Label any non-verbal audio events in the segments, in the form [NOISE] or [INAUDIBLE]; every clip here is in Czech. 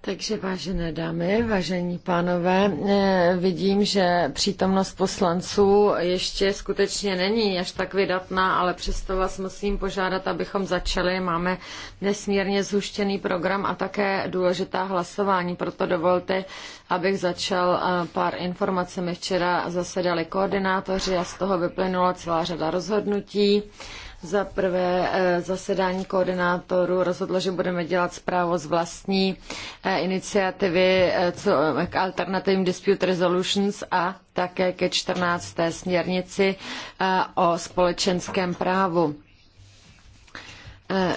takže vážené dámy, vážení pánové, eh, vidím, že přítomnost poslanců ještě skutečně není až tak vydatná, ale přesto vás musím požádat, abychom začali. Máme nesmírně zhuštěný program a také důležitá hlasování, proto dovolte, abych začal eh, pár informacemi. Včera zasedali koordinátoři a z toho vyplynula celá řada rozhodnutí. Za prvé eh, zasedání koordinátorů rozhodlo, že budeme dělat zprávu z vlastní eh, iniciativy eh, co, k Alternativním Dispute Resolutions a také ke 14. směrnici o společenském právu.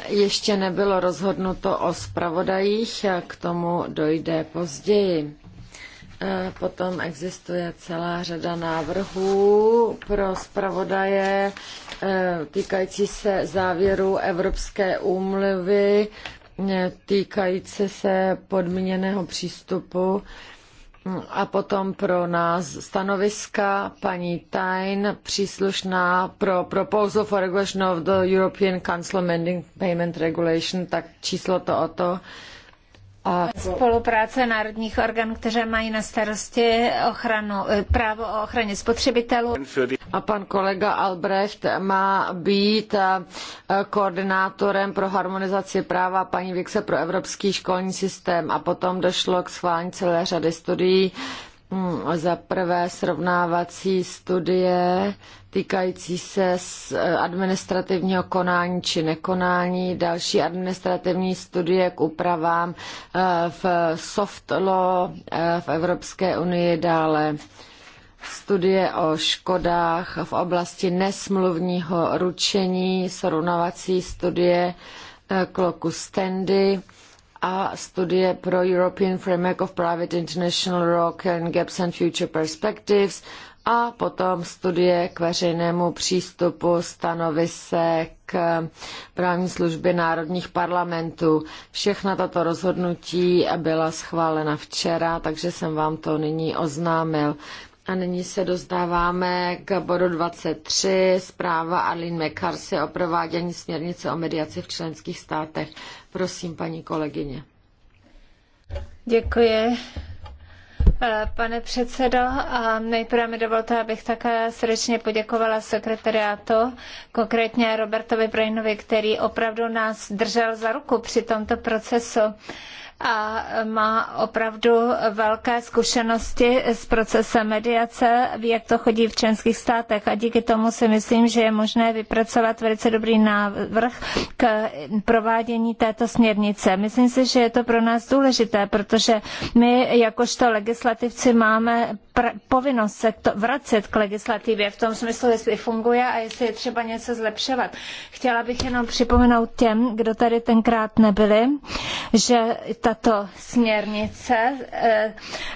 Ještě nebylo rozhodnuto o zpravodajích, k tomu dojde později. E, potom existuje celá řada návrhů pro zpravodaje e, týkající se závěru Evropské úmluvy, e, týkající se podmíněného přístupu mm, a potom pro nás stanoviska paní Tain, příslušná pro Proposal for Regulation of the European Council Mending Payment Regulation, tak číslo to o to a spolupráce národních orgánů, které mají na starosti ochranu, eh, právo o ochraně spotřebitelů. A pan kolega Albrecht má být eh, koordinátorem pro harmonizaci práva paní Vixe pro evropský školní systém a potom došlo k schválení celé řady studií Hmm, za prvé srovnávací studie týkající se eh, administrativního konání či nekonání, další administrativní studie k úpravám eh, v soft law eh, v Evropské unii, dále studie o škodách v oblasti nesmluvního ručení, srovnávací studie k loku Standy a studie pro European Framework of Private International Law and Gaps and Future Perspectives a potom studie k veřejnému přístupu stanovisek eh, právní služby národních parlamentů. Všechna tato rozhodnutí byla schválena včera, takže jsem vám to nyní oznámil. A nyní se dostáváme k bodu 23, zpráva Arlene McCarthy o provádění směrnice o mediaci v členských státech. Prosím, paní kolegyně. Děkuji. Eh, pane předsedo, a nejprve mi dovolte, abych také srdečně poděkovala sekretariátu, konkrétně Robertovi Brainovi, který opravdu nás držel za ruku při tomto procesu a má opravdu velké zkušenosti s procesem mediace, ví, jak to chodí v členských státech a díky tomu si myslím, že je možné vypracovat velice dobrý návrh k provádění této směrnice. Myslím si, že je to pro nás důležité, protože my jakožto legislativci máme povinnost se to vracet k legislativě v tom smyslu, jestli funguje a jestli je třeba něco zlepšovat. Chtěla bych jenom připomenout těm, kdo tady tenkrát nebyli, že tato směrnice eh,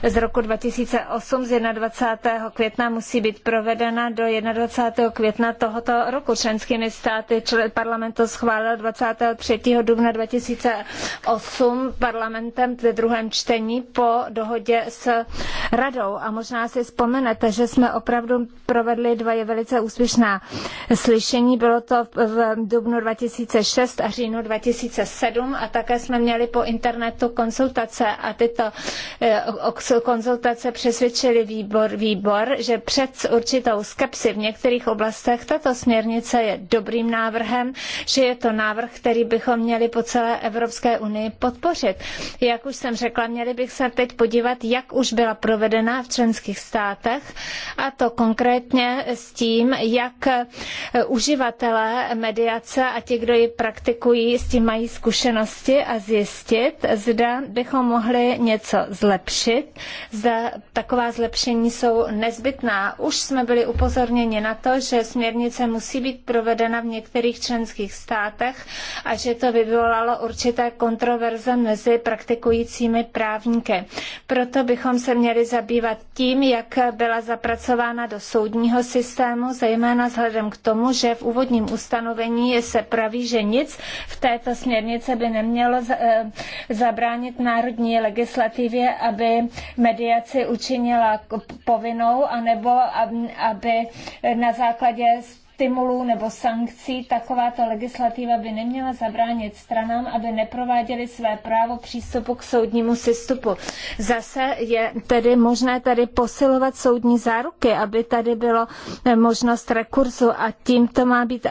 z roku 2008 z 21. května musí být provedena do 21. května tohoto roku. Členskými státy parlament to schválil 23. dubna 2008 parlamentem ve druhém čtení po dohodě s radou. A možná možná si vzpomenete, že jsme opravdu provedli dva je velice úspěšná slyšení. Bylo to v dubnu 2006 a říjnu 2007 a také jsme měli po internetu konzultace a tyto eh, konzultace přesvědčili výbor, výbor že před určitou skepsi v některých oblastech tato směrnice je dobrým návrhem, že je to návrh, který bychom měli po celé Evropské unii podpořit. Jak už jsem řekla, měli bych se teď podívat, jak už byla provedena v členských členských státech, a to konkrétně s tím, jak eh, uživatelé mediace a ti, kdo ji praktikují, s tím mají zkušenosti a zjistit, zda bychom mohli něco zlepšit, zda taková zlepšení jsou nezbytná. Už jsme byli upozorněni na to, že směrnice musí být provedena v některých členských státech a že to vyvolalo určité kontroverze mezi praktikujícími právníky. Proto bychom se měli zabývat tím, tím, jak byla zapracována do soudního systému, zejména vzhledem k tomu, že v úvodním ustanovení se praví, že nic v této směrnice by nemělo eh, zabránit národní legislativě, aby mediaci učinila povinnou, anebo aby na základě stimulů nebo sankcí takováto legislativa by neměla zabránit stranám, aby neprováděly své právo přístupu k soudnímu systemu. Zase je tedy možné tady posilovat soudní záruky, aby tady bylo eh, možnost rekurzu a tím to má být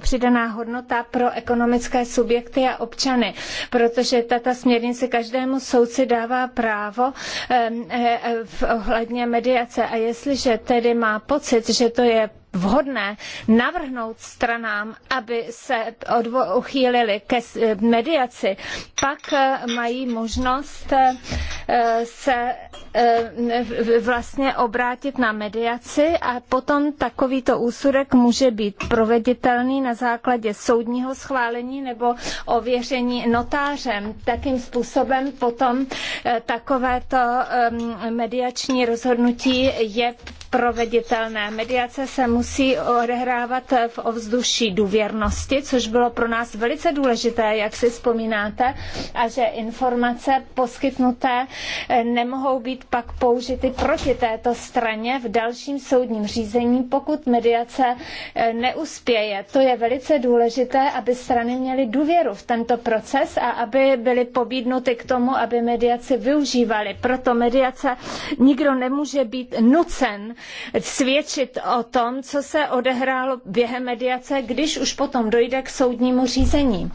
přidaná hodnota pro ekonomické subjekty a občany, protože tato směrnice každému soudci dává právo eh, eh, v ohledně mediace a jestliže tedy má pocit, že to je vhodné navrhnout stranám, aby se odvo- uchýlili ke mediaci, pak eh, mají možnost eh, se eh, vlastně obrátit na mediaci a potom takovýto úsudek může být proveditelný na základě soudního schválení nebo ověření notářem. Takým způsobem potom takovéto mediační rozhodnutí je proveditelné. Mediace se musí odehrávat v ovzduší důvěrnosti, což bylo pro nás velice důležité, jak si vzpomínáte, a že informace poskytnuté eh, nemohou být pak použity proti této straně v dalším soudním řízení, pokud mediace eh, neuspěje. To je velice důležité, aby strany měly důvěru v tento proces a aby byly pobídnuty k tomu, aby mediaci využívali. Proto mediace nikdo nemůže být nucen svědčit o tom, co se odehrálo během mediace, když už potom dojde k soudnímu řízení.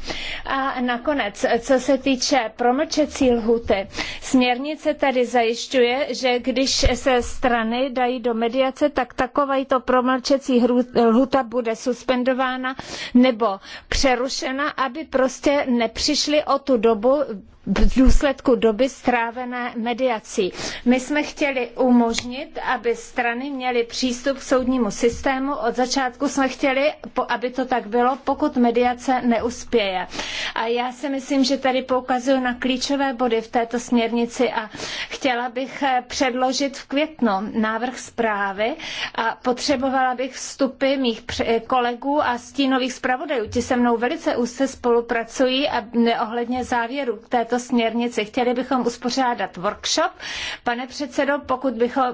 A nakonec, co se týče promlčecí lhuty, směrnice tady zajišťuje, že když se strany dají do mediace, tak takovýto promlčecí lhuta bude suspendována nebo přerušena, aby prostě nepřišli o tu dobu, v důsledku doby strávené mediací. My jsme chtěli umožnit, aby strany měly přístup k soudnímu systému. Od začátku jsme chtěli, aby to tak bylo, pokud mediace neuspěje. A já si myslím, že tady poukazuju na klíčové body v této směrnici a chtěla bych eh, předložit v květnu návrh zprávy a potřebovala bych vstupy mých kolegů a stínových zpravodajů. Ti se mnou velice úzce spolupracují a ohledně závěru této této směrnici. Chtěli bychom uspořádat workshop. Pane předsedo, pokud bychom,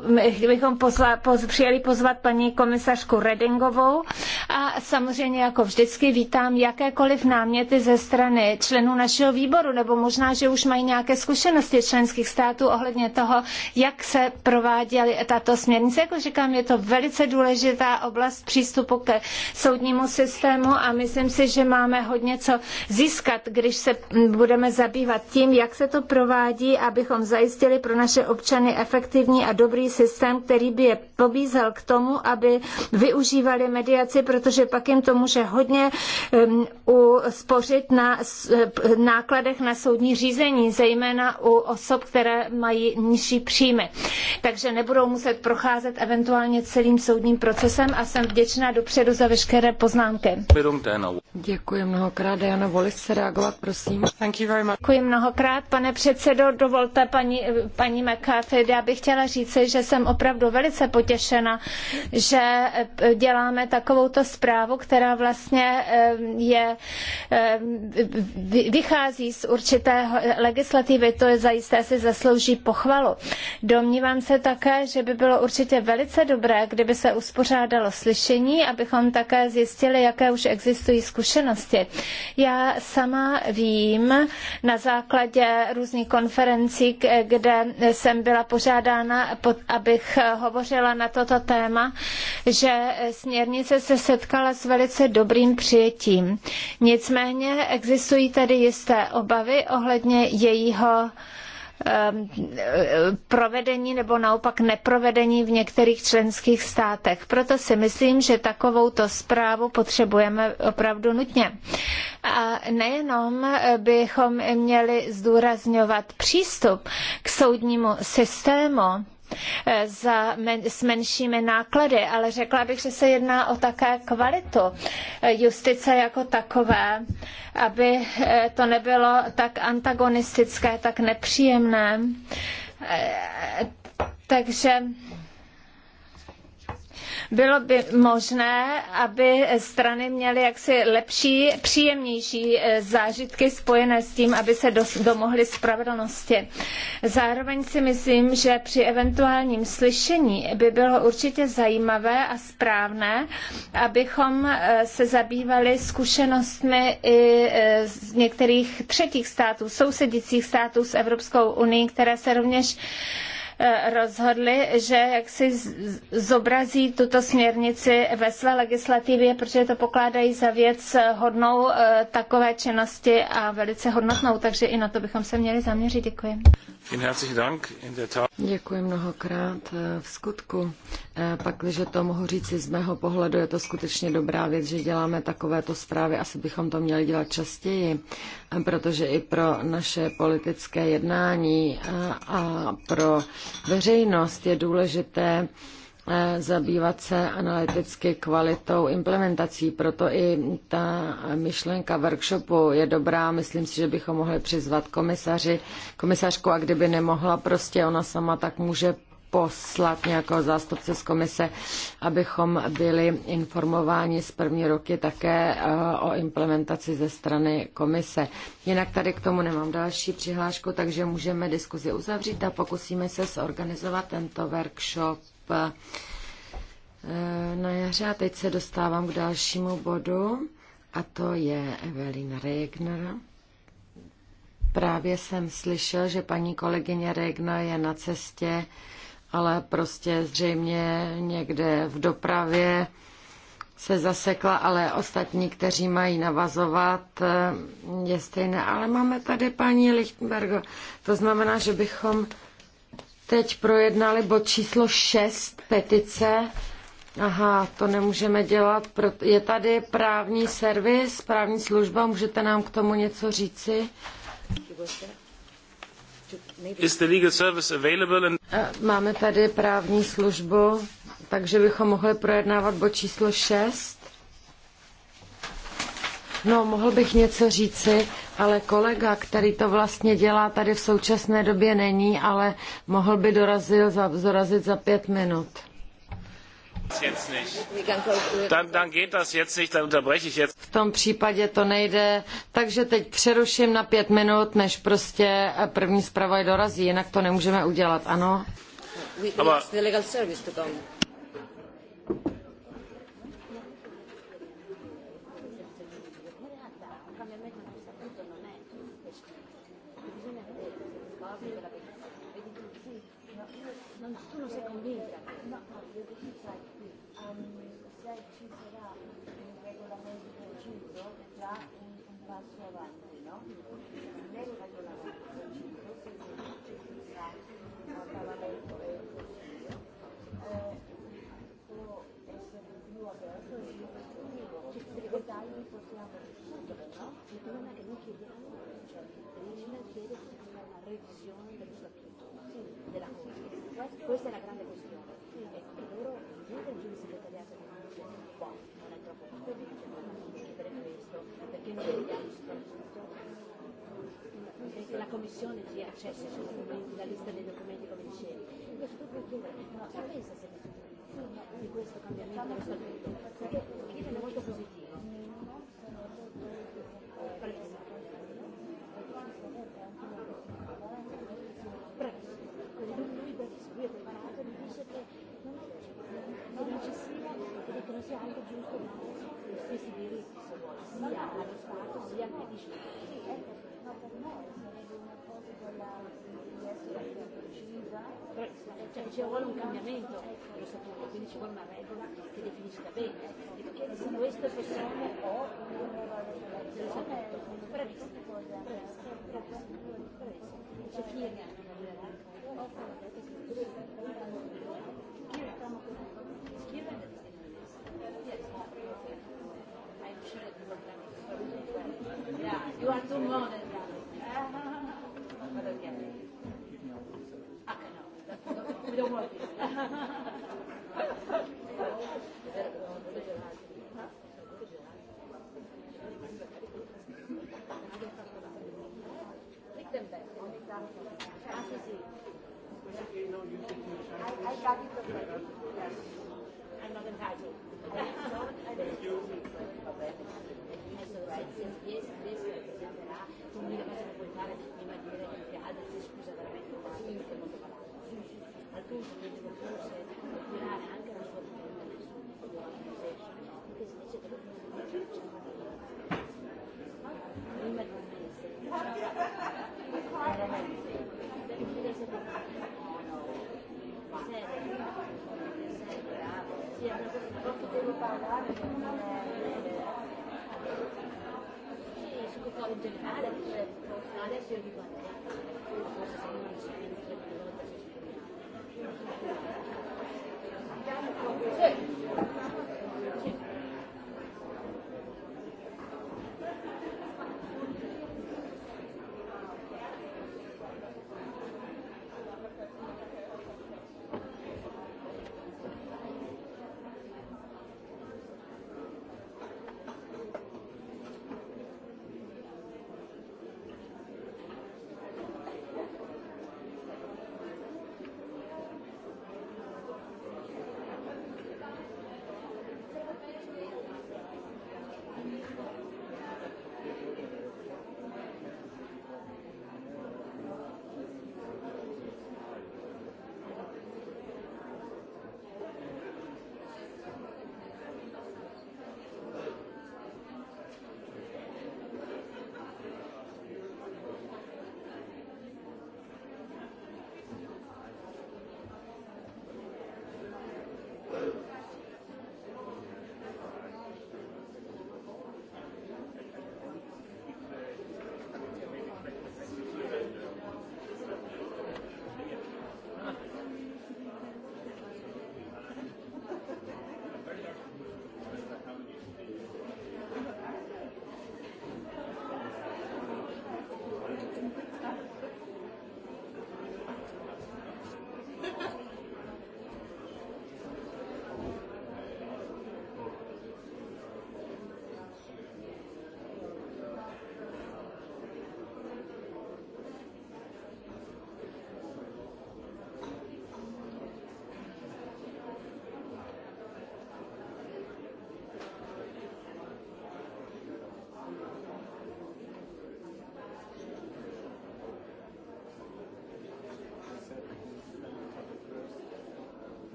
bychom pozla, poz, přijeli pozvat paní komisařku Redingovou a samozřejmě jako vždycky vítám jakékoliv náměty ze strany členů našeho výboru, nebo možná, že už mají nějaké zkušenosti členských států ohledně toho, jak se prováděly tato směrnice. Jako říkám, je to velice důležitá oblast přístupu ke soudnímu systému a myslím si, že máme hodně co získat, když se budeme zabývat tím, jak se to provádí, abychom zajistili pro naše občany efektivní a dobrý systém, který by je pobízel k tomu, aby využívali mediaci, protože pak jim to může hodně um, uspořit na nákladech na soudní řízení, zejména u osob, které mají nižší příjmy. Takže nebudou muset procházet eventuálně celým soudním procesem a jsem vděčná dopředu za veškeré poznámky. Děkuji mnohokrát, Diana reagovat, prosím. Děkuji mnohokrát mnohokrát, pane předsedo. Dovolte, paní, paní McCarthy, já bych chtěla říci, že jsem opravdu velice potěšena, že eh, děláme takovouto zprávu, která vlastně eh, je, eh, vychází z určité legislativy. To je zajisté si zaslouží pochvalu. Domnívám se také, že by bylo určitě velice dobré, kdyby se uspořádalo slyšení, abychom také zjistili, jaké už existují zkušenosti. Já sama vím na základě základě různých konferencí, kde jsem byla požádána, abych hovořila na toto téma, že směrnice se setkala s velice dobrým přijetím. Nicméně existují tady jisté obavy ohledně jejího Ehm, provedení nebo naopak neprovedení v některých členských státech. Proto si myslím, že takovouto zprávu potřebujeme opravdu nutně. A nejenom bychom měli zdůrazňovat přístup k soudnímu systému, Eh, za s menšími náklady, ale řekla bych, že se jedná o také kvalitu eh, justice jako takové, aby eh, to nebylo tak antagonistické, tak nepříjemné. Takže bylo by možné, aby strany měly jaksi lepší, příjemnější eh, zážitky spojené s tím, aby se domohly spravedlnosti. Zároveň si myslím, že při eventuálním slyšení by bylo určitě zajímavé a správné, abychom eh, se zabývali zkušenostmi i eh, z některých třetích států, sousedících států s Evropskou unii, které se rovněž Eh, rozhodli, že jak si zobrazí tuto směrnici ve své legislativě, protože to pokládají za věc hodnou eh, takové činnosti a velice hodnotnou, takže i na to bychom se měli zaměřit. Děkuji. Děkuji mnohokrát. Eh, v skutku, eh, pakliže to mohu říci z mého pohledu, je to skutečně dobrá věc, že děláme takovéto zprávy. Asi bychom to měli dělat častěji, eh, protože i pro naše politické jednání a pro veřejnost je důležité, Eh, zabývat se analyticky kvalitou implementací. Proto i ta myšlenka workshopu je dobrá. Myslím si, že bychom mohli přizvat komisaři, komisařku a kdyby nemohla prostě ona sama, tak může poslat nějakého zástupce z komise, abychom byli informováni z první roky také eh, o implementaci ze strany komise. Jinak tady k tomu nemám další přihlášku, takže můžeme diskuzi uzavřít a pokusíme se zorganizovat tento workshop E, na jaře. A teď se dostávám k dalšímu bodu, a to je Evelyn Regner. Právě jsem slyšel, že paní kolegyně Regner je na cestě, ale prostě zřejmě někde v dopravě se zasekla, ale ostatní, kteří mají navazovat, e, je stejné. Ale máme tady paní Lichtenbergo. To znamená, že bychom teď projednali bod číslo 6 petice. Aha, to nemůžeme dělat. Je tady právní servis, právní služba, můžete nám k tomu něco říci? Is the legal service available in... Eh, máme tady právní službu, takže bychom mohli projednávat bod číslo 6. No, mohl bych něco říci, ale kolega, který to vlastně dělá, tady v současné době není, ale mohl by dorazil za, dorazit za pět minut. V tom případě to nejde, takže teď přeruším na pět minut, než prostě první zpravaj dorazí, jinak to nemůžeme udělat, ano? Questa è la grande questione. Ecco, loro niente no il giudice segretariato che non dice qua non è troppo che non chiedere questo, perché noi vediamo soprattutto Che la commissione ci accessi sui documenti, la lista dei documenti come dicevi. Invece tu puoi chiedere, no, ma pensa se di questo cambiamento dello statuto, perché è molto positivo. c'è vuole un cambiamento, lo sapevo, quindi ci vuole una regola che definisca bene. Perché se queste persone o lo sapevo, previsto, previsto, c'è firma, Yeah, you are too modern. Ah, no. Budou holky. I got it already. Yes. I'm not entitled. Thank you. Eso, right. Si es, es, es, es, es, es, es, es, es, es, es, happens with the person, you are anger for the organization because it's a good motivation Sì, su quel po' generale, adesso io dico a te, forse sei un Thank you.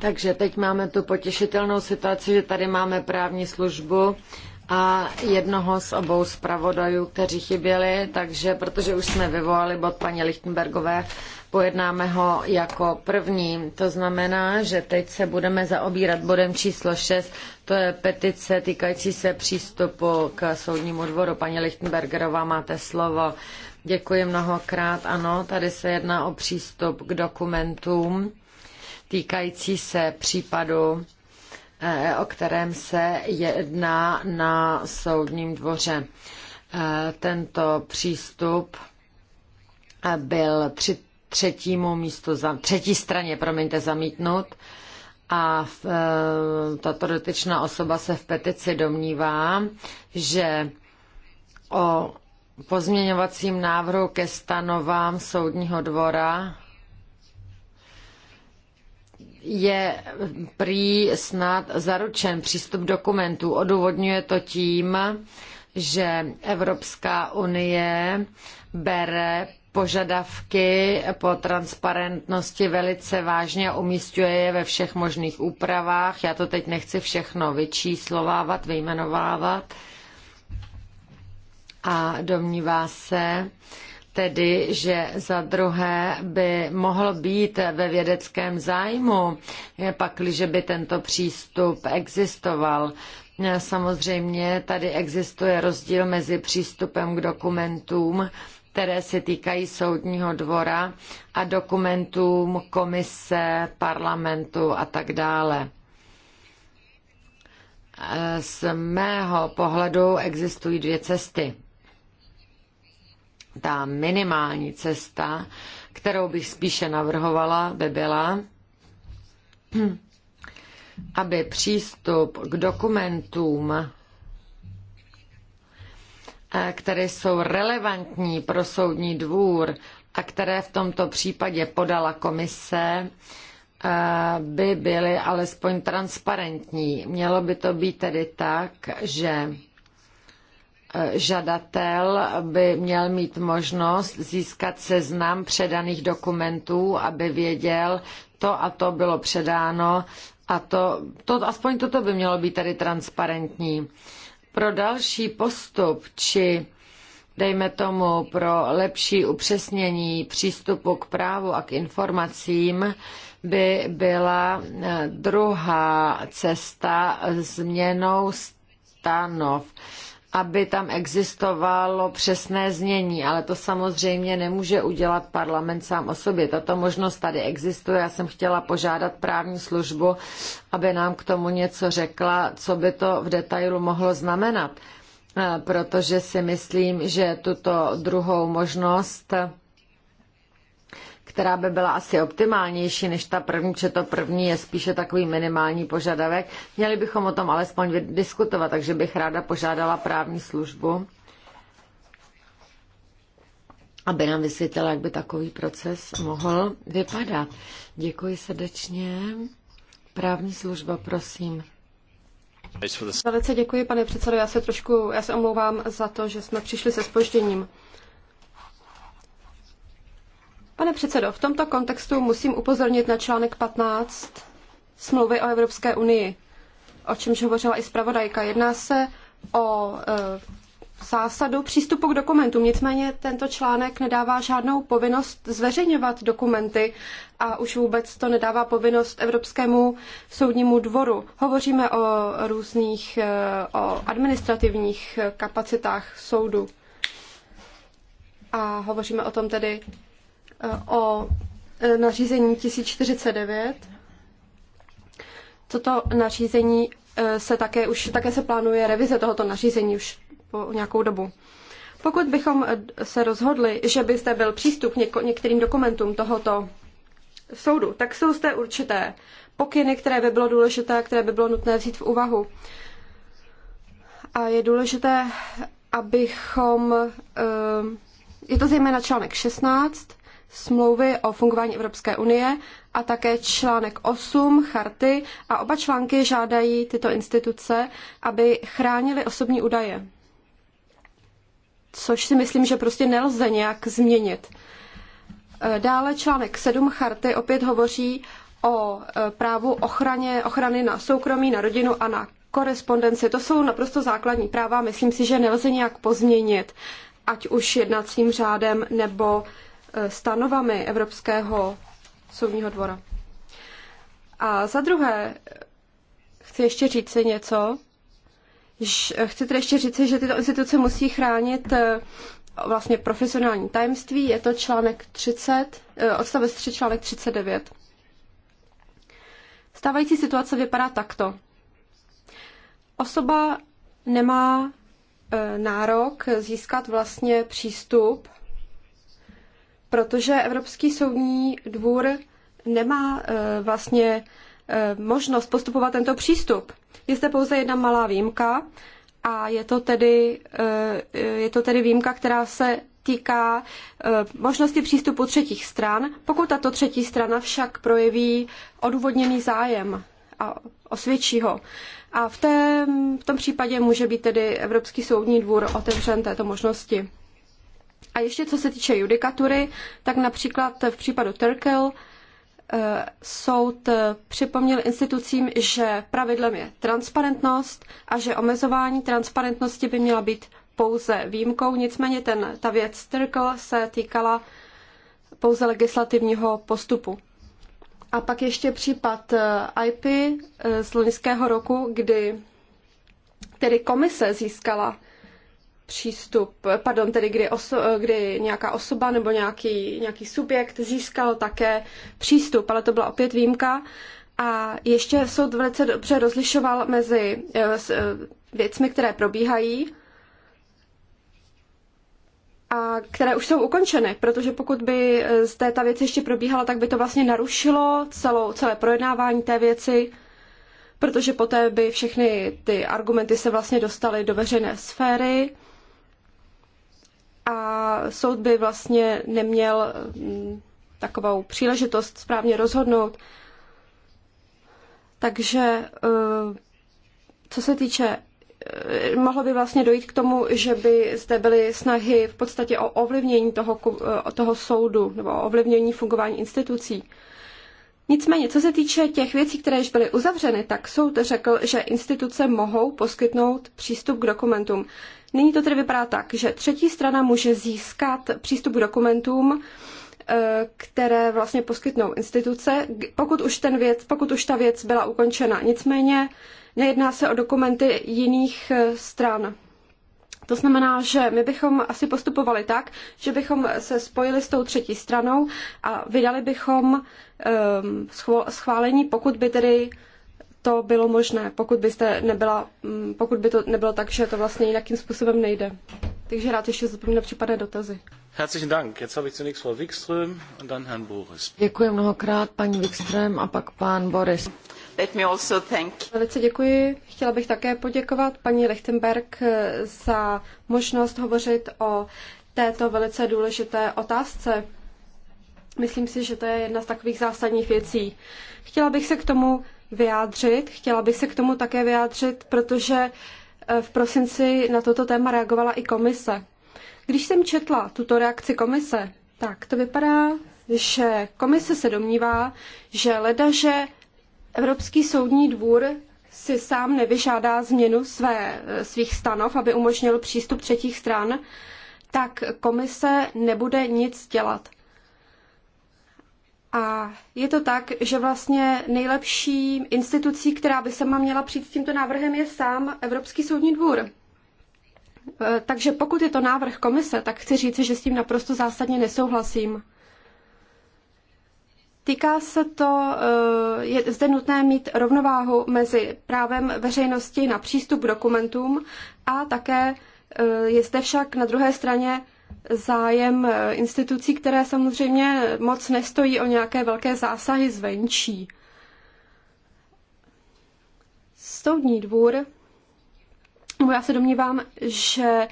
Takže teď máme tu potěšitelnou situaci, že tady máme právní službu a jednoho z obou zpravodajů, kteří chyběli, takže protože už jsme vyvolali bod paní Lichtenbergové, Pojednáme ho jako první. To znamená, že teď se budeme zaobírat bodem číslo 6. To je petice týkající se přístupu k soudnímu dvoru. Paní Lichtenbergerová, máte slovo. Děkuji mnohokrát. Ano, tady se jedná o přístup k dokumentům týkající se případu, eh, o kterém se jedná na soudním dvoře. Eh, tento přístup eh, byl při třetímu místu, za, třetí straně, promiňte, zamítnut. A v, e, tato dotyčná osoba se v petici domnívá, že o pozměňovacím návrhu ke stanovám soudního dvora je prý snad zaručen přístup dokumentů. Odůvodňuje to tím, že Evropská unie bere požadavky po transparentnosti velice vážně a umístuje je ve všech možných úpravách. Já to teď nechci všechno vyčíslovávat, vyjmenovávat. A domnívá se, tedy, že za druhé by mohl být ve vědeckém zájmu, pakliže by tento přístup existoval. Samozřejmě tady existuje rozdíl mezi přístupem k dokumentům které se týkají soudního dvora a dokumentům komise, parlamentu a tak dále. Z mého pohledu existují dvě cesty. Ta minimální cesta, kterou bych spíše navrhovala, by byla, [CLEARS THROAT] aby přístup k dokumentům které jsou relevantní pro soudní dvůr a které v tomto případě podala komise, by byly alespoň transparentní. Mělo by to být tedy tak, že e, žadatel by měl mít možnost získat seznam předaných dokumentů, aby věděl, to a to bylo předáno a to, to aspoň toto by mělo být tedy transparentní pro další postup či dejme tomu pro lepší upřesnění přístupu k právu a k informacím by byla eh, druhá cesta změnou stanov aby tam existovalo přesné znění, ale to samozřejmě nemůže udělat parlament sám o sobě. Tato možnost tady existuje. Já jsem chtěla požádat právní službu, aby nám k tomu něco řekla, co by to v detailu mohlo znamenat, eh, protože si myslím, že tuto druhou možnost která by byla asi optimálnější než ta první, že to první je spíše takový minimální požadavek. Měli bychom o tom alespoň diskutovat, takže bych ráda požádala právní službu, aby nám vysvětlila, jak by takový proces mohl vypadat. Děkuji srdečně. Právní služba, prosím. Velice děkuji, pane předsedo. Já se trošku, já se omlouvám za to, že jsme přišli se spožděním. Pane předsedo, v tomto kontextu musím upozornit na článek 15 smlouvy o Evropské unii, o čemž hovořila i zpravodajka. Jedná se o e, zásadu přístupu k dokumentům. Nicméně tento článek nedává žádnou povinnost zveřejňovat dokumenty a už vůbec to nedává povinnost Evropskému soudnímu dvoru. Hovoříme o různých e, o administrativních kapacitách soudu. A hovoříme o tom tedy, o e, nařízení 1049. Toto nařízení e, se také už také se plánuje revize tohoto nařízení už po nějakou dobu. Pokud bychom e, se rozhodli, že byste byl přístup něko, některým dokumentům tohoto soudu, tak jsou zde určité pokyny, které by bylo důležité, které by bylo nutné vzít v úvahu. A je důležité, abychom. Je to zejména článek 16, smlouvy o fungování Evropské unie a také článek 8 charty a oba články žádají tyto instituce, aby chránili osobní údaje. Což si myslím, že prostě nelze nějak změnit. Dále článek 7 charty opět hovoří o e, právu ochraně, ochrany na soukromí, na rodinu a na korespondenci. To jsou naprosto základní práva, myslím si, že nelze nějak pozměnit, ať už jednacím řádem nebo Eh, stanovami Evropského soudního dvora. A za druhé, chci ještě říct si něco. Eh, chci tedy ještě říci, že tyto instituce musí chránit eh, vlastně profesionální tajemství. Je to článek 30, odstavec 3, článek 39. Stávající situace vypadá takto. Osoba nemá nárok získat vlastně přístup protože Evropský soudní dvůr nemá eh, vlastně eh, možnost postupovat tento přístup. Je zde pouze jedna malá výjimka a je to tedy, eh, je to tedy výjimka, která se týká možnosti přístupu třetích stran, pokud tato třetí strana však projeví odůvodněný zájem a osvědčí ho. A v, té, v tom případě může být tedy Evropský soudní dvůr otevřen této možnosti. A ještě co se týče judikatury, tak například v případu Turkel eh, soud eh, připomněl institucím, že pravidlem je transparentnost a že omezování transparentnosti by měla být pouze výjimkou. Nicméně ten, ta věc Turkel se týkala pouze legislativního postupu. A pak ještě případ eh, IP z loňského roku, kdy tedy komise získala přístup, pardon, tedy kdy, oso, kdy nějaká osoba nebo nějaký, nějaký subjekt získal také přístup, ale to byla opět výjimka. A ještě soud velice dobře rozlišoval mezi eh, eh, věcmi, které probíhají a které už jsou ukončeny, protože pokud by eh, zde ta věc ještě probíhala, tak by to vlastně narušilo celou, celé projednávání té věci, protože poté by všechny ty argumenty se vlastně dostaly do veřejné sféry a soud by vlastně neměl mm, takovou příležitost správně rozhodnout. Takže eh, co se týče eh, mohlo by vlastně dojít k tomu, že by zde byly snahy v podstatě o ovlivnění toho, eh, toho soudu nebo o ovlivnění fungování institucí. Nicméně, co se týče těch věcí, které již byly uzavřeny, tak soud řekl, že instituce mohou poskytnout přístup k dokumentům. Nyní to tedy vypadá tak, že třetí strana může získat přístup k dokumentům, eh, které vlastně poskytnou instituce, pokud už, ten věc, pokud už ta věc byla ukončena. Nicméně nejedná se o dokumenty jiných eh, stran. To znamená, že my bychom asi postupovali tak, že bychom se spojili s tou třetí stranou a vydali bychom um, schválení, pokud by tedy to bylo možné, pokud, byste nebyla, mm, pokud by to nebylo tak, že to vlastně nějakým způsobem nejde. Takže rád ještě na případné dotazy. Herzlichen Dank. Jetzt habe ich zunächst Frau Wikström und dann Herrn Boris. Děkuji mnohokrát, paní Wikström a pak pán Boris. Let me also thank. Velice děkuji. Chtěla bych také poděkovat paní Lichtenberg eh, za možnost hovořit o této velice důležité otázce. Myslím si, že to je jedna z takových zásadních věcí. Chtěla bych se k tomu vyjádřit. Chtěla bych se k tomu také vyjádřit, protože eh, v prosinci na toto téma reagovala i komise. Když jsem četla tuto reakci komise, tak to vypadá, že komise se domnívá, že ledaže Evropský soudní dvůr si sám nevyžádá změnu své, eh, svých stanov, aby umožnil přístup třetích stran, tak komise nebude nic dělat. A je to tak, že vlastně nejlepší institucí, která by sama měla přijít s tímto návrhem, je sám Evropský soudní dvůr. E, takže pokud je to návrh komise, tak chci říci, že s tím naprosto zásadně nesouhlasím. Týká se to, e, je zde nutné mít rovnováhu mezi právem veřejnosti na přístup k dokumentům a také e, je zde však na druhé straně zájem eh, institucí, které samozřejmě moc nestojí o nějaké velké zásahy zvenčí. Soudní dvůr, nebo já se domnívám, že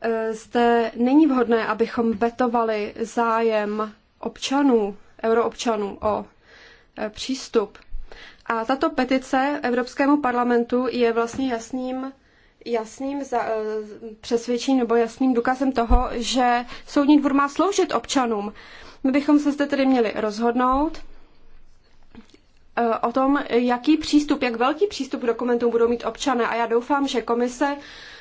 eh, zde není vhodné, abychom betovali zájem občanů, euroobčanů o eh, přístup. A tato petice Evropskému parlamentu je vlastně jasným jasným za, eh, přesvědčením nebo jasným důkazem toho, že soudní dvůr má sloužit občanům. My bychom se zde tedy měli rozhodnout eh, o tom, jaký přístup, jak velký přístup k dokumentům budou mít občané. A já doufám, že komise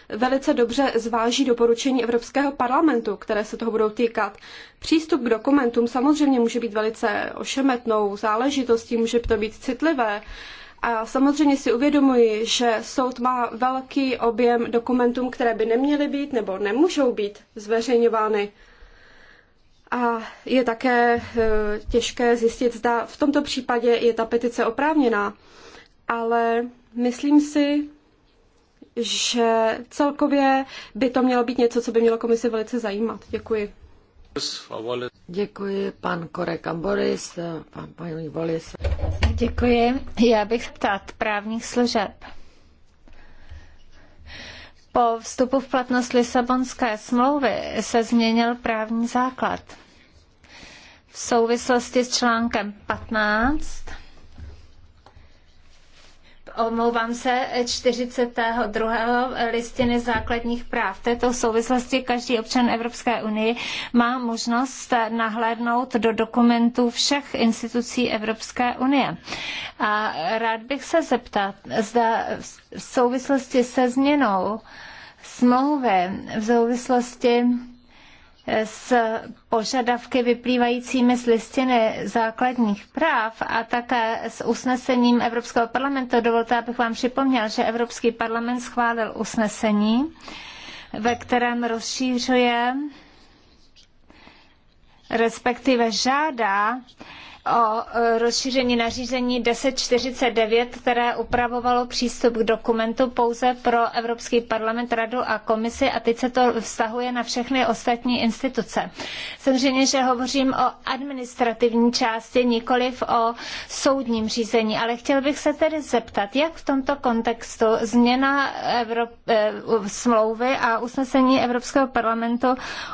velice dobře zváží doporučení Evropského parlamentu, které se toho budou týkat. Přístup k dokumentům samozřejmě může být velice ošemetnou záležitostí, může to být citlivé. Uh, a samozřejmě si uvědomuji, že soud má velký objem dokumentů, které by neměly být nebo nemůžou být zveřejňovány. A je také e, těžké zjistit, zda v tomto případě je ta petice oprávněná. Ale myslím si, že celkově by to mělo být něco, co by mělo komisi velice zajímat. Děkuji. Děkuji, pan Korekam Boris, pan paní Volis. Děkuji. Já bych ptát právních služeb. Po vstupu v platnost Lisabonské smlouvy se změnil právní základ. V souvislosti s článkem 15 omlouvám se, 42. listiny základních práv. V této souvislosti každý občan Evropské unie má možnost nahlédnout do dokumentů všech institucí Evropské unie. A rád bych se zeptat, zda v souvislosti se změnou smlouvy, v souvislosti s požadavky vyplývajícími z listiny základních práv a také s usnesením Evropského parlamentu. Dovolte, abych vám připomněl, že Evropský parlament schválil usnesení, ve kterém rozšířuje respektive žádá o e, rozšíření nařízení 1049, které upravovalo přístup k dokumentu pouze pro Evropský parlament, radu a komisi a teď se to vztahuje na všechny ostatní instituce. Samozřejmě, že hovořím o administrativní části, nikoliv o soudním řízení, ale chtěl bych se tedy zeptat, jak v tomto kontextu změna Evrop... E, smlouvy a usnesení Evropského parlamentu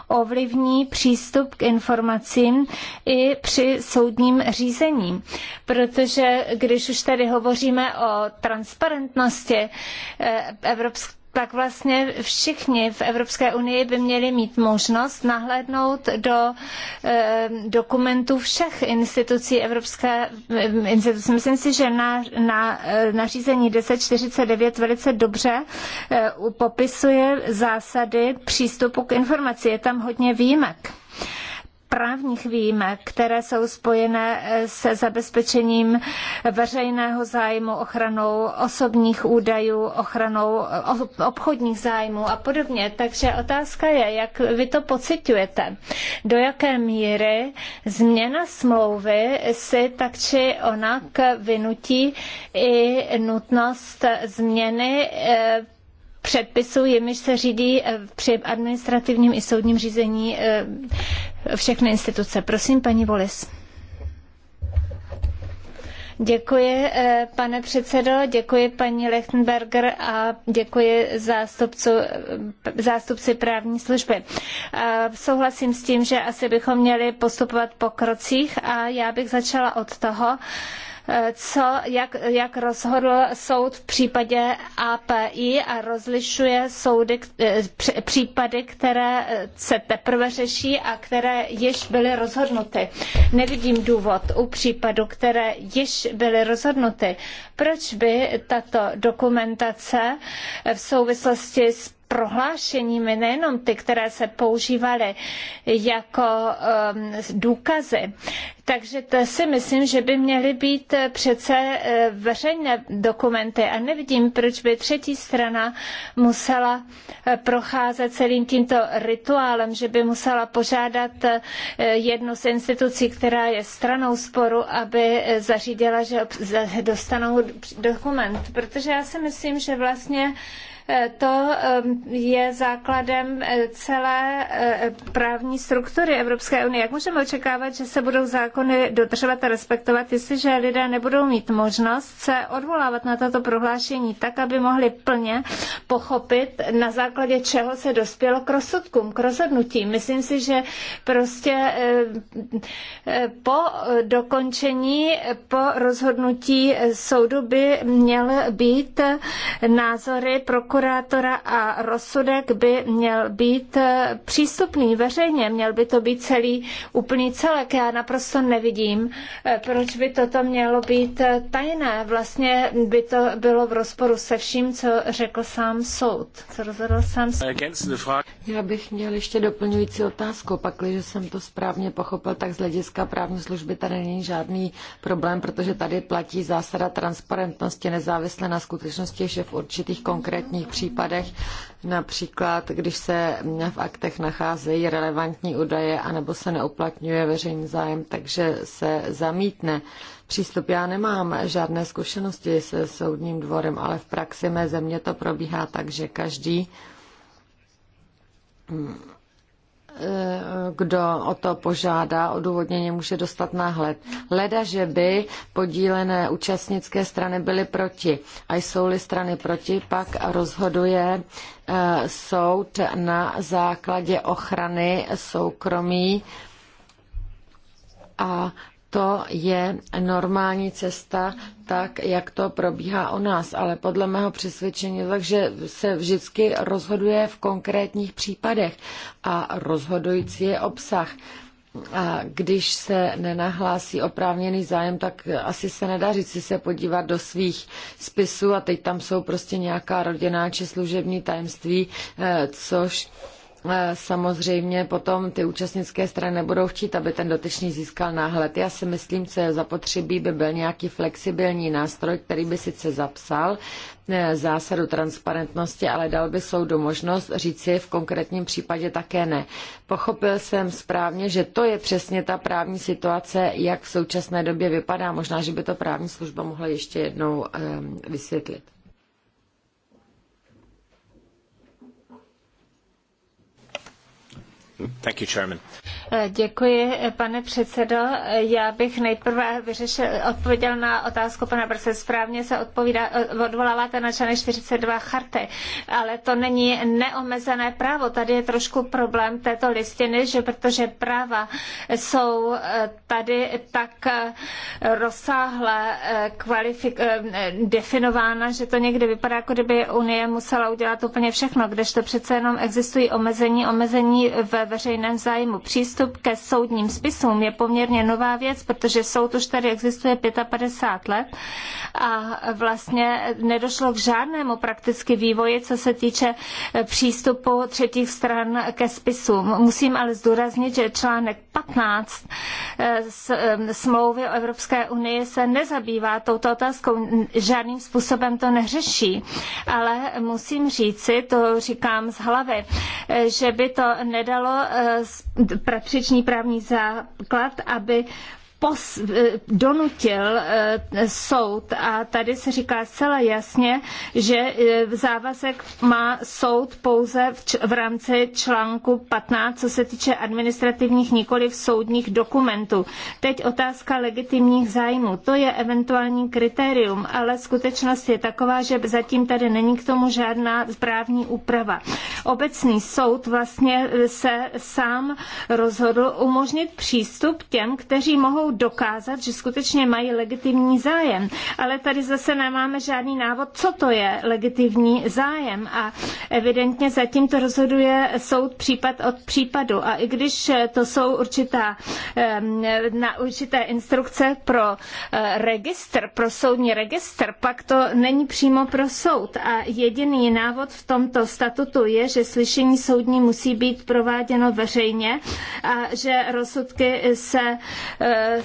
ovlivní přístup k informacím i při soudním řízením. protože když už tady hovoříme o transparentnosti eh, Evropské tak vlastně všichni v Evropské unii by měli mít možnost nahlédnout do e, dokumentů všech institucí Evropské eh, instituce. Myslím si, že na, na, nařízení 1049 velice dobře e, popisuje zásady přístupu k informaci. Je tam hodně výjimek právních výjimek, které jsou spojené eh, se zabezpečením veřejného zájmu, ochranou osobních údajů, ochranou eh, obchodních zájmů a podobně. Takže otázka je, jak vy to pociťujete. Do jaké míry změna smlouvy si tak či onak vynutí i nutnost změny eh, předpisů, jimiž se řídí eh, při administrativním i soudním řízení eh, všechny instituce. Prosím, paní Volis. Děkuji, eh, pane předsedo, děkuji paní Lechtenberger a děkuji zástupcu, zástupci právní služby. Souhlasím s tím, že asi bychom měli postupovat po krocích a já bych začala od toho, Eh, co, jak, jak rozhodl soud v případě API a rozlišuje soudy, eh, případy, které eh, se teprve řeší a které již byly rozhodnuty. Nevidím důvod u případů, které již byly rozhodnuty, proč by tato dokumentace v souvislosti s prohlášeními, nejenom ty, které se používaly jako um, důkazy. Takže to si myslím, že by měly být přece eh, veřejné dokumenty a nevidím, proč by třetí strana musela eh, procházet celým tímto rituálem, že by musela požádat eh, jednu z institucí, která je stranou sporu, aby zařídila, že dostanou dokument. Protože já si myslím, že vlastně Eh, to ehm, je základem eh, celé eh, právní struktury Evropské unie. Jak můžeme očekávat, že se budou zákony dodržovat a respektovat, jestliže lidé nebudou mít možnost se odvolávat na toto prohlášení tak, aby mohli plně pochopit, na základě čeho se dospělo k rozsudkům, k rozhodnutí. Myslím si, že prostě po dokončení, po rozhodnutí soudu by měl být názory prokurátora prokurátora a rozsudek by měl být eh, přístupný veřejně, měl by to být celý úplný celek. Já naprosto nevidím, eh, proč by toto mělo být eh, tajné. Vlastně by to bylo v rozporu se vším, co řekl sám soud, co rozhodl sám soud. Já bych měl ještě doplňující otázku, pakliže jsem to správně pochopil, tak z hlediska právní služby tady není žádný problém, protože tady platí zásada transparentnosti nezávisle na skutečnosti, že v určitých konkrétních konkrétních případech, například když se v aktech nacházejí relevantní údaje anebo se neuplatňuje veřejný zájem, takže se zamítne přístup. Já nemám žádné zkušenosti se soudním dvorem, ale v praxi mé země to probíhá tak, že každý Eh, kdo o to požádá, odůvodněně může dostat náhled. Leda, že by podílené účastnické strany byly proti. A jsou-li strany proti, pak rozhoduje eh, soud na základě ochrany soukromí a to je normální cesta, tak jak to probíhá u nás, ale podle mého přesvědčení, takže se vždycky rozhoduje v konkrétních případech a rozhodující je obsah. A když se nenahlásí oprávněný zájem, tak asi se nedá říct si se podívat do svých spisů a teď tam jsou prostě nějaká rodinná či služební tajemství, eh, což Eh, samozřejmě potom ty účastnické strany nebudou chtít, aby ten dotyčný získal náhled. Já si myslím, co je zapotřebí, by byl nějaký flexibilní nástroj, který by sice zapsal eh, zásadu transparentnosti, ale dal by soudu možnost říci v konkrétním případě také ne. Pochopil jsem správně, že to je přesně ta právní situace, jak v současné době vypadá. Možná, že by to právní služba mohla ještě jednou ehm, vysvětlit. Thank you, Chairman. Eh, děkuji, pane předsedo. Já bych nejprve vyřešil, odpověděl na otázku pana Brse. Správně se odpovídá, eh, odvoláváte na článek 42 charty, ale to není neomezené právo. Tady je trošku problém této listiny, že protože práva jsou eh, tady tak rozsáhle kvalifik- definována, že to někdy vypadá, jako kdyby Unie musela udělat úplně všechno, kdežto přece jenom existují omezení, omezení ve veřejném zájmu. Přístup ke soudním spisům je poměrně nová věc, protože soud už tady existuje 55 let a vlastně nedošlo k žádnému prakticky vývoji, co se týče eh, přístupu třetích stran ke spisům. Musím ale zdůraznit, že článek 15 eh, eh, smlouvy o Evropské unii se nezabývá touto otázkou, žádným způsobem to neřeší, ale musím říci, to říkám z hlavy, že by to nedalo E, patřičný právní základ, aby pos, eh, donutil eh, soud a tady se říká zcela jasně, že eh, závazek má soud pouze v, v rámci článku 15, co se týče administrativních, nikoli v soudních dokumentů. Teď otázka legitimních zájmů. To je eventuální kritérium, ale skutečnost je taková, že zatím tady není k tomu žádná právní úprava. Obecný soud vlastně se sám rozhodl umožnit přístup těm, kteří mohou dokázat, že skutečně mají legitimní zájem. Ale tady zase nemáme žádný návod, co to je legitimní zájem. A evidentně zatím to rozhoduje soud případ od případu. A i když to jsou určitá, na určité instrukce pro eh, registr, pro soudní registr, pak to není přímo pro soud. A jediný návod v tomto statutu je, že slyšení soudní musí být prováděno veřejně a že rozsudky se eh,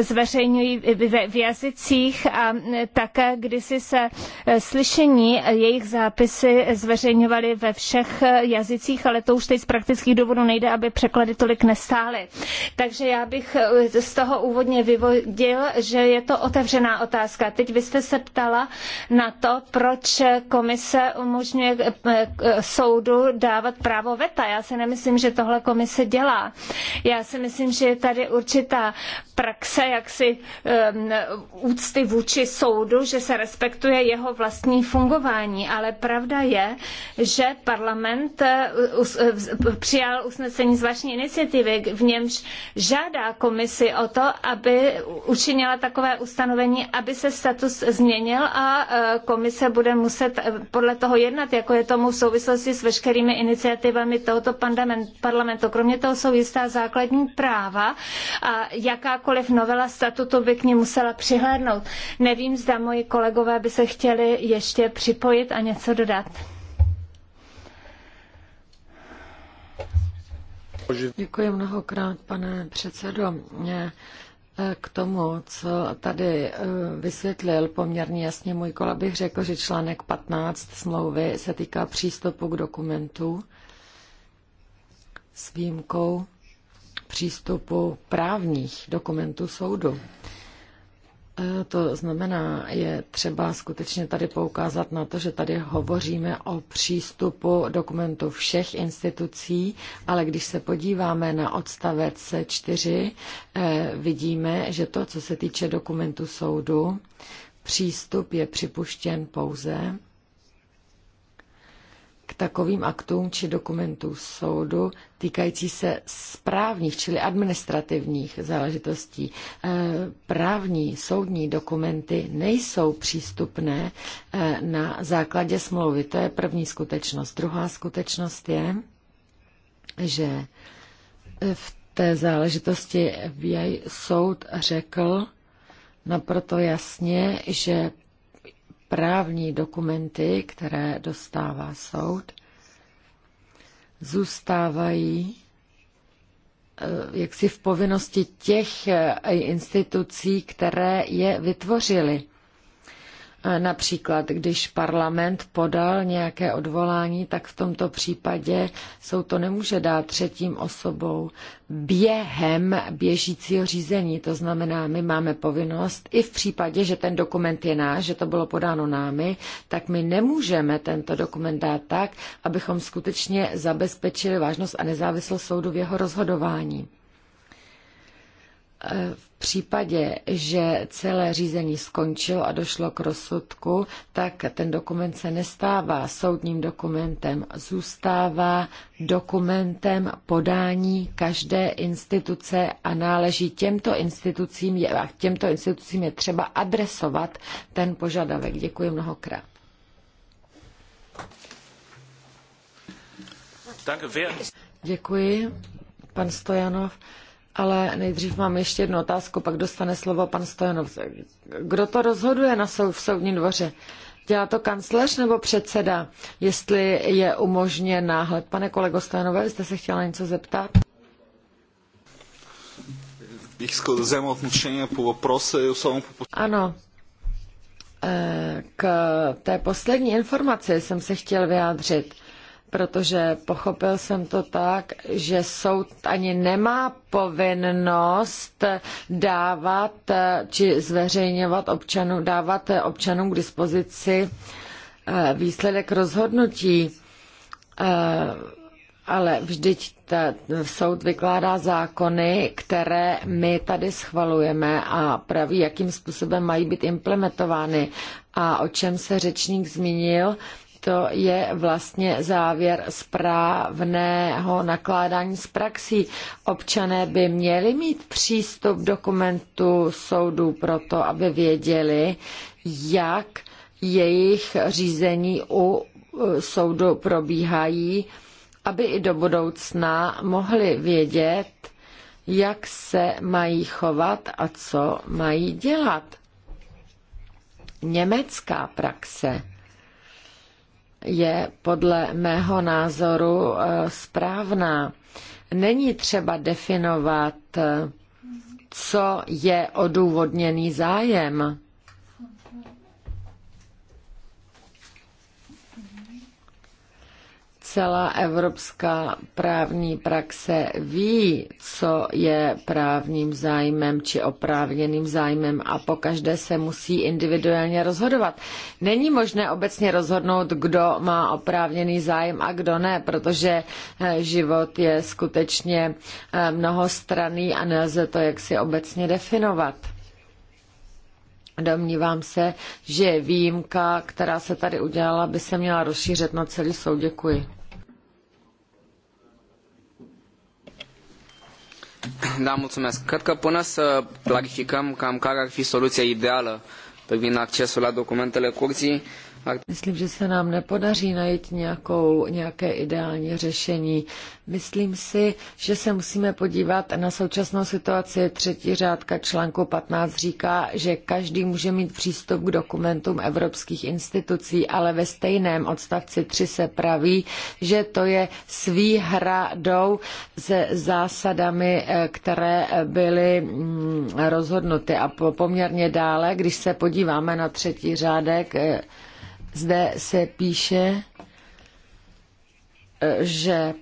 zveřejňují v jazycích a také kdysi se e, slyšení jejich zápisy zveřejňovaly ve všech jazycích, ale to už teď z praktických důvodů nejde, aby překlady tolik nestály. Takže já bych e, z toho úvodně vyvodil, že je to otevřená otázka. Teď vy jste se ptala na to, proč komise umožňuje e, soudu dávat právo veta. Já si nemyslím, že tohle komise dělá. Já si myslím, že je tady určitá praxe jaksi um, úcty vůči soudu, že se respektuje jeho vlastní fungování. Ale pravda je, že parlament eh, eh, přijal usnesení z vlastní iniciativy, v němž žádá komisi o to, aby učinila takové ustanovení, aby se status změnil a eh, komise bude muset podle toho jednat, jako je tomu v souvislosti s veškerými iniciativami tohoto parlamentu. Kromě toho jsou jistá základní práva, a jakákoliv novela statutu by k ní musela přihlédnout. Nevím, zda moji kolegové by se chtěli ještě připojit a něco dodat. Děkuji mnohokrát, pane předsedo. Eh, k tomu, co tady eh, vysvětlil poměrně jasně můj kola, bych řekl, že článek 15 smlouvy se týká přístupu k dokumentu s výjimkou přístupu právních dokumentů soudu. E, to znamená, je třeba skutečně tady poukázat na to, že tady hovoříme o přístupu dokumentů všech institucí, ale když se podíváme na odstavec 4, e, vidíme, že to, co se týče dokumentu soudu, přístup je připuštěn pouze k takovým aktům či dokumentům soudu týkající se správních, čili administrativních záležitostí. E, právní soudní dokumenty nejsou přístupné e, na základě smlouvy. To je první skutečnost. Druhá skutečnost je, že v té záležitosti FBI soud řekl naproto jasně, že právní dokumenty, které dostává soud, zůstávají eh, jaksi v povinnosti těch eh, institucí, které je vytvořily. Například, když parlament podal nějaké odvolání, tak v tomto případě jsou to nemůže dát třetím osobou během běžícího řízení. To znamená, my máme povinnost, i v případě, že ten dokument je náš, že to bylo podáno námi, tak my nemůžeme tento dokument dát tak, abychom skutečně zabezpečili vážnost a nezávislost soudu v jeho rozhodování v případě, že celé řízení skončilo a došlo k rozsudku, tak ten dokument se nestává soudním dokumentem, zůstává dokumentem podání každé instituce a náleží těmto institucím, a těmto institucím je třeba adresovat ten požadavek. Děkuji mnohokrát. Děkuji, pan Stojanov. Ale nejdřív mám ještě jednu otázku, pak dostane slovo pan Stojanov. Kdo to rozhoduje na sou, v soudním dvoře? Dělá to kancléř nebo předseda, jestli je umožněn náhled? Pane kolego Stojanové, jste se chtěla něco zeptat? Bych chtěl Ano, eh, k té poslední informaci jsem se chtěl vyjádřit protože pochopil jsem to tak, že soud ani nemá povinnost dávat eh, či zveřejňovat občanům, dávat eh, občanům k dispozici eh, výsledek rozhodnutí. Ale vždyť ta, soud vykládá zákony, které my tady schvalujeme a praví, jakým způsobem mají být implementovány. A o čem se řečník zmínil, to je vlastně závěr správného nakládání s praxí. Občané by měli mít přístup dokumentu soudů proto, aby věděli, jak jejich řízení u e, soudu probíhají, aby i do budoucna mohli vědět, jak se mají chovat a co mají dělat. Německá praxe je podle mého názoru eh, správná. Není třeba definovat, eh, co je odůvodněný zájem celá evropská právní praxe ví, co je právním zájmem či oprávněným zájmem a pokaždé se musí individuálně rozhodovat. Není možné obecně rozhodnout, kdo má oprávněný zájem a kdo ne, protože eh, život je skutečně eh, mnohostranný a nelze to jaksi obecně definovat. Domnívám se, že výjimka, která se tady udělala, by se měla rozšířit na celý soud. Děkuji. Da, mulțumesc. Cred că până să clarificăm cam care ar fi soluția ideală privind accesul la documentele curții, Myslím, že se nám nepodaří najít nějakou, nějaké ideální řešení. Myslím si, že se musíme podívat na současnou situaci. Třetí řádka článku 15 říká, že každý může mít přístup k dokumentům evropských institucí, ale ve stejném odstavci 3 se praví, že to je s výhradou se zásadami, eh, které byly mm, rozhodnuty. A poměrně dále, když se podíváme na třetí řádek, eh, zde se píše, e, že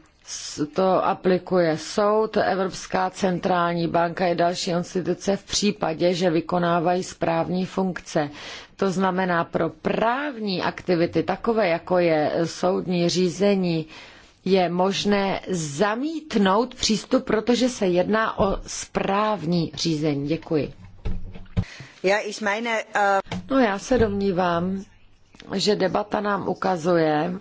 to aplikuje soud, Evropská centrální banka i další instituce v případě, že vykonávají správní funkce. To znamená pro právní aktivity, takové jako je soudní řízení, je možné zamítnout přístup, protože se jedná o správní řízení. Děkuji. Äh, no já se domnívám, že debata nám ukazuje,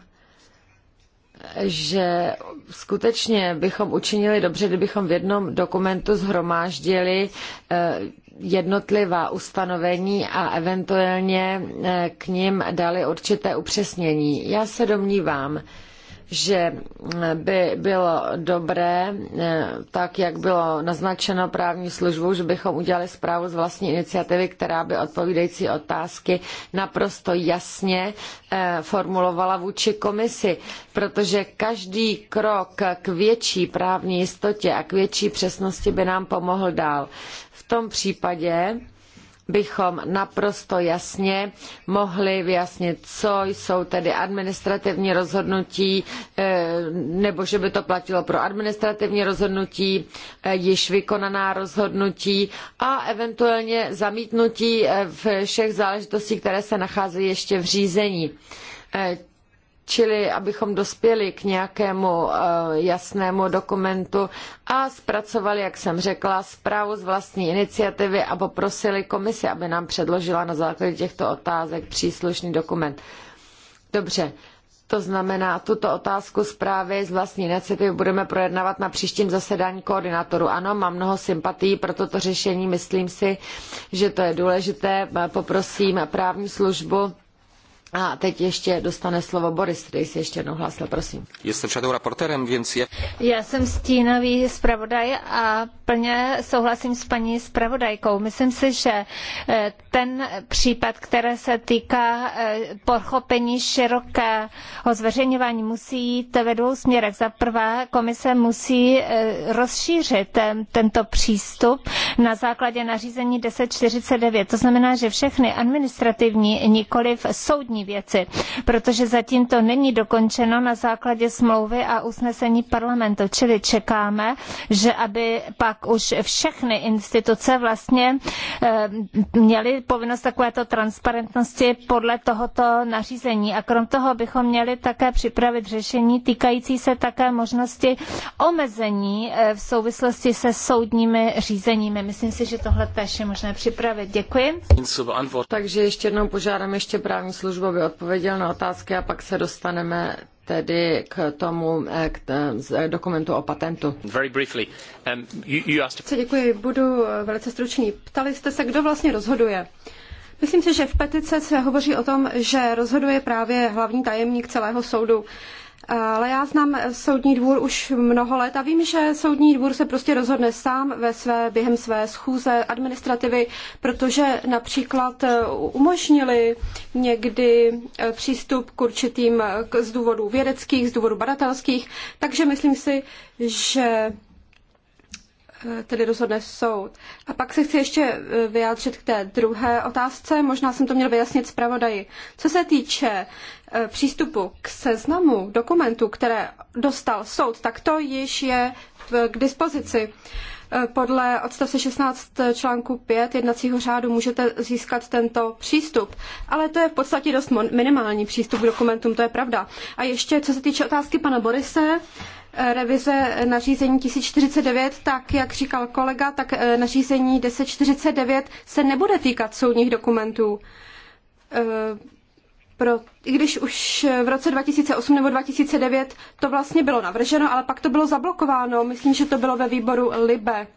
že skutečně bychom učinili dobře, kdybychom v jednom dokumentu zhromáždili eh, jednotlivá ustanovení a eventuálně eh, k nim dali určité upřesnění. Já se domnívám, že eh, by bylo dobré, eh, tak jak bylo naznačeno právní službou, že bychom udělali zprávu z vlastní iniciativy, která by odpovídající otázky naprosto jasně eh, formulovala vůči komisi, protože každý krok k větší právní jistotě a k větší přesnosti by nám pomohl dál. V tom případě bychom naprosto jasně mohli vyjasnit, co jsou tedy administrativní rozhodnutí, eh, nebo že by to platilo pro administrativní rozhodnutí, eh, již vykonaná rozhodnutí a eventuálně zamítnutí eh, všech záležitostí, které se nacházejí ještě v řízení Čili abychom dospěli k nějakému eh, jasnému dokumentu a zpracovali, jak jsem řekla, zprávu z vlastní iniciativy a poprosili komisi, aby nám předložila na základě těchto otázek příslušný dokument. Dobře, to znamená, tuto otázku zprávy z vlastní iniciativy budeme projednávat na příštím zasedání koordinátorů. Ano, mám mnoho sympatií pro toto řešení, myslím si, že to je důležité. Poprosím právní službu a teď ještě dostane slovo Boris, který se ještě jednou hlásil, prosím. Jsem shadow raportérem, więc je... Já jsem stínový zpravodaj a plně souhlasím s paní zpravodajkou. Myslím si, že eh, ten případ, který se týká eh, pochopení širokého zveřejňování, musí jít ve dvou směrech. Za prvé, komise musí eh, rozšířit tento přístup na základě nařízení 1049. To znamená, že všechny administrativní, nikoliv soudní právní věci, protože zatím to není dokončeno na základě smlouvy a usnesení parlamentu, čili čekáme, že aby pak už všechny instituce vlastně eh, měly povinnost takovéto transparentnosti podle tohoto nařízení. A krom toho bychom měli také připravit řešení týkající se také možnosti omezení eh, v souvislosti se soudními řízeními. Myslím si, že tohle též je možné připravit. Děkuji. Takže ještě jednou požádám ještě právní službu, by odpověděl na otázky a pak se dostaneme tedy k tomu eh, k eh, dokumentu o patentu. Very briefly, um, you, you asked... Děkuji, budu eh, velice stručný. Ptali jste se, kdo vlastně rozhoduje. Myslím si, že v petice se hovoří o tom, že rozhoduje právě hlavní tajemník celého soudu. Ale já znám soudní dvůr už mnoho let a vím, že soudní dvůr se prostě rozhodne sám ve své, během své schůze administrativy, protože například eh, umožnili někdy eh, přístup k určitým eh, z důvodů vědeckých, z důvodů badatelských, takže myslím si, že tedy rozhodne soud. A pak se chci ještě vyjádřit k té druhé otázce, možná jsem to měl vyjasnit zpravodaji. Co se týče Eh, přístupu k seznamu dokumentů, které dostal soud, tak to již je k dispozici. Eh, podle odstavce 16 eh, článku 5 jednacího řádu můžete získat tento přístup, ale to je v podstatě dost minimální přístup k dokumentům, to je pravda. A ještě co se týče otázky pana Borise, revize nařízení 1049, tak jak říkal kolega, tak nařízení 1049 se nebude týkat soudních dokumentů pro, i když už v roce 2008 nebo 2009 to vlastně bylo navrženo, ale pak to bylo zablokováno. Myslím, že to bylo ve výboru LIBE.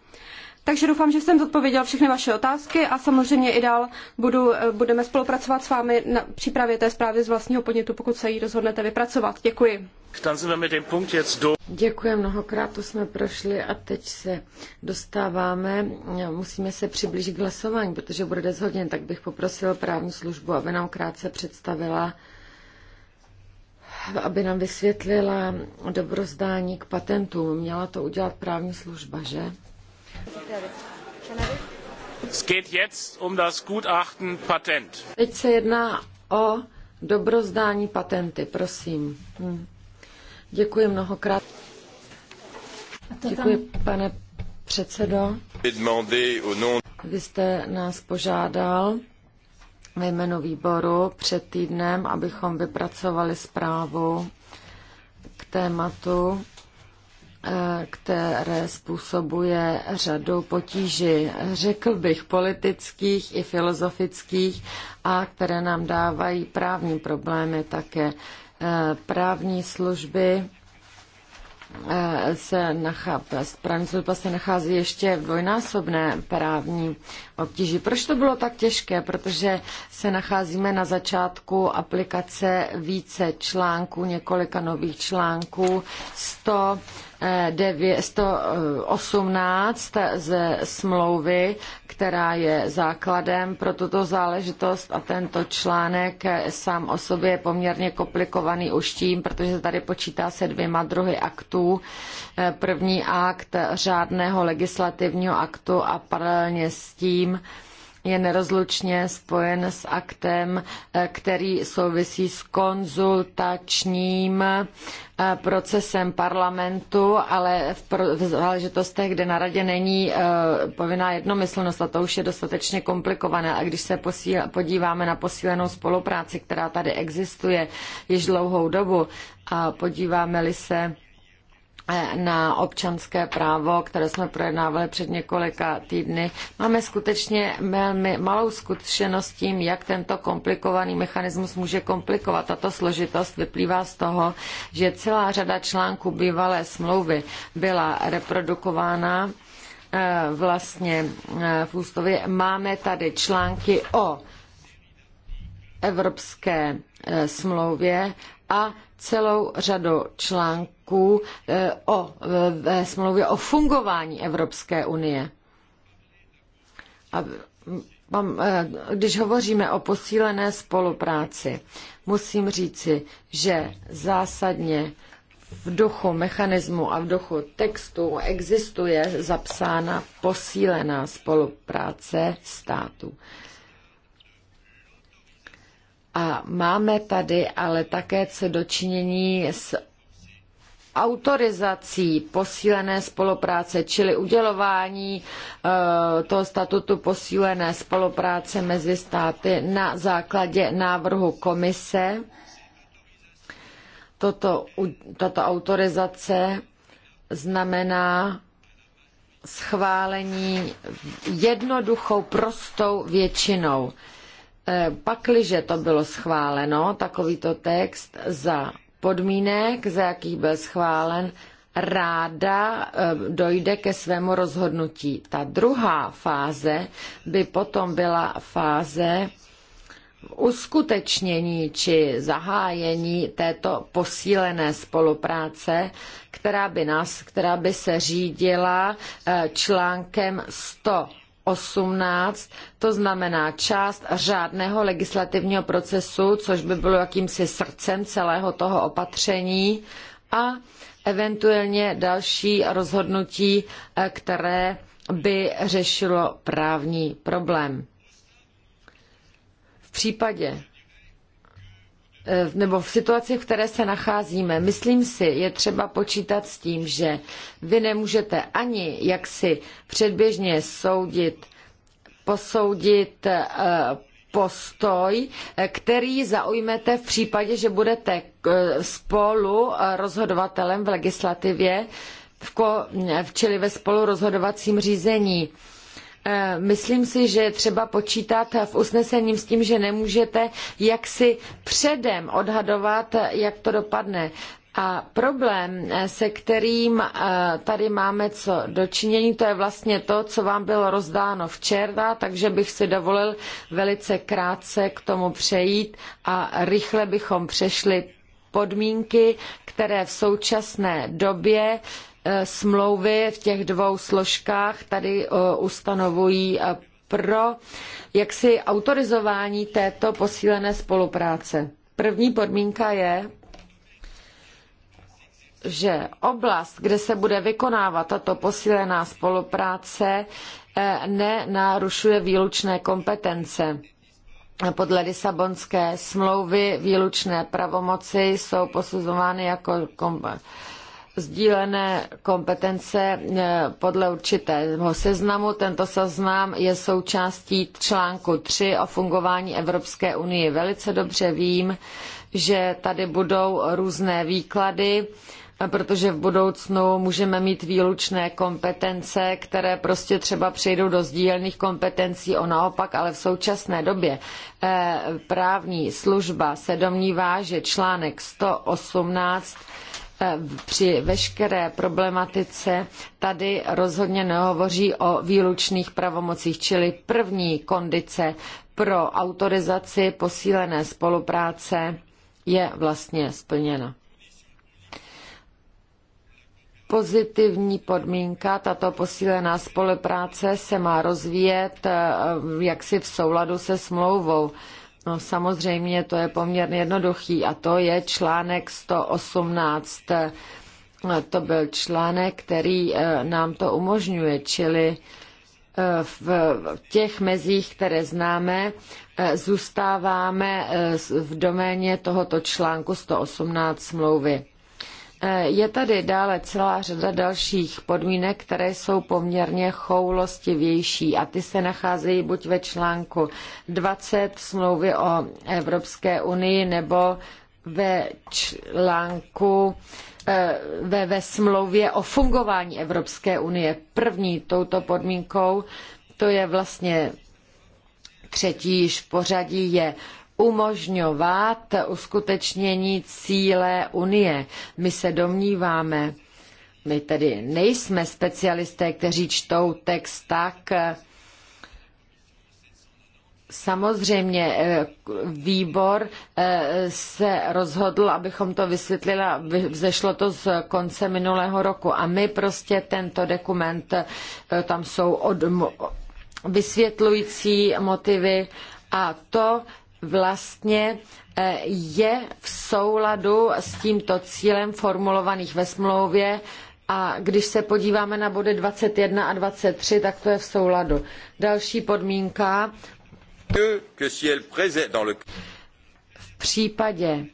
Takže doufám, že jsem zodpověděl všechny vaše otázky a samozřejmě i dál budu, budeme spolupracovat s vámi na přípravě té zprávy z vlastního podnětu, pokud se ji rozhodnete vypracovat. Děkuji. Děkuji mnohokrát, to jsme prošli a teď se dostáváme, no, musíme se přiblížit k hlasování, protože bude 10 tak bych poprosil právní službu, aby nám krátce představila aby nám vysvětlila dobrozdání k patentům. Měla to udělat právní služba, že? Um Teď se jedná o dobrozdání patenty, prosím. Hm. Děkuji mnohokrát. Děkuji, pane předsedo. Vy jste nás požádal ve jménu výboru před týdnem, abychom vypracovali zprávu k tématu které způsobuje řadu potíží, řekl bych, politických i filozofických, a které nám dávají právní problémy také. Eh, právní služby eh, se nachází, právní služba vlastně se nachází ještě v dvojnásobné právní obtíži. Proč to bylo tak těžké? Protože se nacházíme na začátku aplikace více článků, několika nových článků, 100 118 ze smlouvy, která je základem pro tuto záležitost a tento článek sám o sobě je poměrně komplikovaný už tím, protože se tady počítá se dvěma druhy aktů. První akt řádného legislativního aktu a paralelně s tím je nerozlučně spojen s aktem, eh, který souvisí s konzultačním eh, procesem parlamentu, ale v záležitostech, kde na radě není eh, povinná jednomyslnost a to už je dostatečně komplikované. A když se posíl, podíváme na posílenou spolupráci, která tady existuje již dlouhou dobu a podíváme-li se Eh, na občanské právo, které jsme projednávali před několika týdny, máme skutečně velmi malou zkušenost tím, jak tento komplikovaný mechanismus může komplikovat. Tato složitost vyplývá z toho, že celá řada článků bývalé smlouvy byla reprodukována eh, vlastně eh, v ústavě. Máme tady články o evropské smlouvě a celou řadu článků prvků eh, o, eh, ve smlouvě o fungování Evropské unie. A mm, eh, když hovoříme o posílené spolupráci, musím říci, že zásadně v duchu mechanismu a v duchu textu existuje zapsána posílená spolupráce států. A máme tady ale také co dočinění s autorizací posílené spolupráce, čili udělování e, toho statutu posílené spolupráce mezi státy na základě návrhu komise. Toto, tato autorizace znamená schválení jednoduchou, prostou většinou. E, pakliže to bylo schváleno, takovýto text za podmínek, za jakých byl schválen, ráda eh, dojde ke svému rozhodnutí. Ta druhá fáze by potom byla fáze uskutečnění či zahájení této posílené spolupráce, která by, nás, která by se řídila eh, článkem 100 18, to znamená část řádného legislativního procesu, což by bylo jakýmsi srdcem celého toho opatření a eventuálně další rozhodnutí, eh, které by řešilo právní problém. V případě Eh, nebo v situaci, v které se nacházíme, myslím si, je třeba počítat s tím, že vy nemůžete ani jaksi předběžně soudit, posoudit eh, postoj, eh, který zaujmete v případě, že budete spolu rozhodovatelem v legislativě, v ko, čili ve spolurozhodovacím řízení. Eh, myslím si, že je třeba počítat v usnesením s tím, že nemůžete jaksi předem odhadovat, jak to dopadne. A problém, eh, se kterým eh, tady máme co dočinění, to je vlastně to, co vám bylo rozdáno včera, takže bych si dovolil velice krátce k tomu přejít a rychle bychom přešli podmínky, které v současné době Eh, smlouvy v těch dvou složkách tady eh, ustanovují eh, pro jaksi autorizování této posílené spolupráce. První podmínka je, že oblast, kde se bude vykonávat tato posílená spolupráce, nenarušuje výlučné kompetence. Podle Lisabonské smlouvy výlučné pravomoci jsou posuzovány jako kompetence sdílené kompetence eh, podle určitého seznamu. Tento seznam je součástí článku 3 o fungování Evropské unie. Velice dobře vím, že tady budou různé výklady, protože v budoucnu můžeme mít výlučné kompetence, které prostě třeba přejdou do sdílených kompetencí o naopak, ale v současné době eh, právní služba se domnívá, že článek 118 E, při veškeré problematice tady rozhodně nehovoří o výlučných pravomocích, čili první kondice pro autorizaci posílené spolupráce je vlastně splněna. Pozitivní podmínka, tato posílená spolupráce se má rozvíjet e, jaksi v souladu se smlouvou. No samozřejmě to je poměrně jednoduchý a to je článek 118. To byl článek, který eh, nám to umožňuje, čili eh, v těch mezích, které známe, eh, zůstáváme v doméně tohoto článku 118 smlouvy. Eh, je tady dále celá řada dalších podmínek, které jsou poměrně choulostivější a ty se nacházejí buď ve článku 20 smlouvy o Evropské unii nebo ve článku eh, ve, ve smlouvě o fungování Evropské unie. První touto podmínkou, to je vlastně třetí již v pořadí, je umožňovat uskutečnění cíle Unie. My se domníváme, my tedy nejsme specialisté, kteří čtou text tak, Samozřejmě eh, výbor eh, se rozhodl, abychom to vysvětlili a vzešlo to z konce minulého roku. A my prostě tento dokument, eh, tam jsou od, vysvětlující motivy a to vlastně eh, je v souladu s tímto cílem formulovaných ve smlouvě a když se podíváme na body 21 a 23, tak to je v souladu. Další podmínka. V případě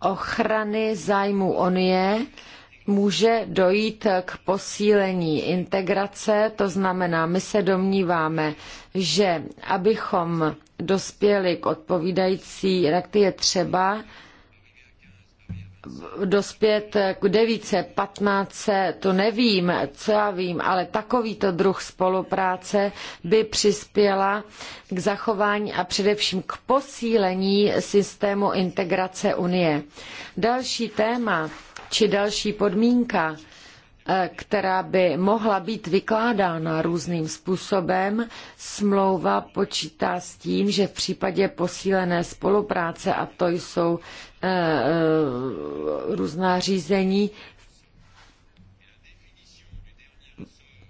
ochrany zájmu Unie může dojít k posílení integrace, to znamená, my se domníváme, že abychom dospěli k odpovídající reakci, je třeba dospět k devíce, patnáce, to nevím, co já vím, ale takovýto druh spolupráce by přispěla k zachování a především k posílení systému integrace Unie. Další téma či další podmínka Eh, která by mohla být vykládána různým způsobem, smlouva počítá s tím, že v případě posílené spolupráce, a to jsou eh, eh, různá řízení,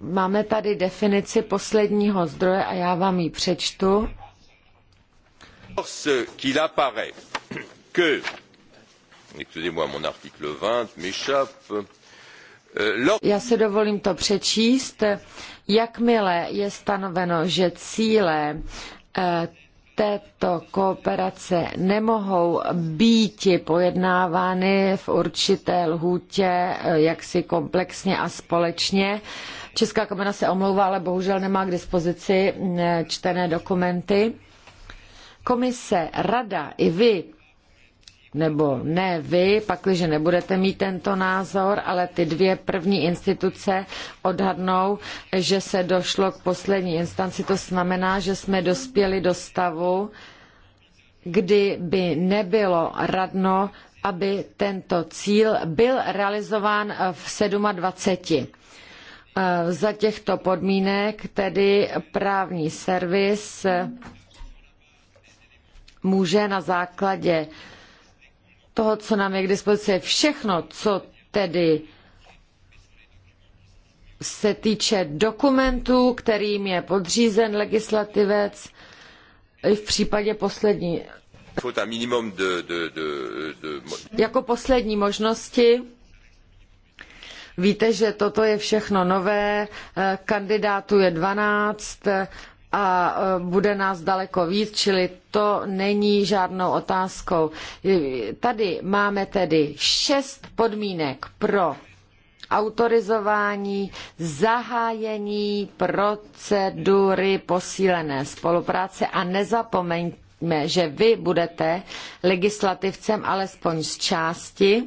máme tady definici posledního zdroje a já vám ji přečtu. qu'il apparaît que, excusez-moi, mon article 20 m'échappe, já si dovolím to přečíst. Jakmile je stanoveno, že cíle eh, této kooperace nemohou být pojednávány v určité lhůtě eh, jaksi komplexně a společně. Česká komora se omlouvá, ale bohužel nemá k dispozici eh, čtené dokumenty. Komise, rada i vy nebo ne vy, pakliže nebudete mít tento názor, ale ty dvě první instituce odhadnou, že se došlo k poslední instanci. To znamená, že jsme dospěli do stavu, kdy by nebylo radno, aby tento cíl byl realizován v 27. Za těchto podmínek tedy právní servis může na základě toho, co nám je k dispozici, všechno, co tedy se týče dokumentů, kterým je podřízen legislativec, i v případě poslední. Jako poslední možnosti Víte, že toto je všechno nové, eh, kandidátů je 12, a e, bude nás daleko víc, čili to není žádnou otázkou. Tady máme tedy šest podmínek pro autorizování, zahájení procedury posílené spolupráce a nezapomeňme, že vy budete legislativcem alespoň z části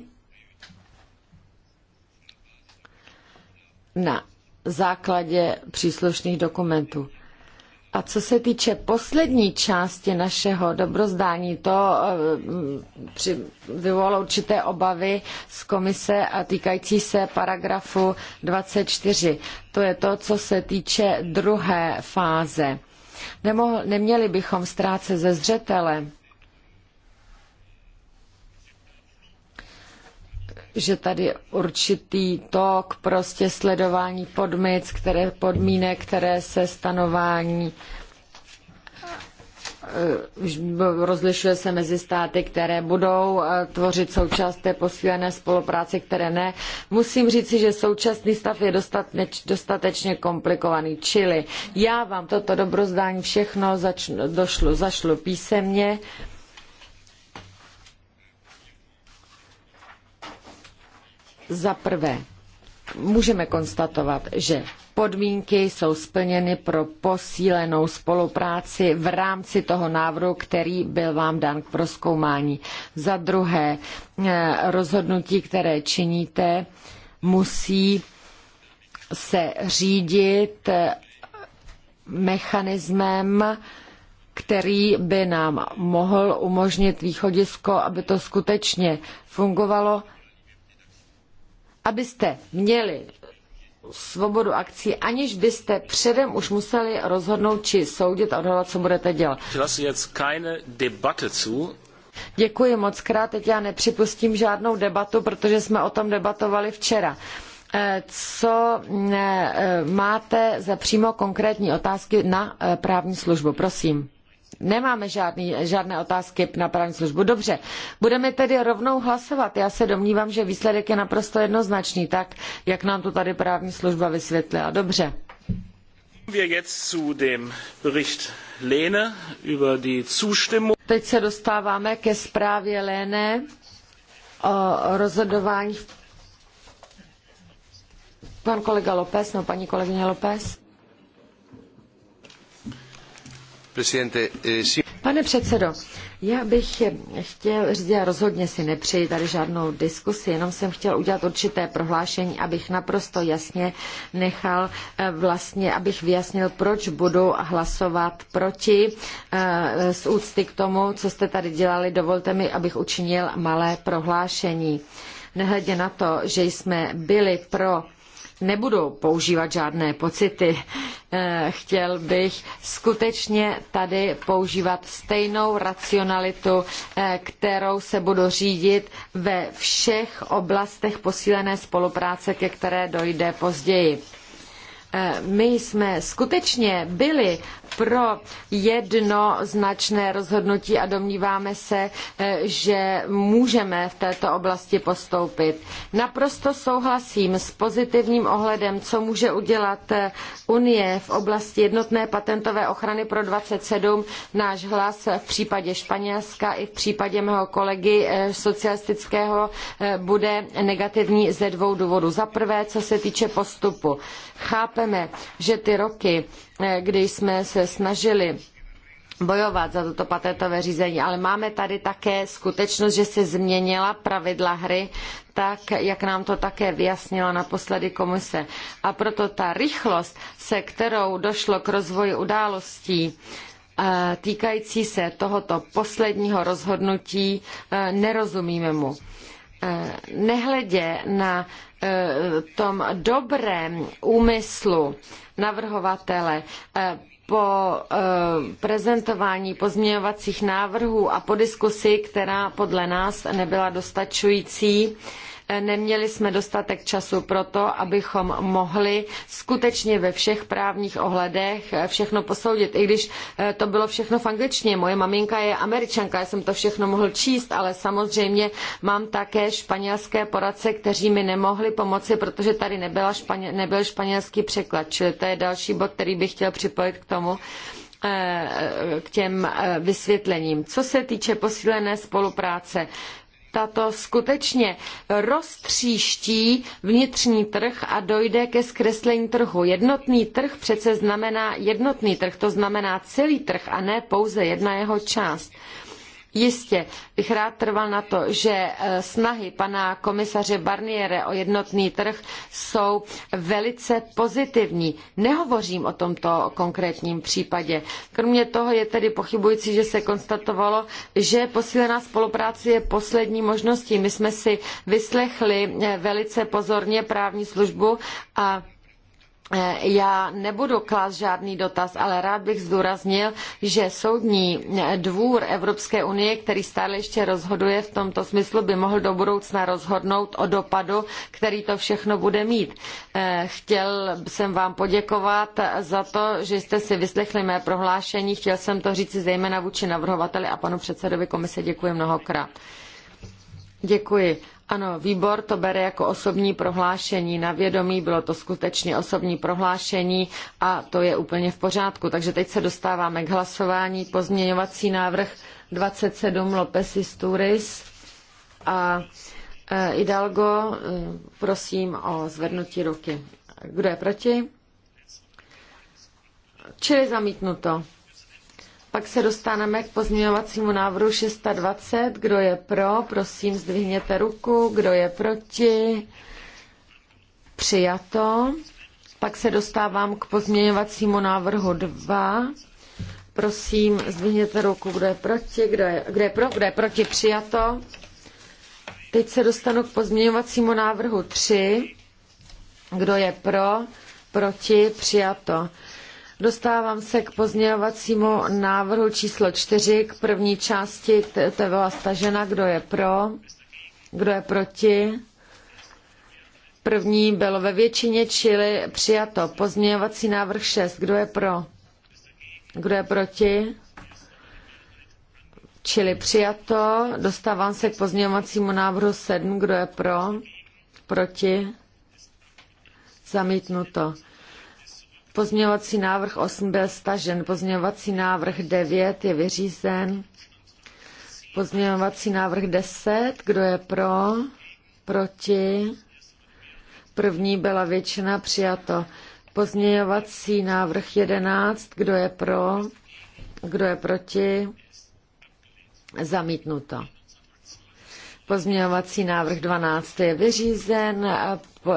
na základě příslušných dokumentů. A co se týče poslední části našeho dobrozdání, to eh, při, vyvolalo určité obavy z komise a týkající se paragrafu 24. To je to, co se týče druhé fáze. Nemohl, neměli bychom ztrácet ze zřetele, že tady je určitý tok prostě sledování podmic, které, podmínek, které se stanování eh, rozlišuje se mezi státy, které budou eh, tvořit součást té posílené spolupráce, které ne. Musím říci, že současný stav je dostatečně komplikovaný. Čili já vám toto dobrozdání všechno začnu, došlu, zašlu písemně. Za prvé, můžeme konstatovat, že podmínky jsou splněny pro posílenou spolupráci v rámci toho návrhu, který byl vám dán k proskoumání. Za druhé, eh, rozhodnutí, které činíte, musí se řídit eh, mechanismem, který by nám mohl umožnit východisko, aby to skutečně fungovalo abyste měli svobodu akcí, aniž byste předem už museli rozhodnout či soudit a odhalovat, co budete dělat. Děkuji moc krát, teď já nepřipustím žádnou debatu, protože jsme o tom debatovali včera. Eh, co eh, máte za přímo konkrétní otázky na eh, právní službu? Prosím. Nemáme žádný, žádné otázky na právní službu. Dobře, budeme tedy rovnou hlasovat. Já se domnívám, že výsledek je naprosto jednoznačný, tak jak nám to tady právní služba vysvětlila. Dobře. Teď se dostáváme ke zprávě Léne o rozhodování. Pan kolega López, no paní kolegyně López. Eh, Pane předsedo, já bych chtěl říct, já rozhodně si nepřeji tady žádnou diskusi, jenom jsem chtěl udělat určité prohlášení, abych naprosto jasně nechal eh, vlastně, abych vyjasnil, proč budu hlasovat proti eh, z úcty k tomu, co jste tady dělali. Dovolte mi, abych učinil malé prohlášení nehledě na to, že jsme byli pro nebudu používat žádné pocity. Eh, chtěl bych skutečně tady používat stejnou racionalitu, eh, kterou se budu řídit ve všech oblastech posílené spolupráce, ke které dojde později. Eh, my jsme skutečně byli pro jednoznačné rozhodnutí a domníváme se, eh, že můžeme v této oblasti postoupit. Naprosto souhlasím s pozitivním ohledem, co může udělat eh, Unie v oblasti jednotné patentové ochrany pro 27. Náš hlas v případě Španělska i v případě mého kolegy socialistického bude negativní ze dvou důvodů. Za prvé, co se týče postupu. Chápe chápeme, že ty roky, eh, kdy jsme se snažili bojovat za toto patentové řízení, ale máme tady také skutečnost, že se změnila pravidla hry tak, jak nám to také vyjasnila naposledy komise. A proto ta rychlost, se kterou došlo k rozvoji událostí, eh, týkající se tohoto posledního rozhodnutí, eh, nerozumíme mu. Eh, nehledě na eh, tom dobrém úmyslu navrhovatele eh, po prezentování pozměňovacích návrhů a po diskusi, která podle nás nebyla dostačující, Neměli jsme dostatek času pro to, abychom mohli skutečně ve všech právních ohledech všechno posoudit. I když eh, to bylo všechno v angličtině. Moje maminka je američanka, já jsem to všechno mohl číst, ale samozřejmě mám také španělské poradce, kteří mi nemohli pomoci, protože tady nebyla španě, nebyl španělský překlad. Čili to je další bod, který bych chtěl připojit k tomu, eh, eh, k těm vysvětlením. Co se týče posílené spolupráce, tato skutečně roztříští vnitřní trh a dojde ke zkreslení trhu. Jednotný trh přece znamená jednotný trh, to znamená celý trh a ne pouze jedna jeho část. Jistě bych rád trval na to, že eh, snahy pana komisaře Barniere o jednotný trh jsou velice pozitivní. Nehovořím o tomto konkrétním případě. Kromě toho je tedy pochybující, že se konstatovalo, že posílená spolupráce je poslední možností. My jsme si vyslechli eh, velice pozorně právní službu a Eh, já nebudu klást žádný dotaz, ale rád bych zdůraznil, že soudní eh, dvůr Evropské unie, který stále ještě rozhoduje v tomto smyslu, by mohl do budoucna rozhodnout o dopadu, který to všechno bude mít. Eh, chtěl jsem vám poděkovat za to, že jste si vyslechli mé prohlášení. Chtěl jsem to říci zejména vůči navrhovateli a panu předsedovi komise. Děkuji mnohokrát. Děkuji. Ano, výbor to bere jako osobní prohlášení na vědomí, bylo to skutečně osobní prohlášení a to je úplně v pořádku. Takže teď se dostáváme k hlasování. Pozměňovací návrh 27 Lopez Isturis a e, Hidalgo, e, prosím o zvednutí ruky. Kdo je proti? Čili zamítnuto. Pak se dostaneme k pozměňovacímu návrhu 620. Kdo je pro, prosím, zdvihněte ruku. Kdo je proti? Přijato. Pak se dostávám k pozměňovacímu návrhu 2. Prosím, zdvihněte ruku, kdo je proti, kdo je, kdo je pro, kdo je proti, přijato. Teď se dostanu k pozměňovacímu návrhu 3. Kdo je pro, proti, přijato. Dostávám se k pozměňovacímu návrhu číslo 4, k první části, to byla stažena, kdo je pro, kdo je proti. První bylo ve většině, čili přijato. Pozměňovací návrh 6, kdo je pro, kdo je proti, čili přijato. Dostávám se k pozměňovacímu návrhu 7, kdo je pro, proti, zamítnuto. Pozměňovací návrh 8 byl stažen, pozměňovací návrh 9 je vyřízen, pozměňovací návrh 10, kdo je pro, proti, první byla většina přijato. Pozměňovací návrh 11, kdo je pro, kdo je proti, zamítnuto. Pozměňovací návrh 12 je vyřízen,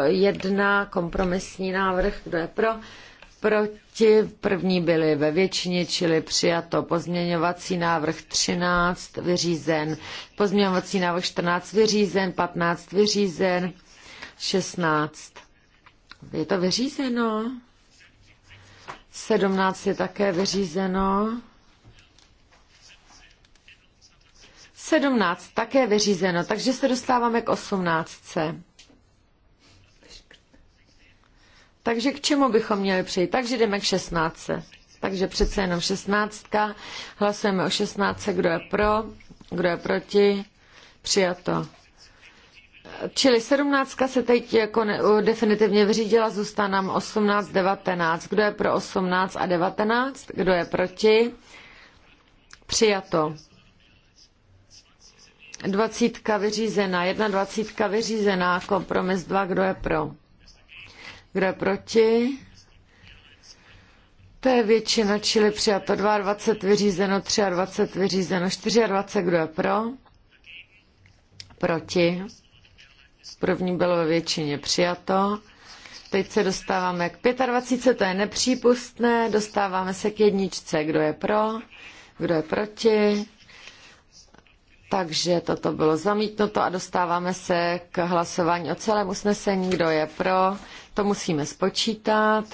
jedna kompromisní návrh, kdo je pro, proti, první byli ve většině, čili přijato pozměňovací návrh 13 vyřízen, pozměňovací návrh 14 vyřízen, 15 vyřízen, 16. Je to vyřízeno? 17 je také vyřízeno. 17 také vyřízeno, takže se dostáváme k 18. Takže k čemu bychom měli přijít? Takže jdeme k 16. Takže přece jenom 16. Hlasujeme o 16. Kdo je pro? Kdo je proti? Přijato. Čili 17 se teď jako ne, definitivně vyřídila, zůstane nám 18, 19. Kdo je pro 18 a 19? Kdo je proti? Přijato. 20 vyřízená, 21 vyřízená, kompromis 2, kdo je pro? Kdo je proti? To je většina, čili přijato 22, vyřízeno 23, vyřízeno 24, kdo je pro? Proti. První bylo ve většině přijato. Teď se dostáváme k 25, to je nepřípustné. Dostáváme se k jedničce, kdo je pro, kdo je proti. Takže toto bylo zamítnuto a dostáváme se k hlasování o celém usnesení, kdo je pro, to musíme spočítat,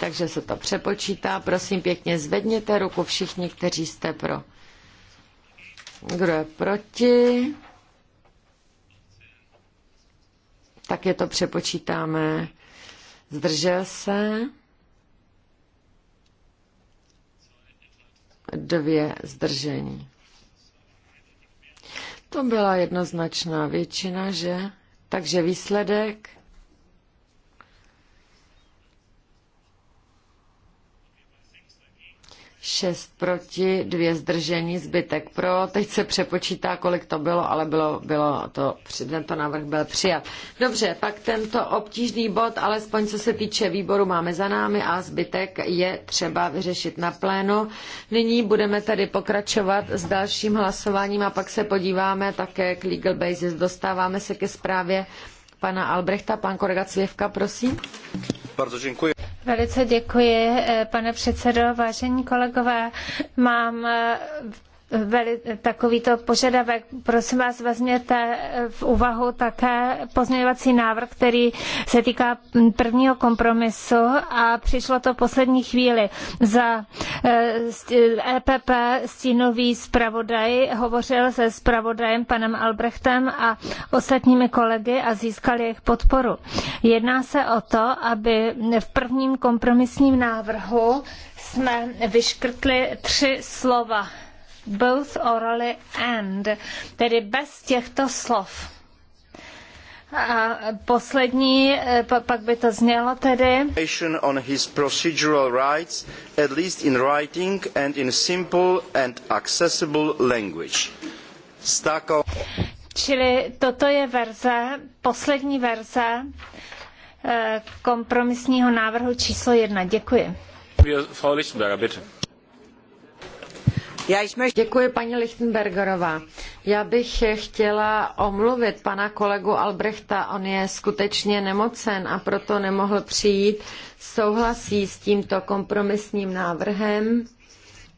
takže se to přepočítá. Prosím pěkně, zvedněte ruku všichni, kteří jste pro. Kdo je proti? Tak je to přepočítáme. Zdržel se? Dvě zdržení. To byla jednoznačná většina, že? Takže výsledek 6 proti, 2 zdržení, zbytek pro. Teď se přepočítá, kolik to bylo, ale bylo, bylo to, tento návrh byl přijat. Dobře, pak tento obtížný bod, alespoň co se týče výboru, máme za námi a zbytek je třeba vyřešit na plénu. Nyní budeme tedy pokračovat s dalším hlasováním a pak se podíváme také k Legal Basis. Dostáváme se ke zprávě pana Albrechta. Pan kolega Cvěvka, prosím. Bardzo děkuji. Velice děkuji, eh, pane předsedo. Vážení kolegové, mám eh, veli, takovýto požadavek. Prosím vás, vezměte eh, v úvahu také pozměňovací návrh, který se týká prvního kompromisu a přišlo to poslední chvíli. Za EPP eh, e stínový zpravodaj hovořil se zpravodajem panem Albrechtem a ostatními kolegy a získal jejich podporu. Jedná se o to, aby v prvním kompromisním návrhu jsme vyškrtli tři slova both orally and, tedy bez těchto slov. A poslední, eh, pak by to znělo tedy. on his procedural rights, at least in writing and in simple and accessible language. Stako. Čili toto je verze, poslední verze eh, kompromisního návrhu číslo jedna. Děkuji. Frau Lichtenberger, bitte. Děkuji, paní Lichtenbergerová. Já bych chtěla omluvit pana kolegu Albrechta. On je skutečně nemocen a proto nemohl přijít. Souhlasí s tímto kompromisním návrhem.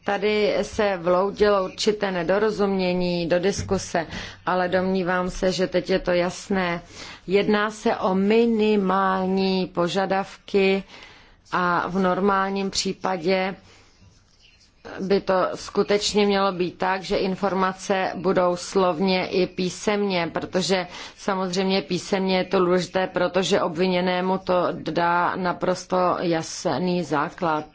Tady se vloudilo určité nedorozumění do diskuse, ale domnívám se, že teď je to jasné. Jedná se o minimální požadavky a v normálním případě by to skutečně mělo být tak, že informace budou slovně i písemně, protože samozřejmě písemně je to důležité, protože obviněnému to dá naprosto jasný základ.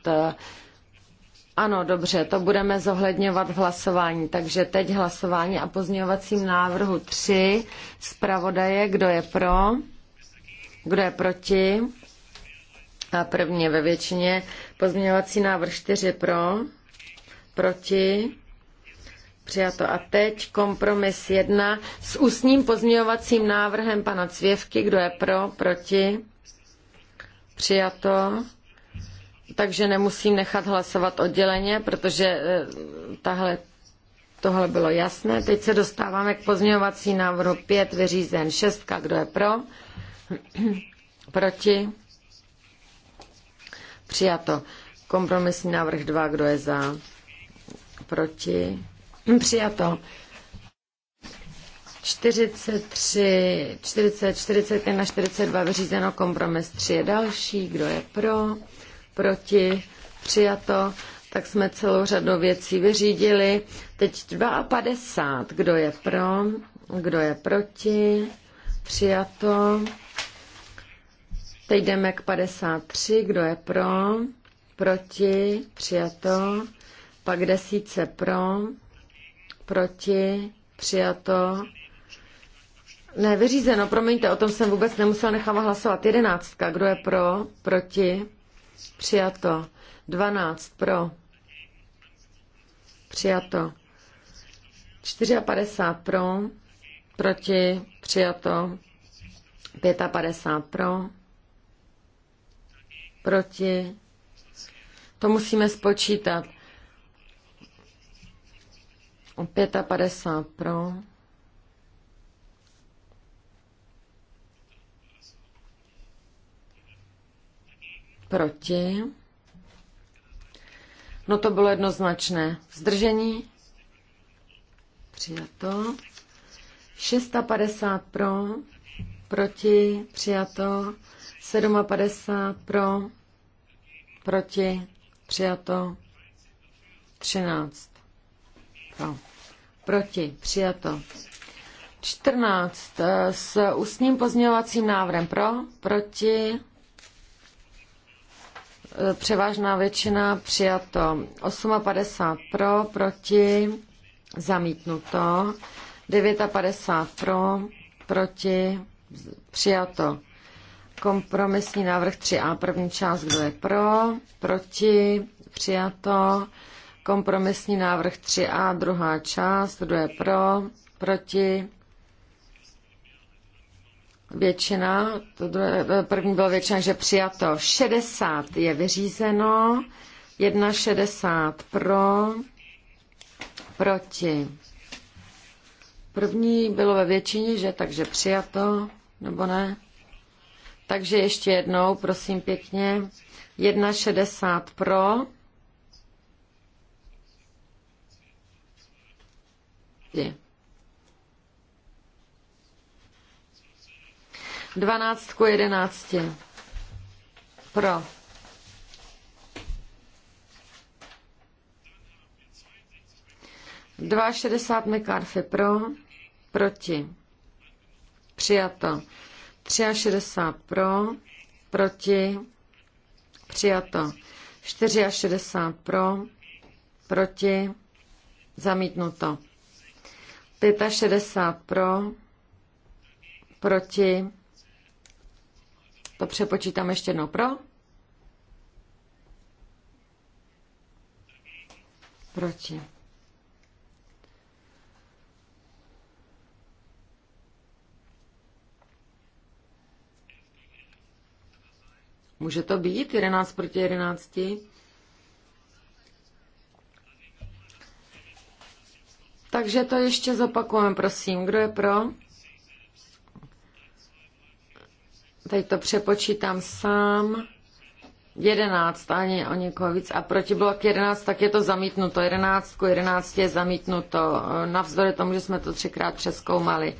Ano, dobře, to budeme zohledňovat v hlasování. Takže teď hlasování a pozměňovacím návrhu 3. Zpravodaje, kdo je pro, kdo je proti. A první ve většině pozměňovací návrh 4 pro proti, přijato. A teď kompromis jedna s ústním pozměňovacím návrhem pana Cvěvky, kdo je pro, proti, přijato. Takže nemusím nechat hlasovat odděleně, protože eh, tahle, tohle bylo jasné. Teď se dostáváme k pozměňovací návrhu 5, vyřízen 6, kdo je pro, [CLEARS THROAT] proti, přijato. Kompromisní návrh 2, kdo je za? proti, přijato. 43, 40, 41 42 vyřízeno, kompromis 3 je další, kdo je pro, proti, přijato, tak jsme celou řadu věcí vyřídili. Teď 52, kdo je pro, kdo je proti, přijato. Teď jdeme k 53, kdo je pro, proti, přijato. Pak desíce pro, proti, přijato. Ne, vyřízeno, promiňte, o tom jsem vůbec nemusel nechávat hlasovat. Jedenáctka, kdo je pro, proti, přijato. Dvanáct pro, přijato. 54 pro, proti, přijato. 55 pro, proti. To musíme spočítat. 55 pro. Proti. No to bylo jednoznačné. Zdržení. Přijato. 650 pro. Proti. Přijato. 57 pro. Proti. Přijato. 13 pro, proti, přijato. 14 eh, s ústním pozměňovacím návrhem pro, proti, eh, převážná většina přijato. 58 pro, proti, zamítnuto. 59 pro, proti, přijato. Kompromisní návrh 3a, první část, kdo je pro, proti, přijato. Kompromisní návrh 3a, druhá část, kdo je pro, proti, většina, to druhé, eh, první byla většina, že přijato. 60 je vyřízeno, 1,60 pro, proti. První bylo ve většině, že takže přijato, nebo ne? Takže ještě jednou, prosím pěkně. 1,60 pro, 12 k 11. Pro. Dva šedesát McCarthy pro, proti. Přijato. Tři a šedesát pro, proti. Přijato. Čtyři a šedesát pro, proti. Zamítnuto. 65 pro, proti, to přepočítám ještě jednou pro, proti. Může to být 11 proti 11? Takže to ještě zopakujeme, prosím. Kdo je pro? Teď to přepočítám sám. 11, ani o někoho víc. A proti blok 11, tak je to zamítnuto. 11 11 je zamítnuto. Navzdory tomu, že jsme to třikrát přeskoumali.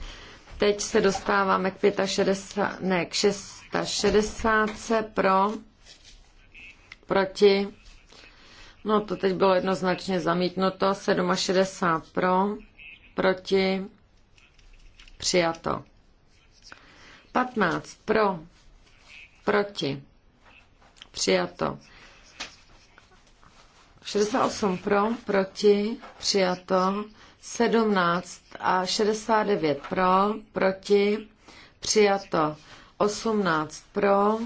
Teď se dostáváme k 65, ne, k 660 pro, proti, No to teď bylo jednoznačně zamítnuto. 67 pro, proti, přijato. 15 pro, proti, přijato. 68 pro, proti, přijato. 17 a 69 pro, proti, přijato. 18 pro,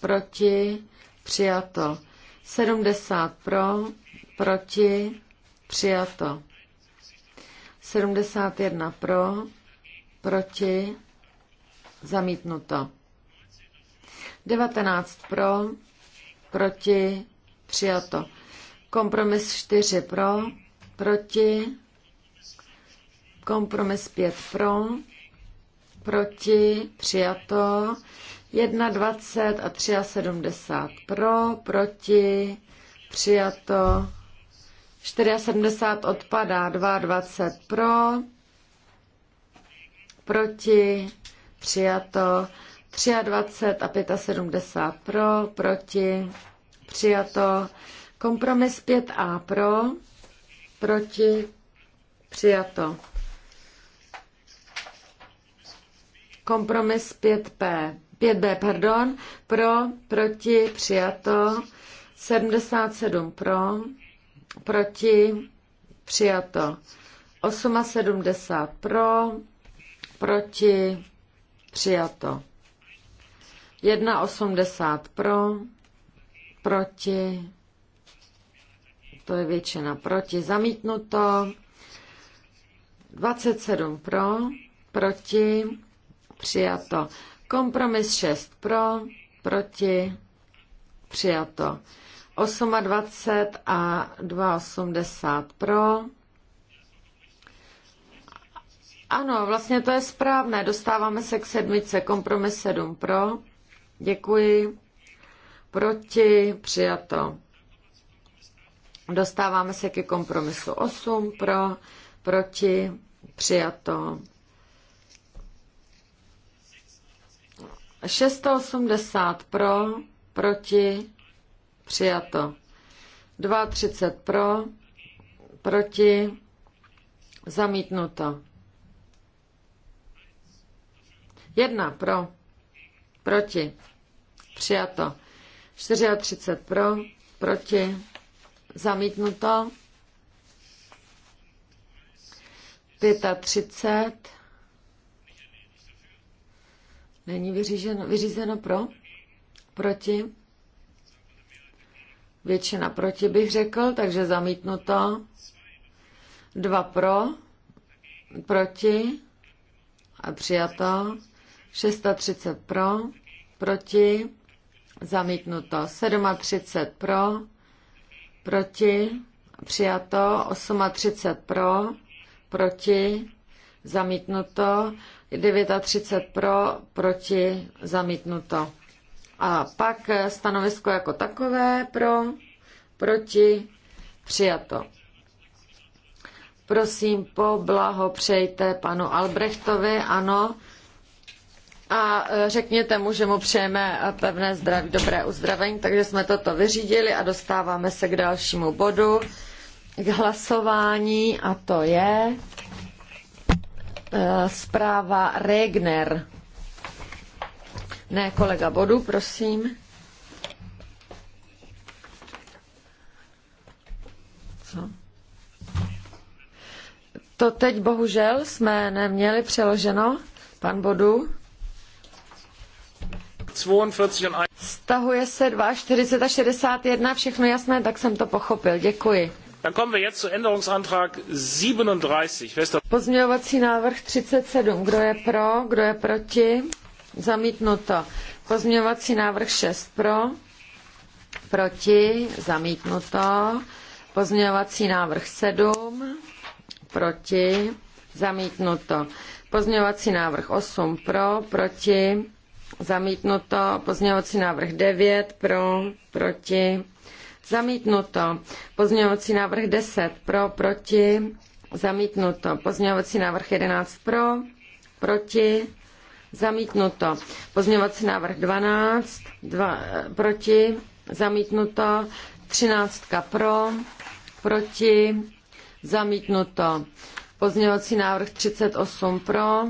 proti, přijato. 70 pro, proti, přijato. 71 pro, proti, zamítnuto. 19 pro, proti, přijato. Kompromis 4 pro, proti, kompromis 5 pro, proti, přijato. 21 a 73 pro, proti, přijato. 74 odpadá, 22 pro, proti, přijato. 23 a 75 pro, proti, přijato. Kompromis 5a pro, proti, přijato. Kompromis 5p 5B, pardon, pro, proti, přijato, 77 pro, proti, přijato, 78 pro, proti, přijato, 1,80 pro, proti, to je většina proti, zamítnuto, 27 pro, proti, přijato. Kompromis 6 pro, proti, přijato. 28 a 2,80 pro. Ano, vlastně to je správné. Dostáváme se k sedmice. Kompromis 7 pro. Děkuji. Proti. Přijato. Dostáváme se ke kompromisu 8 pro. Proti. Přijato. 680 pro, proti, přijato. 230 pro, proti, zamítnuto. 1 pro, proti, přijato. 34 pro, proti, zamítnuto. 35 Není vyřízeno, vyřízeno pro? Proti? Většina proti bych řekl, takže zamítnuto. Dva pro, proti a přijato. 630 pro, proti, zamítnuto. 37 pro, proti, přijato. 38 pro, proti, zamítnuto, 39 pro, proti, zamítnuto. A pak stanovisko jako takové pro, proti, přijato. Prosím, poblahopřejte panu Albrechtovi, ano, a e, řekněte mu, že mu přejeme pevné zdraví, dobré uzdravení, takže jsme toto vyřídili a dostáváme se k dalšímu bodu, k hlasování a to je... Eh, zpráva Regner. Ne, kolega Bodu, prosím. Co? To teď bohužel jsme neměli přeloženo. Pan Bodu. Stahuje se 2, 40 a 61, všechno jasné, tak jsem to pochopil. Děkuji. Dann kommen wir jetzt zu Änderungsantrag 37. Pozměňovací návrh 37. Kdo je pro? Kdo je proti? Zamítnuto. Pozměňovací návrh 6 pro, proti, zamítnuto. Pozměňovací návrh 7, proti, zamítnuto. Pozměňovací návrh 8 pro, proti, zamítnuto. Pozměňovací návrh 9 pro, proti, Zamítnuto. Pozměňovací návrh 10 pro, proti. Zamítnuto. Pozměňovací návrh 11 pro, proti. Zamítnuto. Pozměňovací návrh 12 dva, eh, proti. Zamítnuto. 13 pro, proti. Zamítnuto. Pozměňovací návrh 38 pro,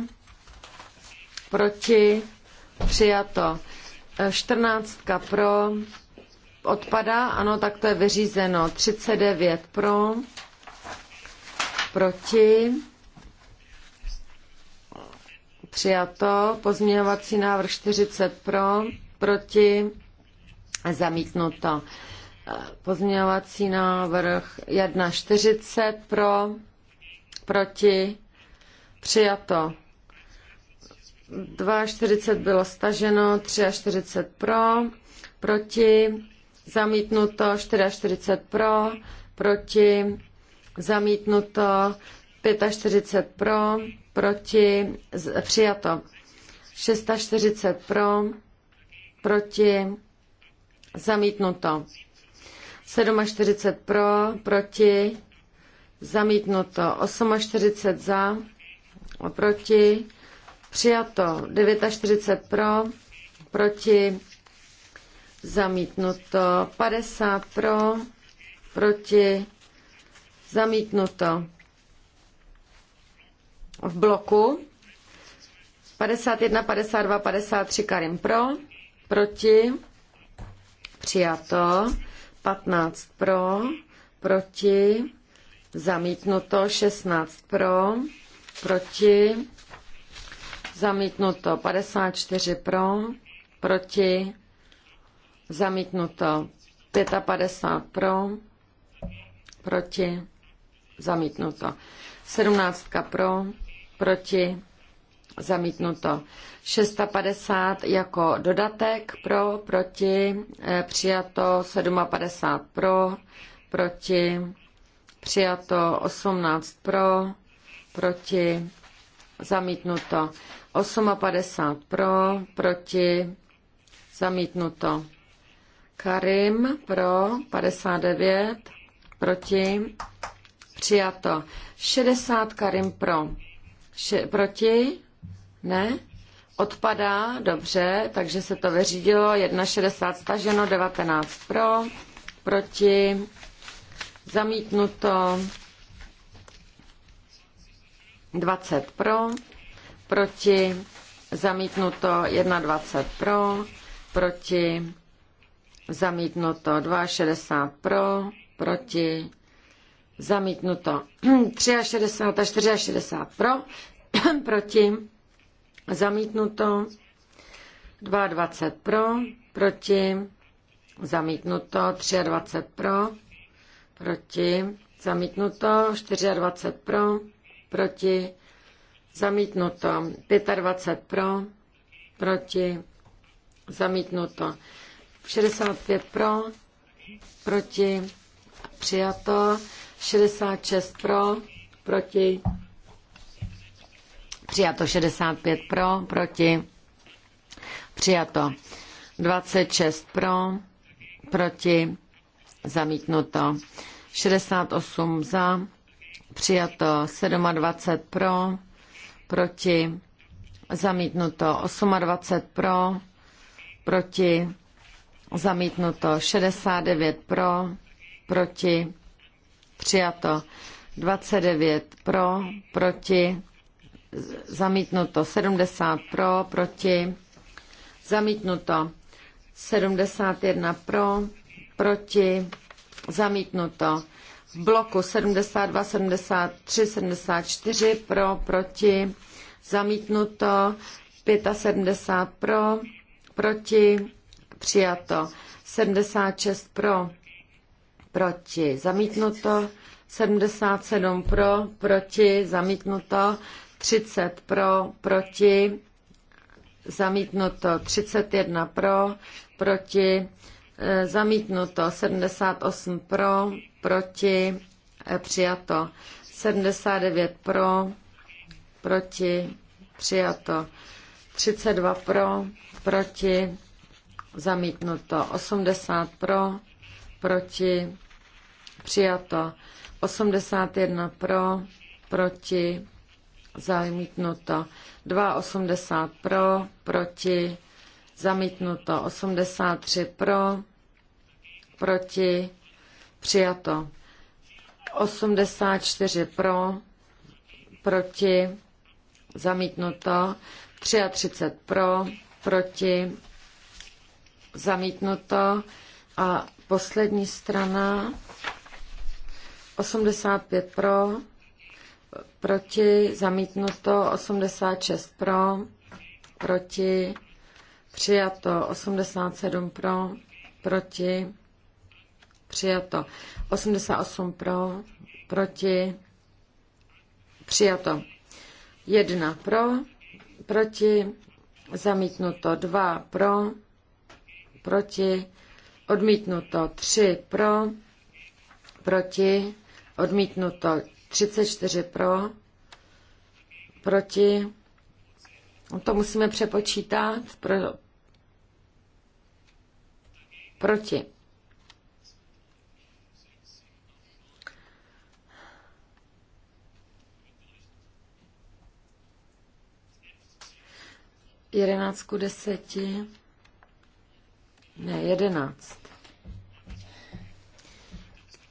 proti. Přijato. 14 eh, pro, odpadá, ano, tak to je vyřízeno. 39 pro, proti, přijato, pozměňovací návrh 40 pro, proti, zamítnuto. Pozměňovací návrh 1.40 pro, proti, přijato. 2.40 bylo staženo, 3.40 pro, proti, zamítnuto, 44 pro, proti, zamítnuto, 45 pro, proti, přijato, 640 pro, proti, zamítnuto, 47 pro, proti, zamítnuto, 48 za, proti, přijato, 49 pro, proti, zamítnuto. 50 pro, proti, zamítnuto. V bloku 51, 52, 53 Karim pro, proti, přijato. 15 pro, proti, zamítnuto. 16 pro, proti, zamítnuto. 54 pro, proti, Zamítnuto. 55 pro. Proti. Zamítnuto. 17 pro. Proti. Zamítnuto. 650 jako dodatek pro, proti, eh, přijato 57 pro, proti, přijato 18 pro, proti, zamítnuto 58 pro, proti, zamítnuto Karim pro 59, proti, přijato. 60 Karim pro, Še, proti, ne, odpadá, dobře, takže se to vyřídilo, 1,60 staženo, 19 pro, proti, zamítnuto, 20 pro, proti, zamítnuto, 21 pro, proti, zamítnuto 62 pro, proti, zamítnuto 63 [CLEARS THROAT] a 64 [CLEARS THROAT] pro, proti, zamítnuto 22 pro, proti, zamítnuto 23 pro, proti, zamítnuto 24 pro, proti, zamítnuto 25 pro, proti, zamítnuto 65 pro, proti, přijato. 66 pro, proti, přijato. 65 pro, proti, přijato. 26 pro, proti, zamítnuto. 68 za, přijato. 27 pro, proti, zamítnuto. 28 pro, proti, Zamítnuto 69 pro, proti, přijato 29 pro, proti, zamítnuto 70 pro, proti, zamítnuto 71 pro, proti, zamítnuto v bloku 72, 73, 74 pro, proti, zamítnuto 75 pro, proti, přijato. 76 pro, proti, zamítnuto. 77 pro, proti, zamítnuto. 30 pro, proti, zamítnuto. 31 pro, proti, eh, zamítnuto. 78 eh, pro, proti, přijato. 79 pro, proti, přijato. 32 pro, proti, zamítnuto 80 pro, proti, přijato 81 pro, proti, zamítnuto 280 pro, proti, zamítnuto 83 pro, proti, přijato 84 pro, proti, zamítnuto 33 pro, proti, Zamítnuto. A poslední strana. 85 pro. Proti. Zamítnuto. 86 pro. Proti. Přijato. 87 pro. Proti. Přijato. 88 pro. Proti. Přijato. 1 pro. Proti. Zamítnuto. 2 pro proti, odmítnuto 3 pro, proti, odmítnuto 34 pro, proti, to musíme přepočítat, pro, proti. Jedenáctku deseti. Ne, jedenáct.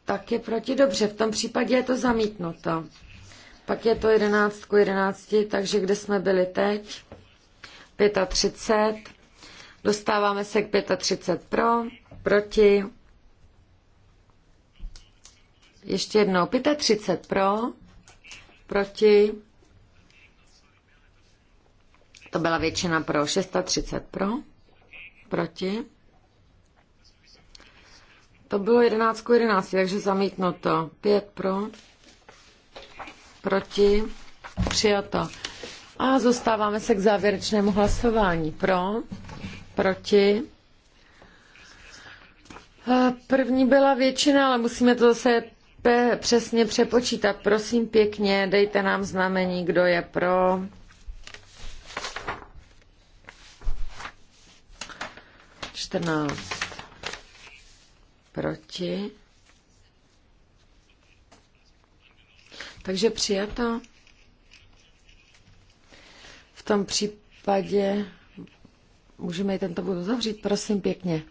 Tak je proti dobře, v tom případě je to zamítnuto. Pak je to jedenáctku jedenácti, takže kde jsme byli teď? 35. Dostáváme se k 35 pro, proti. Ještě jednou, 35 pro, proti. To byla většina pro, 630 pro, proti. To bylo 11 ku 11, takže zamítnuto. 5 pro, proti, přijato. A zůstáváme se k závěrečnému hlasování. Pro, proti. První byla většina, ale musíme to zase přesně přepočítat. Prosím pěkně, dejte nám znamení, kdo je pro. Čtrnáct. Proti? Takže přijato. V tom případě můžeme i tento bod uzavřít, prosím pěkně.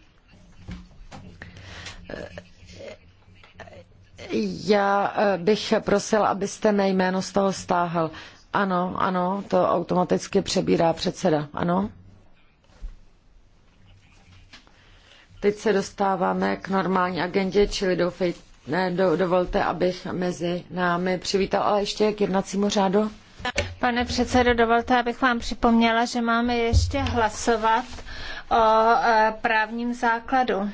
Já eh, bych prosila, abyste mé jméno z toho stáhl. Ano, ano, to automaticky přebírá předseda. Ano? Teď se dostáváme k normální agendě, čili doufej, ne, do, dovolte, abych mezi námi přivítal, ale ještě k jednacímu řádu. Pane předsedo, dovolte, abych vám připomněla, že máme ještě hlasovat o e, právním základu.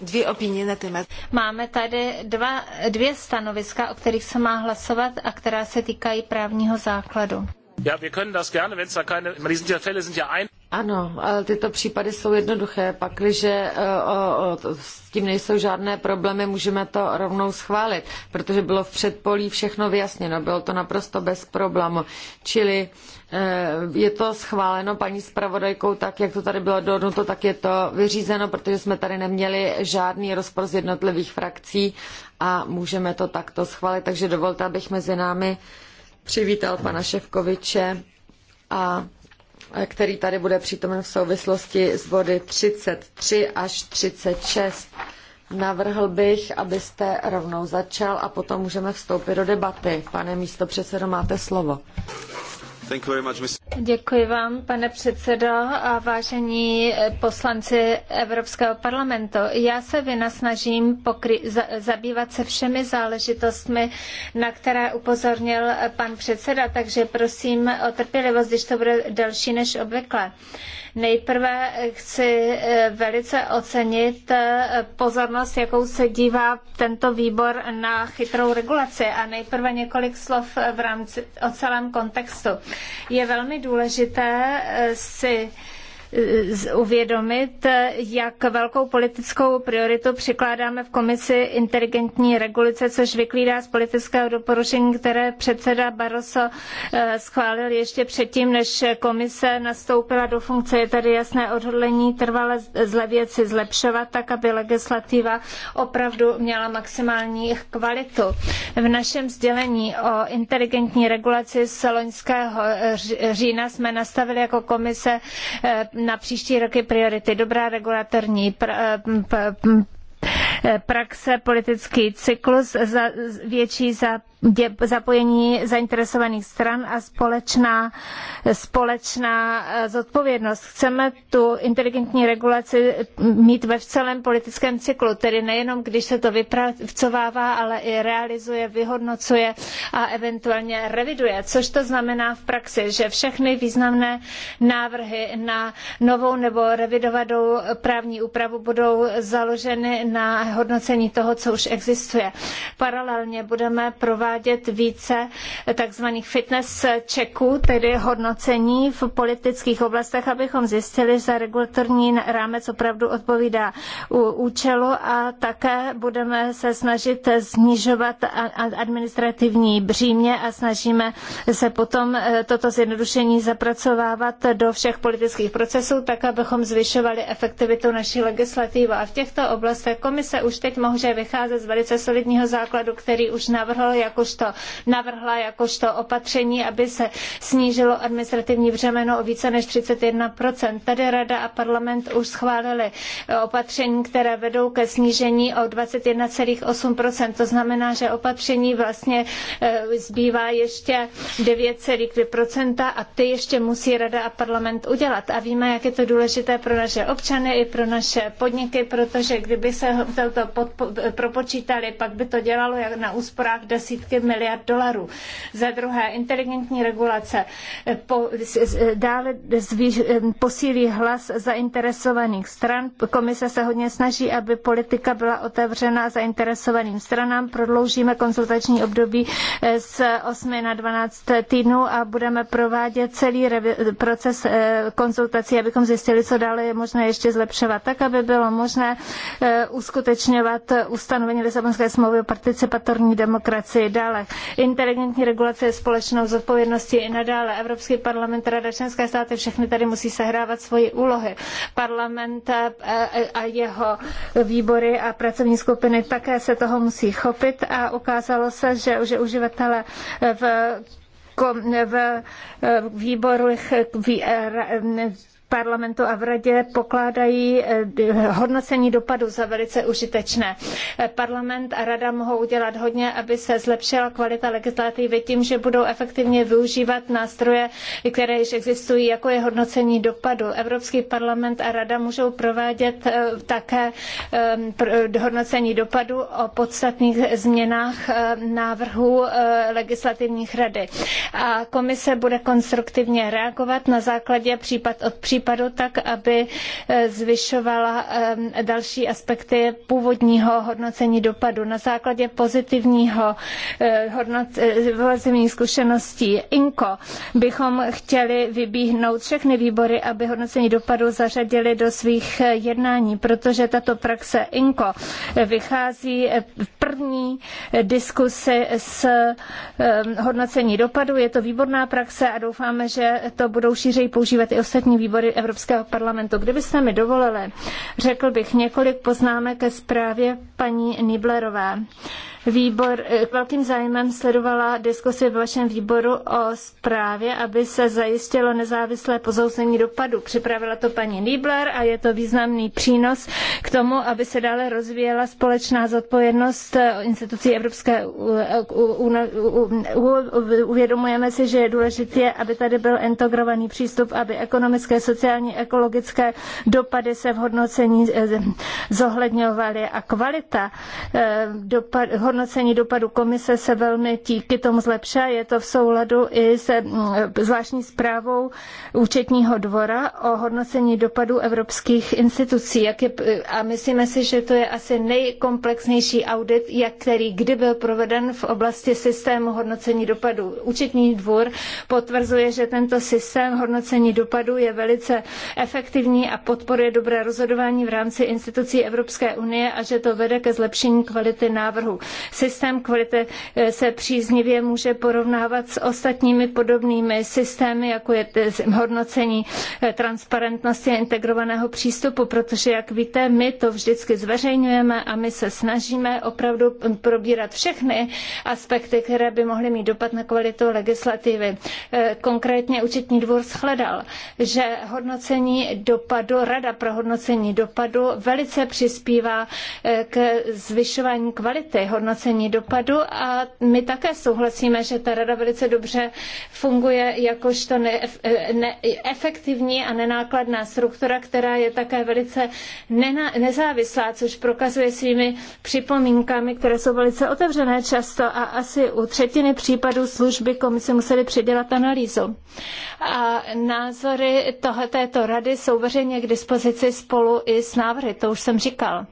Dvě opinie na téma. Máme tady dva, dvě stanoviska, o kterých se má hlasovat a která se týkají právního základu. Ja, wir können das gerne, wenn es da keine, diese Fälle sind ja ein. Ano, ale tyto případy jsou jednoduché. Pakliže eh, s tím nejsou žádné problémy, můžeme to rovnou schválit, protože bylo v předpolí všechno vyjasněno, bylo to naprosto bez problému. Čili eh, je to schváleno paní zpravodajkou tak, jak to tady bylo dohodnuto, tak je to vyřízeno, protože jsme tady neměli žádný rozpor z jednotlivých frakcí a můžeme to takto schválit. Takže dovolte, abych mezi námi přivítal pana Ševkoviče, a, e, který tady bude přítomen v souvislosti s body 33 až 36. Navrhl bych, abyste rovnou začal a potom můžeme vstoupit do debaty. Pane místopředsedo, máte slovo. Děkuji vám, pane předsedo a vážení poslanci Evropského parlamentu. Já se vynasnažím pokry- za- zabývat se všemi záležitostmi, na které upozornil pan předseda, takže prosím o trpělivost, když to bude delší než obvykle. Nejprve chci eh, velice ocenit eh, pozornost, jakou se dívá tento výbor na chytrou regulaci a nejprve několik slov v rámci o celém kontextu. Je velmi důležité eh, si uvědomit, jak velkou politickou prioritu přikládáme v komisi inteligentní regulace, což vyklídá z politického doporučení, které předseda Barroso eh, schválil ještě předtím, než komise nastoupila do funkce. Je tady jasné odhodlení trvale zle věci zlepšovat, tak aby legislativa opravdu měla maximální kvalitu. V našem sdělení o inteligentní regulaci z loňského října jsme nastavili jako komise eh, na příští roky priority. Dobrá regulatorní eh, praxe, politický cyklus, za, větší za zapojení zainteresovaných stran a společná, společná eh, zodpovědnost. Chceme tu inteligentní regulaci mít ve celém politickém cyklu, tedy nejenom když se to vypracovává, ale i realizuje, vyhodnocuje a eventuálně reviduje. Což to znamená v praxi, že všechny významné návrhy na novou nebo revidovanou právní úpravu budou založeny na hodnocení toho, co už existuje. Paralelně budeme provádět zavádět více takzvaných fitness checků, tedy hodnocení v politických oblastech, abychom zjistili, že regulatorní rámec opravdu odpovídá účelu a také budeme se snažit snižovat administrativní břímě a snažíme se potom eh, toto zjednodušení zapracovávat do všech politických procesů, tak abychom zvyšovali efektivitu naší legislativy. A v těchto oblastech komise už teď může vycházet z velice solidního základu, který už navrhl jako jakožto navrhla jakožto opatření, aby se snížilo administrativní břemeno o více než 31%. Tady Rada a parlament už schválili opatření, které vedou ke snížení o 21,8%. To znamená, že opatření vlastně eh, zbývá ještě 9,2% a ty ještě musí Rada a parlament udělat. A víme, jak je to důležité pro naše občany i pro naše podniky, protože kdyby se to eh, propočítali, pak by to dělalo jak na úsporách desítky desítky miliard dolarů. Za druhé, inteligentní regulace po, dále zvýš, posílí hlas zainteresovaných stran. Komise se hodně snaží, aby politika byla otevřená zainteresovaným stranám. Prodloužíme konzultační období eh, z 8 na 12 týdnů a budeme provádět celý proces eh, konzultací, abychom zjistili, co dále je možné ještě zlepšovat, tak aby bylo možné eh, uskutečňovat ustanovení Lisabonské smlouvy o participatorní demokracii dále. Inteligentní regulace je společnou zodpovědností i nadále. Evropský parlament, Rada členské státy, všechny tady musí sehrávat svoji úlohy. Parlament eh, eh, a jeho výbory a pracovní skupiny také se toho musí chopit a ukázalo se, že, že uživatelé v v eh, výborech parlamentu a v radě pokládají eh, hodnocení dopadu za velice užitečné. Eh, parlament a rada mohou udělat hodně, aby se zlepšila kvalita legislativy tím, že budou efektivně využívat nástroje, které již existují, jako je hodnocení dopadu. Evropský parlament a rada můžou provádět eh, také hodnocení dopadu o podstatných změnách návrhů legislativních rady. A komise bude konstruktivně reagovat na základě případ od případu případu tak, aby eh, zvyšovala eh, další aspekty původního hodnocení dopadu na základě pozitivního eh, hodnot, pozitivních zkušeností. INKO bychom chtěli vybíhnout všechny výbory, aby hodnocení dopadu zařadili do svých jednání, protože tato praxe INKO vychází v první diskusi s hodnocení dopadu. Je to výborná praxe a doufáme, že to budou šířeji používat i ostatní výbory Evropského parlamentu. Kdybyste mi dovolili, řekl bych několik poznámek ke zprávě paní Niblerové výbor, eh, velkým zájmem sledovala diskusi v vašem výboru o zprávě, aby se zajistilo nezávislé pozouzení dopadu. Připravila to paní Niebler a je to významný přínos k tomu, aby se dále rozvíjela společná zodpovědnost eh, institucí Evropské Uvědomujeme si, že je důležité, aby tady byl integrovaný přístup, aby ekonomické, sociální, ekologické dopady se v hodnocení eh, zohledňovaly a kvalita dopad, hodnocení dopadu komise se velmi díky tomu zlepšá. Je to v souladu i se mm, zvláštní zprávou účetního dvora o hodnocení dopadu evropských institucí. Jak je, a myslíme si, že to je asi nejkomplexnější audit, jak který kdy byl proveden v oblasti systému hodnocení dopadu. Účetní dvůr potvrzuje, že tento systém hodnocení dopadu je velice efektivní a podporuje dobré rozhodování v rámci institucí Evropské unie a že to vede ke zlepšení kvality návrhu systém kvality eh, se příznivě může porovnávat s ostatními podobnými systémy, jako je hodnocení eh, transparentnosti a integrovaného přístupu, protože, jak víte, my to vždycky zveřejňujeme a my se snažíme opravdu probírat všechny aspekty, které by mohly mít dopad na kvalitu legislativy. Eh, konkrétně účetní dvůr shledal, že hodnocení dopadu, rada pro hodnocení dopadu velice přispívá k zvyšování kvality hodnocení hodnocení dopadu a my také souhlasíme, že ta rada velice dobře funguje jakožto efektivní a nenákladná struktura, která je také velice nezávislá, což prokazuje svými připomínkami, které jsou velice otevřené často a asi u třetiny případů služby komise museli předělat analýzu. A názory této rady jsou veřejně k dispozici spolu i s návrhy, to už jsem říkal.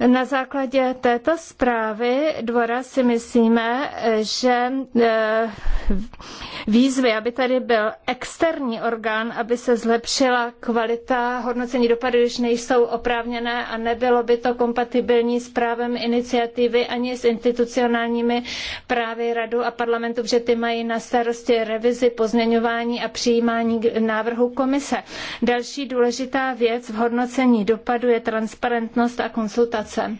Na základě této zprávy dvora si myslíme, že e, výzvy, aby tady byl externí orgán, aby se zlepšila kvalita hodnocení dopadu, když nejsou oprávněné a nebylo by to kompatibilní s právem iniciativy ani s institucionálními právy radu a parlamentu, že ty mají na starosti revizi, pozměňování a přijímání návrhu komise. Další důležitá věc v hodnocení dopadu je transparentnost a konsultace migrace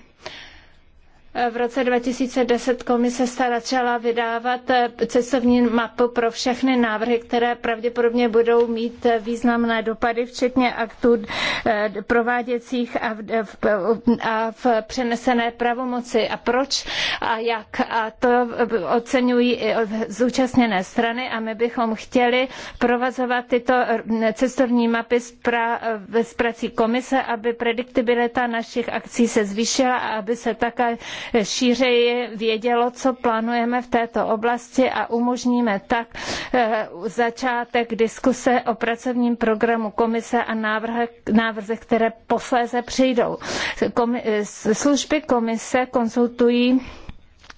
v roce 2010 komise začala vydávat cestovní mapu pro všechny návrhy, které pravděpodobně budou mít významné dopady, včetně aktů eh, prováděcích a v, a v přenesené pravomoci. A proč a jak? A to oceňují i zúčastněné strany a my bychom chtěli provazovat tyto cestovní mapy s, pra, prací komise, aby prediktibilita našich akcí se zvýšila a aby se také šířeji vědělo, co plánujeme v této oblasti a umožníme tak eh, začátek diskuse o pracovním programu komise a návrzech, které posléze přijdou. Služby komise konzultují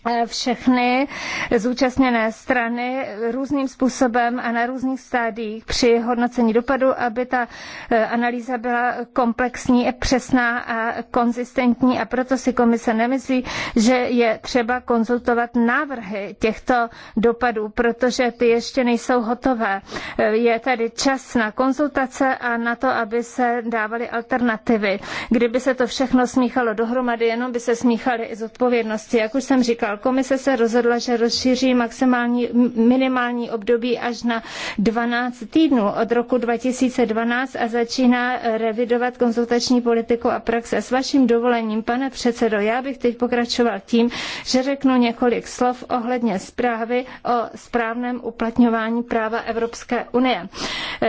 Eh, všechny zúčastněné strany různým způsobem a na různých stádiích při hodnocení dopadu, aby ta eh, analýza byla komplexní, přesná a konzistentní a proto si komise nemyslí, že je třeba konzultovat návrhy těchto dopadů, protože ty ještě nejsou hotové. Eh, je tady čas na konzultace a na to, aby se dávaly alternativy. Kdyby se to všechno smíchalo dohromady, jenom by se smíchaly i zodpovědnosti. Jak už jsem říkal, dál. Komise se rozhodla, že rozšíří maximální, minimální období až na 12 týdnů od roku 2012 a začíná revidovat konzultační politiku a praxe. S vaším dovolením, pane předsedo, já bych teď pokračoval tím, že řeknu několik slov ohledně zprávy o správném uplatňování práva Evropské unie.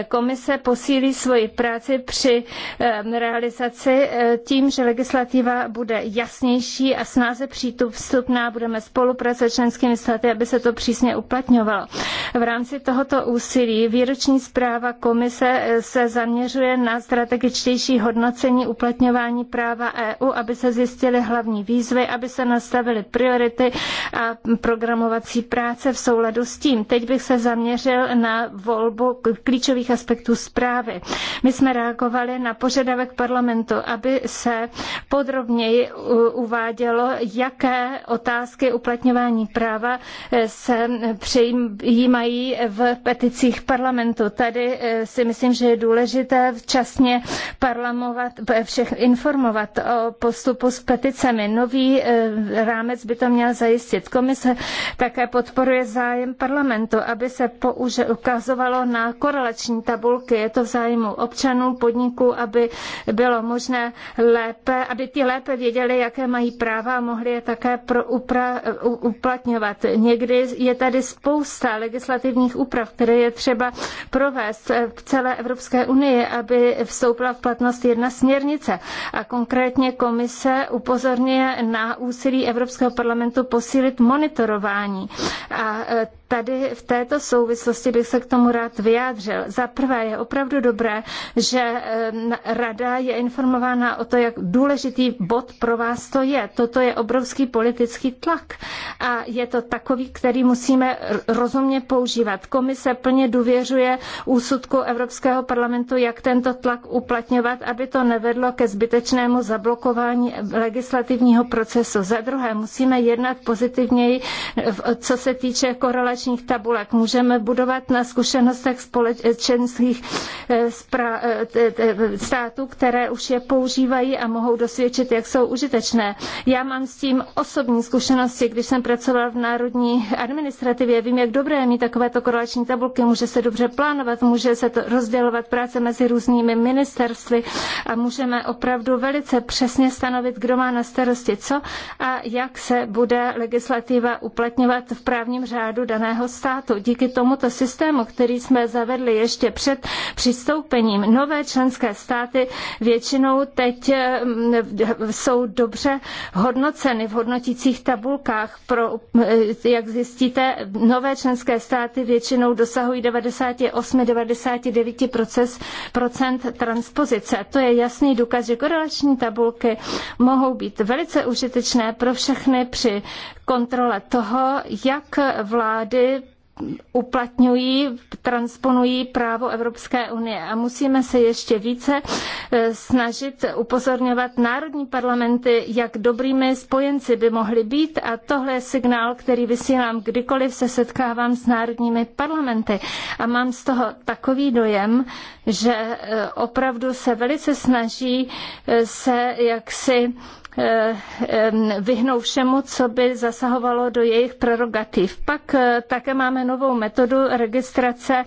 Komise posílí svoji práci při realizaci e, tím, že legislativa bude jasnější a snáze přístupná, budeme budeme spolupráce s členskými státy, aby se to přísně uplatňovalo. V rámci tohoto úsilí výroční zpráva komise eh, se zaměřuje na strategičtější hodnocení uplatňování práva EU, aby se zjistily hlavní výzvy, aby se nastavily priority a programovací práce v souladu s tím. Teď bych se zaměřil na volbu klíčových aspektů zprávy. My jsme reagovali na požadavek parlamentu, aby se podrobněji uvádělo, jaké otázky otázky uplatňování práva eh, se přijímají v peticích parlamentu. Tady eh, si myslím, že je důležité včasně parlamovat, eh, všech informovat o postupu s peticemi. Nový rámec by to měl zajistit. Komise také podporuje zájem parlamentu, aby se použi- ukazovalo na korelační tabulky. Je to v zájmu občanů, podniků, aby bylo možné lépe, aby ti lépe věděli, jaké mají práva a mohli je také pro, uplatňovat. Někdy je tady spousta legislativních úprav, které je třeba provést v celé Evropské unii, aby vstoupila v platnost jedna směrnice. A konkrétně komise upozorňuje na úsilí Evropského parlamentu posílit monitorování. A tady v této souvislosti bych se k tomu rád vyjádřil. Za prvé je opravdu dobré, že rada je informována o to, jak důležitý bod pro vás to je. Toto je obrovský politický tlak a je to takový, který musíme rozumně používat. Komise plně důvěřuje úsudku Evropského parlamentu, jak tento tlak uplatňovat, aby to nevedlo ke zbytečnému zablokování legislativního procesu. Za druhé musíme jednat pozitivněji, co se týče korelace korelačních tabulek. Můžeme budovat na zkušenostech společenských eh, eh, států, které už je používají a mohou dosvědčit, jak jsou užitečné. Já mám s tím osobní zkušenosti, když jsem pracovala v národní administrativě. Vím, jak dobré je mít takovéto korelační tabulky, může se dobře plánovat, může se to rozdělovat práce mezi různými ministerstvy a můžeme opravdu velice přesně stanovit, kdo má na starosti co a jak se bude legislativa uplatňovat v právním řádu dané daného státu. Díky tomuto systému, který jsme zavedli ještě před přistoupením, nové členské státy většinou teď mm, jsou dobře hodnoceny v hodnotících tabulkách. Pro, eh, jak zjistíte, nové členské státy většinou dosahují 98-99% transpozice. To je jasný důkaz, že korelační tabulky mohou být velice užitečné pro všechny při kontrole toho, jak vlády uplatňují, transponují právo Evropské unie. A musíme se ještě více e, snažit upozorňovat národní parlamenty, jak dobrými spojenci by mohli být. A tohle je signál, který vysílám kdykoliv se setkávám s národními parlamenty. A mám z toho takový dojem, že e, opravdu se velice snaží e, se jaksi Eh, vyhnou všemu, co by zasahovalo do jejich prerogativ. Pak eh, také máme novou metodu registrace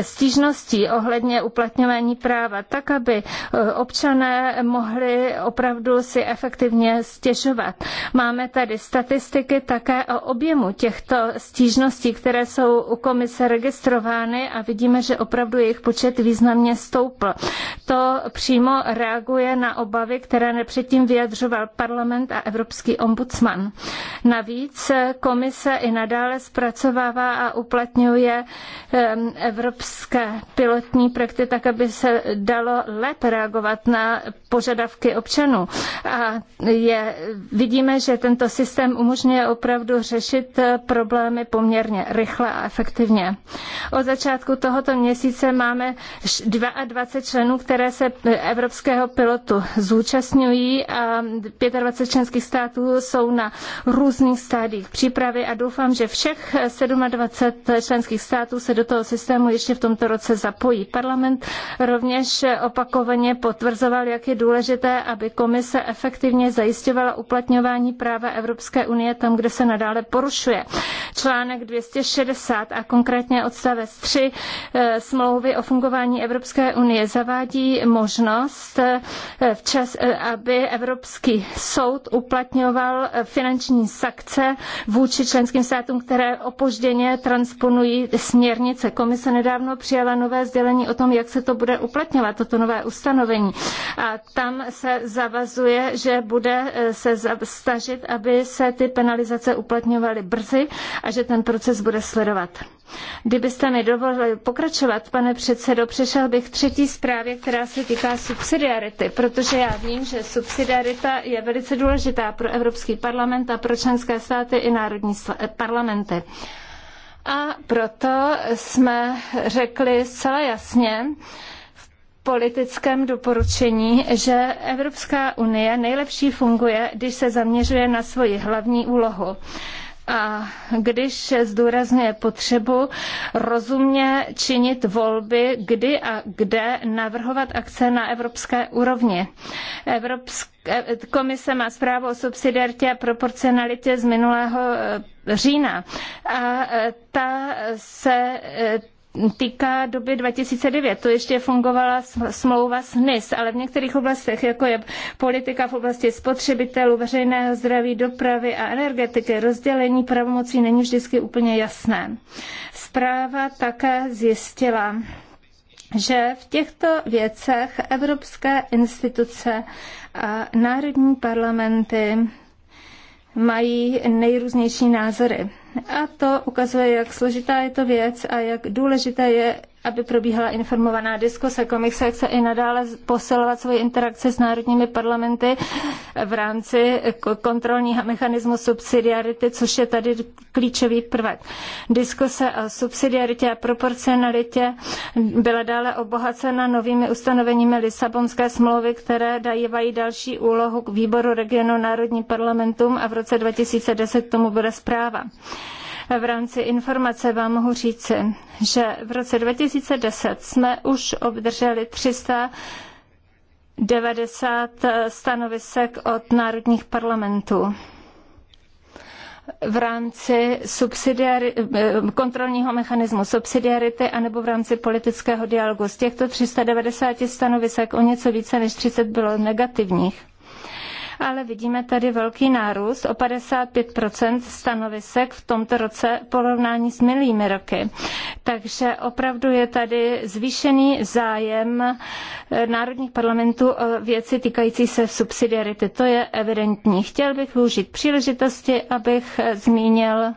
stížností ohledně uplatňování práva, tak aby eh, občané mohli opravdu si efektivně stěžovat. Máme tady statistiky také o objemu těchto stížností, které jsou u komise registrovány a vidíme, že opravdu jejich počet významně stoupl. To přímo reaguje na obavy, které předtím vyjadřoval parlament a evropský ombudsman. Navíc komise i nadále zpracovává a uplatňuje evropské pilotní projekty tak, aby se dalo lépe reagovat na požadavky občanů. A je, vidíme, že tento systém umožňuje opravdu řešit problémy poměrně rychle a efektivně. Od začátku tohoto měsíce máme 22 členů, které se evropského pilotu zúčastňují a 25 členských států jsou na různých stádiích přípravy a doufám, že všech 27 členských států se do toho systému ještě v tomto roce zapojí. Parlament rovněž opakovaně potvrzoval, jak je důležité, aby komise efektivně zajišťovala uplatňování práva Evropské unie tam, kde se nadále porušuje. Článek 260 a konkrétně odstavec 3 eh, smlouvy o fungování Evropské unie zavádí možnost, eh, včas, eh, aby Evropský soud uplatňoval eh, finanční sankce vůči členským státům, které opožděně transponují směrnice. Komise nedávno přijala nové sdělení o tom, jak se to bude uplatňovat, toto nové ustanovení. A tam se zavazuje, že bude eh, se stažit, aby se ty penalizace uplatňovaly brzy a že ten proces bude sledovat. Kdybyste mi dovolili pokračovat, pane předsedo, přešel bych třetí zprávě, která se týká subsidiarity, protože já vím, že subsidiarita je je velice důležitá pro Evropský parlament a pro členské státy i národní eh, parlamenty. A proto jsme řekli zcela jasně, politickém doporučení, že Evropská unie nejlepší funguje, když se zaměřuje na svoji hlavní úlohu a když zdůrazňuje potřebu rozumně činit volby, kdy a kde navrhovat akce na evropské úrovni. Evropské komise má zprávu o subsidiaritě a proporcionalitě z minulého eh, října. A eh, ta se eh, týká doby 2009. To ještě fungovala smlouva s NIS, ale v některých oblastech, jako je politika v oblasti spotřebitelů, veřejného zdraví, dopravy a energetiky, rozdělení pravomocí není vždycky úplně jasné. Zpráva také zjistila, že v těchto věcech evropské instituce a národní parlamenty mají nejrůznější názory. A to ukazuje, jak složitá je to věc a jak důležité je, aby probíhala informovaná diskuse. Komise chce i nadále posilovat svoji interakce s národními parlamenty v rámci kontrolního mechanismu subsidiarity, což je tady klíčový prvek. Diskuse o subsidiaritě a proporcionalitě byla dále obohacena novými ustanoveními Lisabonské smlouvy, které dají další úlohu k výboru regionu národním parlamentům a v roce 2010 k tomu bude zpráva v rámci informace vám mohu říci, že v roce 2010 jsme už obdrželi 390 stanovisek od národních parlamentů v rámci kontrolního mechanismu subsidiarity anebo v rámci politického dialogu. Z těchto 390 stanovisek o něco více než 30 bylo negativních ale vidíme tady velký nárůst o 55% stanovisek v tomto roce v porovnání s minulými roky. Takže opravdu je tady zvýšený zájem eh, národních parlamentů o věci týkající se subsidiarity. To je evidentní. Chtěl bych využít příležitosti, abych eh, zmínil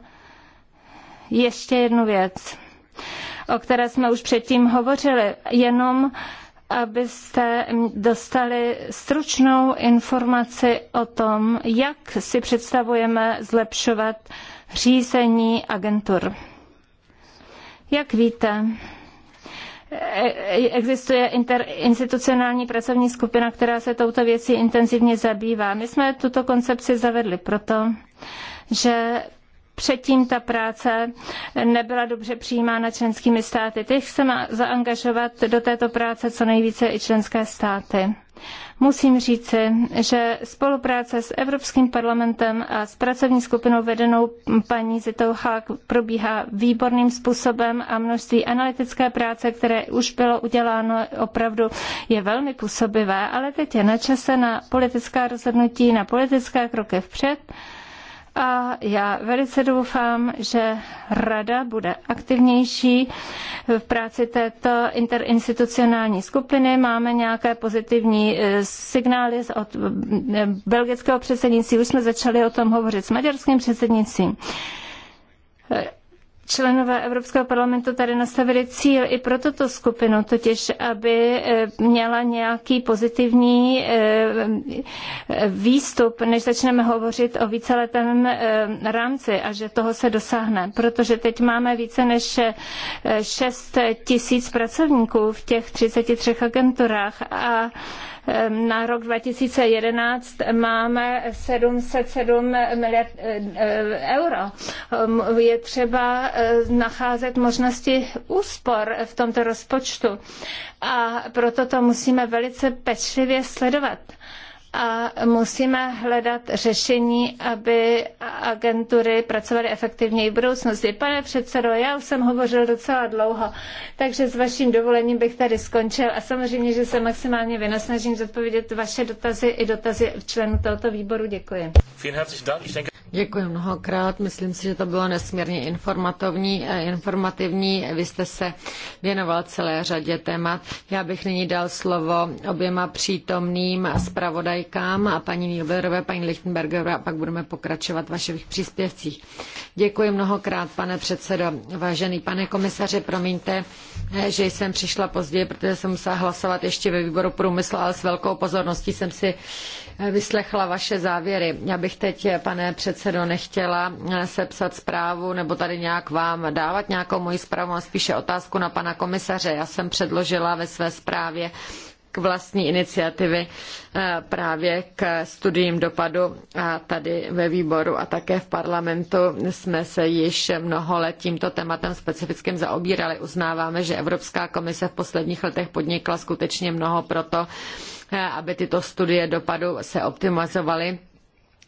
ještě jednu věc, o které jsme už předtím hovořili. Jenom abyste dostali stručnou informaci o tom, jak si představujeme zlepšovat řízení agentur. Jak víte, e, e, existuje interinstitucionální pracovní skupina, která se touto věcí intenzivně zabývá. My jsme tuto koncepci zavedli proto, že předtím ta práce nebyla dobře přijímána členskými státy. Teď chceme zaangažovat do této práce co nejvíce i členské státy. Musím říci, že spolupráce s Evropským parlamentem a s pracovní skupinou vedenou paní Zitou Hák probíhá výborným způsobem a množství analytické práce, které už bylo uděláno, opravdu je velmi působivé, ale teď je na čase na politická rozhodnutí, na politické kroky vpřed a já velice doufám, že Rada bude aktivnější v práci této interinstitucionální skupiny. Máme nějaké pozitivní e, signály od e, belgického předsednictví, už jsme začali o tom hovořit s maďarským předsednictvím členové Evropského parlamentu tady nastavili cíl i pro tuto skupinu, totiž aby eh, měla nějaký pozitivní eh, výstup, než začneme hovořit o víceletém eh, rámci a že toho se dosáhne. Protože teď máme více než 6 tisíc pracovníků v těch 33 agenturách a na rok 2011 máme 707 miliard eh, eh, euro. Ehm, je třeba eh, nacházet možnosti úspor v tomto rozpočtu a proto to musíme velice pečlivě sledovat a musíme hledat řešení, aby agentury pracovaly efektivněji v budoucnosti. Pane předsedo, já už jsem hovořil docela dlouho, takže s vaším dovolením bych tady skončil a samozřejmě, že se maximálně vynasnažím zodpovědět vaše dotazy i dotazy členů tohoto výboru. Děkuji. Děkuji mnohokrát. Myslím si, že to bylo nesmírně informativní. Eh, informativní. Vy jste se věnoval celé řadě témat. Já bych nyní dal slovo oběma přítomným zpravodajkám a paní Nilberové, paní Lichtenbergerové a pak budeme pokračovat v vašich příspěvcích. Děkuji mnohokrát, pane předsedo. Vážený pane komisaři, promiňte, eh, že jsem přišla později, protože jsem musela hlasovat ještě ve výboru průmyslu, ale s velkou pozorností jsem si vyslechla vaše závěry. Já bych teď, pane předsedo, nechtěla sepsat zprávu nebo tady nějak vám dávat nějakou moji zprávu, a spíše otázku na pana komisaře. Já jsem předložila ve své zprávě k vlastní iniciativy eh, právě k studiím dopadu a tady ve výboru a také v parlamentu jsme se již mnoho let tímto tématem specifickým zaobírali. Uznáváme, že Evropská komise v posledních letech podnikla skutečně mnoho proto, aby tyto studie dopadu se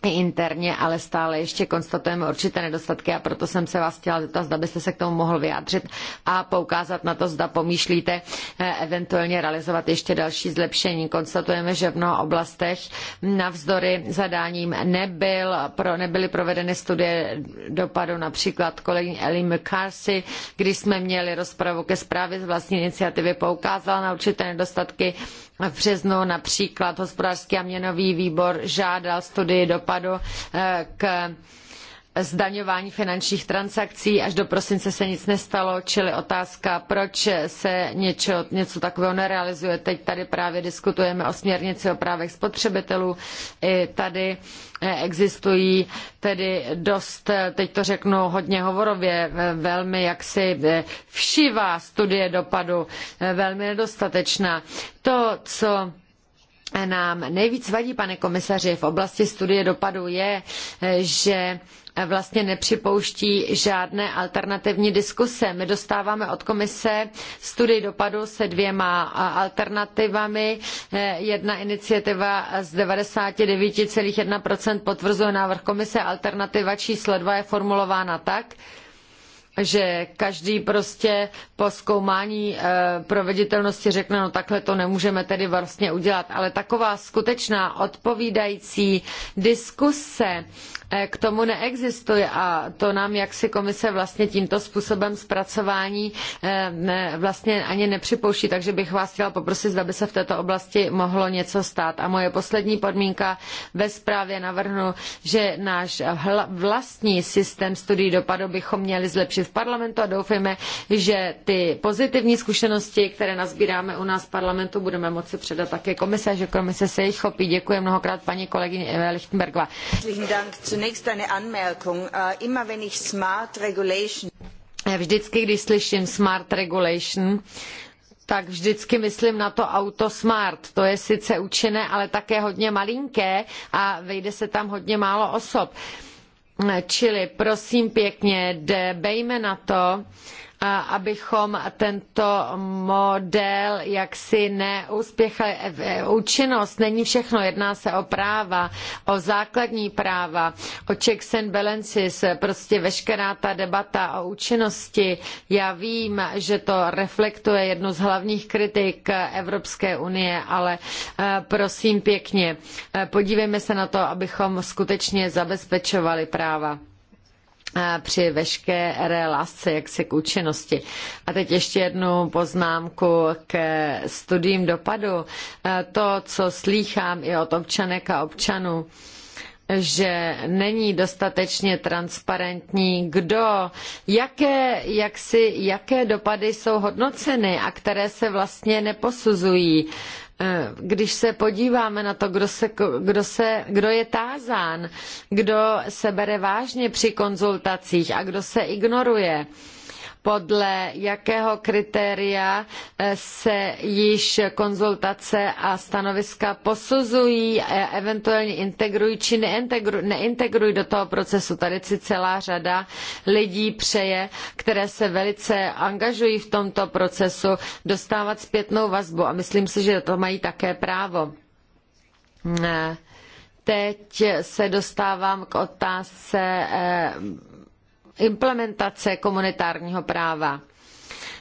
i interně, ale stále ještě konstatujeme určité nedostatky a proto jsem se vás chtěla zeptat, zda byste se k tomu mohl vyjádřit a poukázat na to, zda pomýšlíte eh, eventuálně realizovat ještě další zlepšení. Konstatujeme, že v mnoha oblastech navzdory zadáním nebyl, pro, nebyly provedeny studie dopadu například kolegyně Ellie McCarthy, když jsme měli rozpravu ke zprávě z vlastní iniciativy, poukázala na určité nedostatky v březnu například hospodářský a měnový výbor žádal studii dopadu eh, k zdaňování finančních transakcí. Až do prosince se nic nestalo, čili otázka, proč se něčo, něco takového nerealizuje. Teď tady právě diskutujeme o směrnici o právech spotřebitelů. I tady eh, existují tedy dost, eh, teď to řeknu hodně hovorově, eh, velmi jaksi všivá studie dopadu, velmi nedostatečná. To, co nám nejvíc vadí, pane komisaři, v oblasti studie dopadu je, že Eh, vlastně nepřipouští žádné alternativní diskuse. My dostáváme od komise studii dopadu se dvěma eh, alternativami. Eh, jedna iniciativa z 99,1% potvrzuje návrh komise, alternativa číslo 2 je formulována tak, že každý prostě po zkoumání proveditelnosti řekne, no takhle to nemůžeme tedy vlastně udělat. Ale taková skutečná odpovídající diskuse Eh, k tomu neexistuje a to nám jaksi komise vlastně tímto způsobem zpracování eh, vlastně ani nepřipouští, takže bych vás chtěla poprosit, zda by se v této oblasti mohlo něco stát. A moje poslední podmínka ve zprávě navrhnu, že náš vlastní systém studií dopadu bychom měli zlepšit v parlamentu a doufejme, že ty pozitivní zkušenosti, které nazbíráme u nás v parlamentu, budeme moci předat také komise, že komise se jich chopí. Děkuji mnohokrát paní kolegyně Eva Lichtenbergová. Zunächst eine Anmerkung. Äh, immer wenn ich Smart Regulation. Eh, vždycky, když slyším Smart Regulation, tak vždycky myslím na to auto Smart. To je sice účinné, ale také hodně malinké a vejde se tam hodně málo osob. Eh, čili prosím pěkně, dbejme na to, abychom tento model jaksi neuspěchali. E, e, účinnost není všechno, jedná se o práva, o základní práva, o checks and balances, prostě veškerá ta debata o účinnosti. Já vím, že to reflektuje jednu z hlavních kritik Evropské unie, ale e, prosím pěkně, podívejme se na to, abychom skutečně zabezpečovali práva při veškeré lásce jak se k účinnosti. A teď ještě jednu poznámku k studiím dopadu. To, co slýchám i od občanek a občanů, že není dostatečně transparentní, kdo, jaké, jak si, jaké dopady jsou hodnoceny a které se vlastně neposuzují. Eh, když se podíváme na to, kdo, se, kdo, se, kdo je tázán, kdo se bere vážně při konzultacích a kdo se ignoruje, podle jakého kritéria eh, se již konzultace a stanoviska posuzují, eh, eventuálně integrují či neintegrují, neintegrují do toho procesu. Tady si celá řada lidí přeje, které se velice angažují v tomto procesu, dostávat zpětnou vazbu a myslím si, že to mají také právo. Ne. Eh, teď se dostávám k otázce implementace komunitárního práva.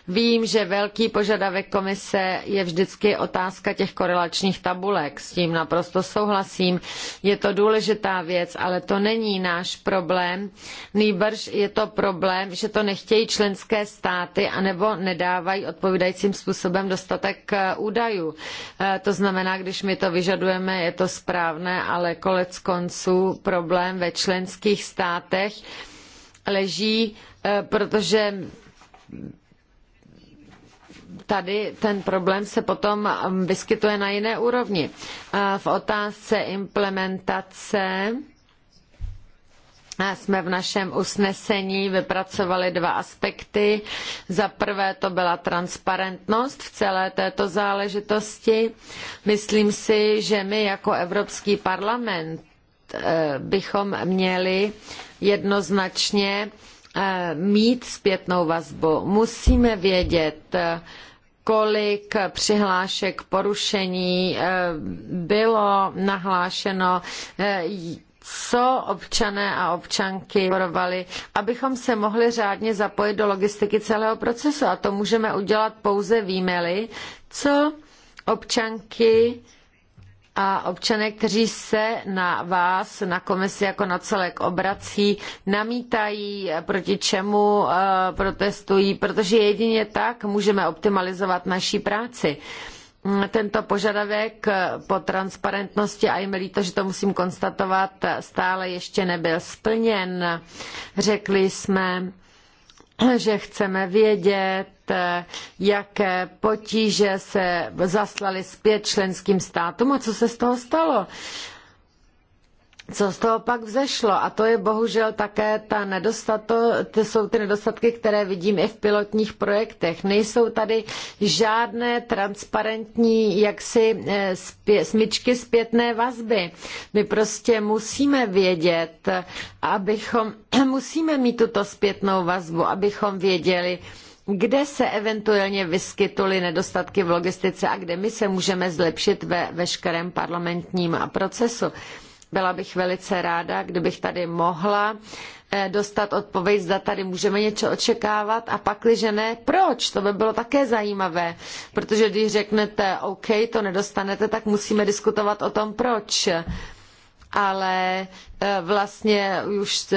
Vím, že velký požadavek komise je vždycky otázka těch korelačních tabulek. S tím naprosto souhlasím. Je to důležitá věc, ale to není náš problém. Nýbrž je to problém, že to nechtějí členské státy anebo nedávají odpovídajícím způsobem dostatek eh, údajů. Eh, to znamená, když my to vyžadujeme, je to správné, ale konec konců problém ve členských státech leží, eh, protože tady ten problém se potom mm, vyskytuje na jiné úrovni. Eh, v otázce implementace eh, jsme v našem usnesení vypracovali dva aspekty. Za prvé to byla transparentnost v celé této záležitosti. Myslím si, že my jako Evropský parlament bychom měli jednoznačně eh, mít zpětnou vazbu. Musíme vědět, kolik přihlášek porušení eh, bylo nahlášeno, eh, co občané a občanky porovali, abychom se mohli řádně zapojit do logistiky celého procesu. A to můžeme udělat pouze výmely, co občanky a občané, kteří se na vás, na komisi jako na celek obrací, namítají, eh, proti čemu eh, protestují, protože jedině tak můžeme optimalizovat naší práci mm, tento požadavek eh, po transparentnosti a je mi líto, že to musím konstatovat, stále ještě nebyl splněn. Řekli jsme, [CLEARS THROAT] že chceme vědět, jaké potíže se zaslali zpět členským státům a co se z toho stalo co z toho pak vzešlo. A to je bohužel také ta nedostato, to jsou ty nedostatky, které vidím i v pilotních projektech. Nejsou tady žádné transparentní jaksi eh, spě, smyčky zpětné vazby. My prostě musíme vědět, abychom, [CLEARS THROAT] musíme mít tuto zpětnou vazbu, abychom věděli, kde se eventuálně vyskytly nedostatky v logistice a kde my se můžeme zlepšit ve veškerém parlamentním procesu. Byla bych velice ráda, kdybych tady mohla eh, dostat odpověď, zda tady můžeme něco očekávat a pakliže ne, proč? To by bylo také zajímavé, protože když řeknete OK, to nedostanete, tak musíme diskutovat o tom, proč. Uh, ale eh, vlastně už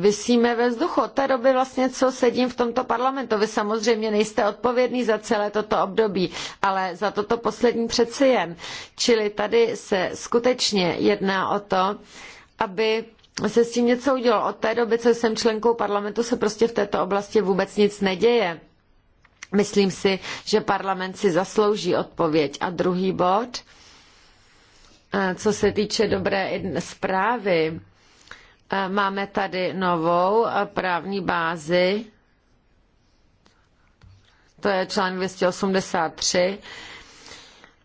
vysíme ve vzduchu. Od té doby vlastně, co sedím v tomto parlamentu, vy samozřejmě nejste odpovědný za celé toto období, ale za toto poslední přeci jen. Čili tady se skutečně jedná o to, aby se s tím něco udělalo. Od té doby, co jsem členkou parlamentu, se prostě v této oblasti vůbec nic neděje. Myslím si, že parlament si zaslouží odpověď. A druhý bod. Co se týče dobré zprávy, máme tady novou právní bázi, to je článek 283,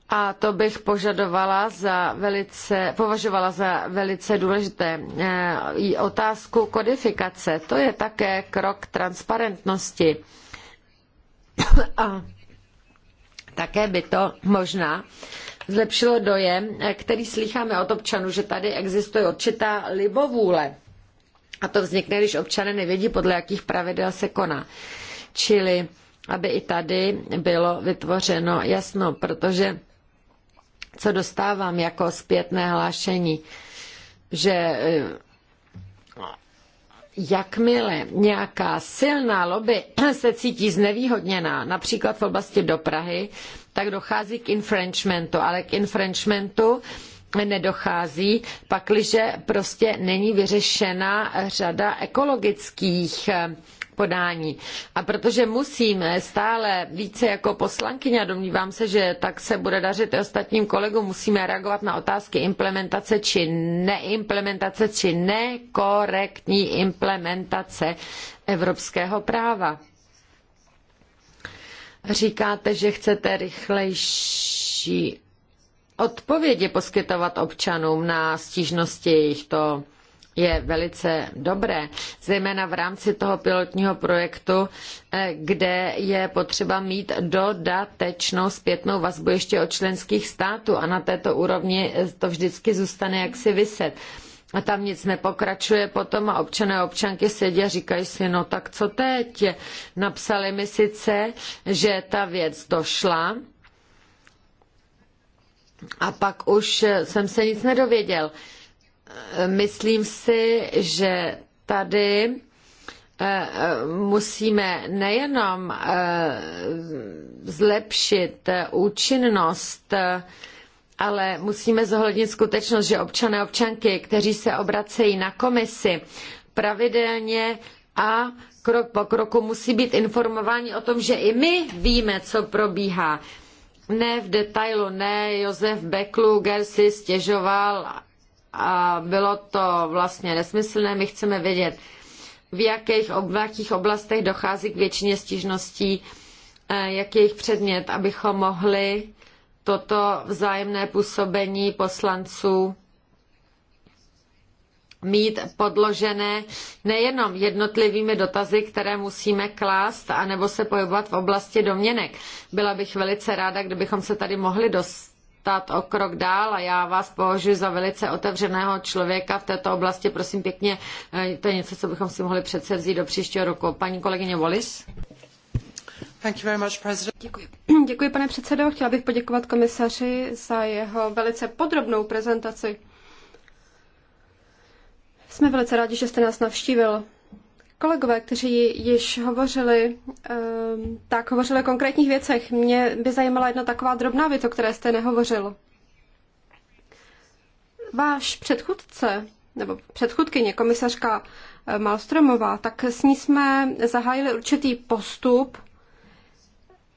a to bych požadovala za velice, považovala za velice důležité. E, I otázku kodifikace, to je také krok transparentnosti. [COUGHS] A také by to možná zlepšilo dojem, který slycháme od občanů, že tady existuje určitá libovůle. A to vznikne, když občané nevědí, podle jakých pravidel se koná. Čili, aby i tady bylo vytvořeno jasno, protože co dostávám jako zpětné hlášení, že eh, jakmile nějaká silná lobby se cítí znevýhodněná, například v oblasti dopravy, tak dochází k infringementu, ale k infringementu nedochází, pakliže prostě není vyřešena řada ekologických eh, podání. A protože musíme stále více jako poslankyně, a domnívám se, že tak se bude dařit i ostatním kolegům, musíme reagovat na otázky implementace či neimplementace či nekorektní implementace evropského práva. Říkáte, že chcete rychlejší odpovědi poskytovat občanům na stížnosti jejich. To je velice dobré, zejména v rámci toho pilotního projektu, eh, kde je potřeba mít dodatečnou zpětnou vazbu ještě od členských států a na této úrovni to vždycky zůstane jaksi vyset a tam nic nepokračuje potom a občané a občanky sedí a říkají si, no tak co teď? Napsali mi sice, že ta věc došla, a pak už jsem se nic nedověděl. Myslím si, že tady eh, musíme nejenom eh, zlepšit eh, účinnost ale musíme zohlednit skutečnost, že občané občanky, kteří se obracejí na komisi, pravidelně a krok po kroku musí být informováni o tom, že i my víme, co probíhá. Ne v detailu, ne Josef Bekluger si stěžoval a bylo to vlastně nesmyslné, my chceme vědět, v jakých, ob, v jakých oblastech dochází k většině stížností, eh, jak je jejich předmět, abychom mohli toto vzájemné působení poslanců mít podložené nejenom jednotlivými dotazy, které musíme klást, anebo se pohybovat v oblasti domněnek. Byla bych velice ráda, kdybychom se tady mohli dostat o krok dál a já vás považuji za velice otevřeného člověka v této oblasti. Prosím pěkně, eh, to je něco, co bychom si mohli přece vzít do příštího roku. Paní kolegyně Wallis. Děkuji. [CLEARS THROAT] Děkuji, pane předsedo. Chtěla bych poděkovat komisaři za jeho velice podrobnou prezentaci. Jsme velice rádi, že jste nás navštívil. Kolegové, kteří již hovořili, ehm, tak hovořili o konkrétních věcech. Mě by zajímala jedna taková drobná věc, o které jste nehovořil. Váš předchůdce, nebo předchůdkyně, komisařka eh, Malstromová, tak s ní jsme zahájili určitý postup,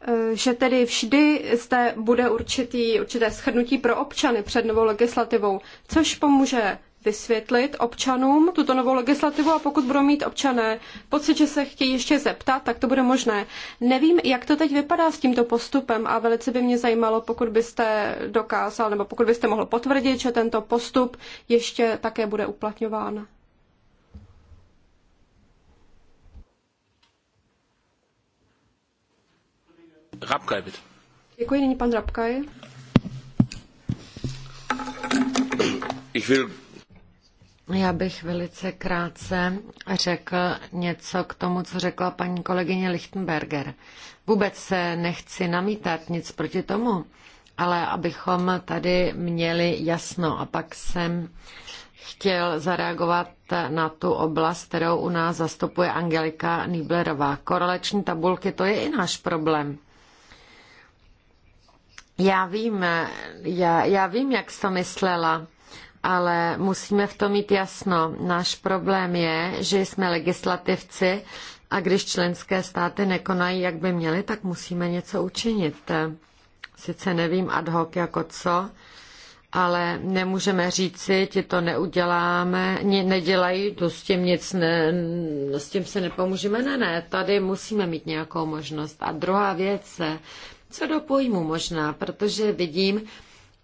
Eh, že tedy vždy zde bude určitý, určité shrnutí pro občany před novou legislativou, což pomůže vysvětlit občanům tuto novou legislativu a pokud budou mít občané pocit, že se chtějí ještě zeptat, tak to bude možné. Nevím, jak to teď vypadá s tímto postupem a velice by mě zajímalo, pokud byste dokázal nebo pokud byste mohl potvrdit, že tento postup ještě také bude uplatňován. Rabkaj, bitte. Děkuji, nyní pan Rabkaj. já bych velice krátce řekl něco k tomu, co řekla paní kolegyně Lichtenberger. Vůbec se nechci namítat nic proti tomu, ale abychom tady měli jasno. A pak jsem chtěl zareagovat na tu oblast, kterou u nás zastupuje Angelika Nýblerová. Korelační tabulky, to je i náš problém. Já vím, já, já vím, jak jsi to myslela, ale musíme v tom mít jasno. Náš problém je, že jsme legislativci a když členské státy nekonají, jak by měly, tak musíme něco učinit. Sice nevím ad hoc jako co, ale nemůžeme říci, ti to neuděláme, ne, nedělají, to s tím nic, ne, s tím se nepomůžeme. Ne, ne, tady musíme mít nějakou možnost. A druhá věc, co do pojmu možná, protože vidím,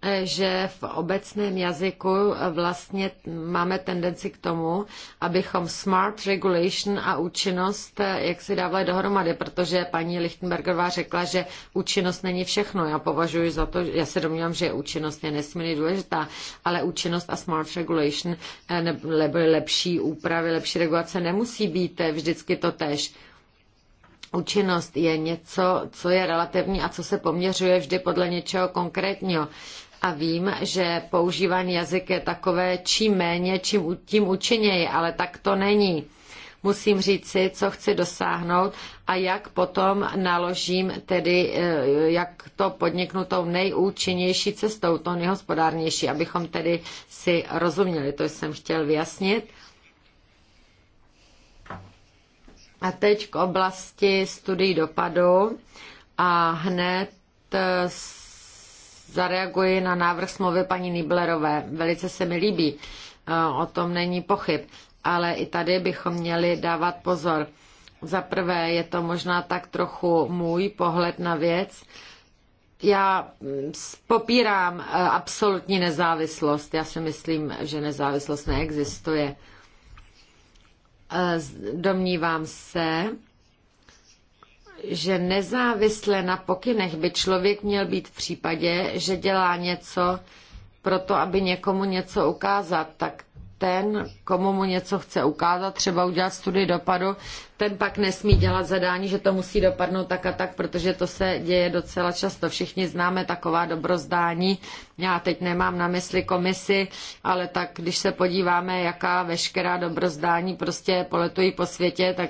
eh, že v obecném jazyku eh, vlastně máme tendenci k tomu, abychom smart regulation a účinnost eh, jak si dávali dohromady, protože paní Lichtenbergová řekla, že účinnost není všechno. Já považuji za to, já se domnívám, že účinnost je nesmírně důležitá, ale účinnost a smart regulation nebo lepší úpravy, lepší regulace nemusí být vždycky to tež Účinnost je něco, co je relativní a co se poměřuje vždy podle něčeho konkrétního. A vím, že používání jazyk je takové čím méně, čím, tím účinněji, ale tak to není musím říci, co chci dosáhnout a jak potom naložím tedy, eh, jak to podniknu tou nejúčinnější cestou, to nejhospodárnější, abychom tedy si rozuměli. To jsem chtěl vyjasnit. A teď k oblasti studií dopadu a hned eh, zareaguji na návrh smlouvy paní Niblerové. Velice se mi líbí, eh, o tom není pochyb, ale i tady bychom měli dávat pozor. Za prvé je to možná tak trochu můj pohled na věc. Já mm, popírám eh, absolutní nezávislost. Já si myslím, že nezávislost neexistuje Domnívám se, že nezávisle na pokynech by člověk měl být v případě, že dělá něco pro to, aby někomu něco ukázat, tak ten, komu mu něco chce ukázat, třeba udělat studii dopadu, ten pak nesmí dělat zadání, že to musí dopadnout tak a tak, protože to se děje docela často. Všichni známe taková dobrozdání. Já teď nemám na mysli komisi, ale tak když se podíváme, jaká veškerá dobrozdání prostě poletují po světě, tak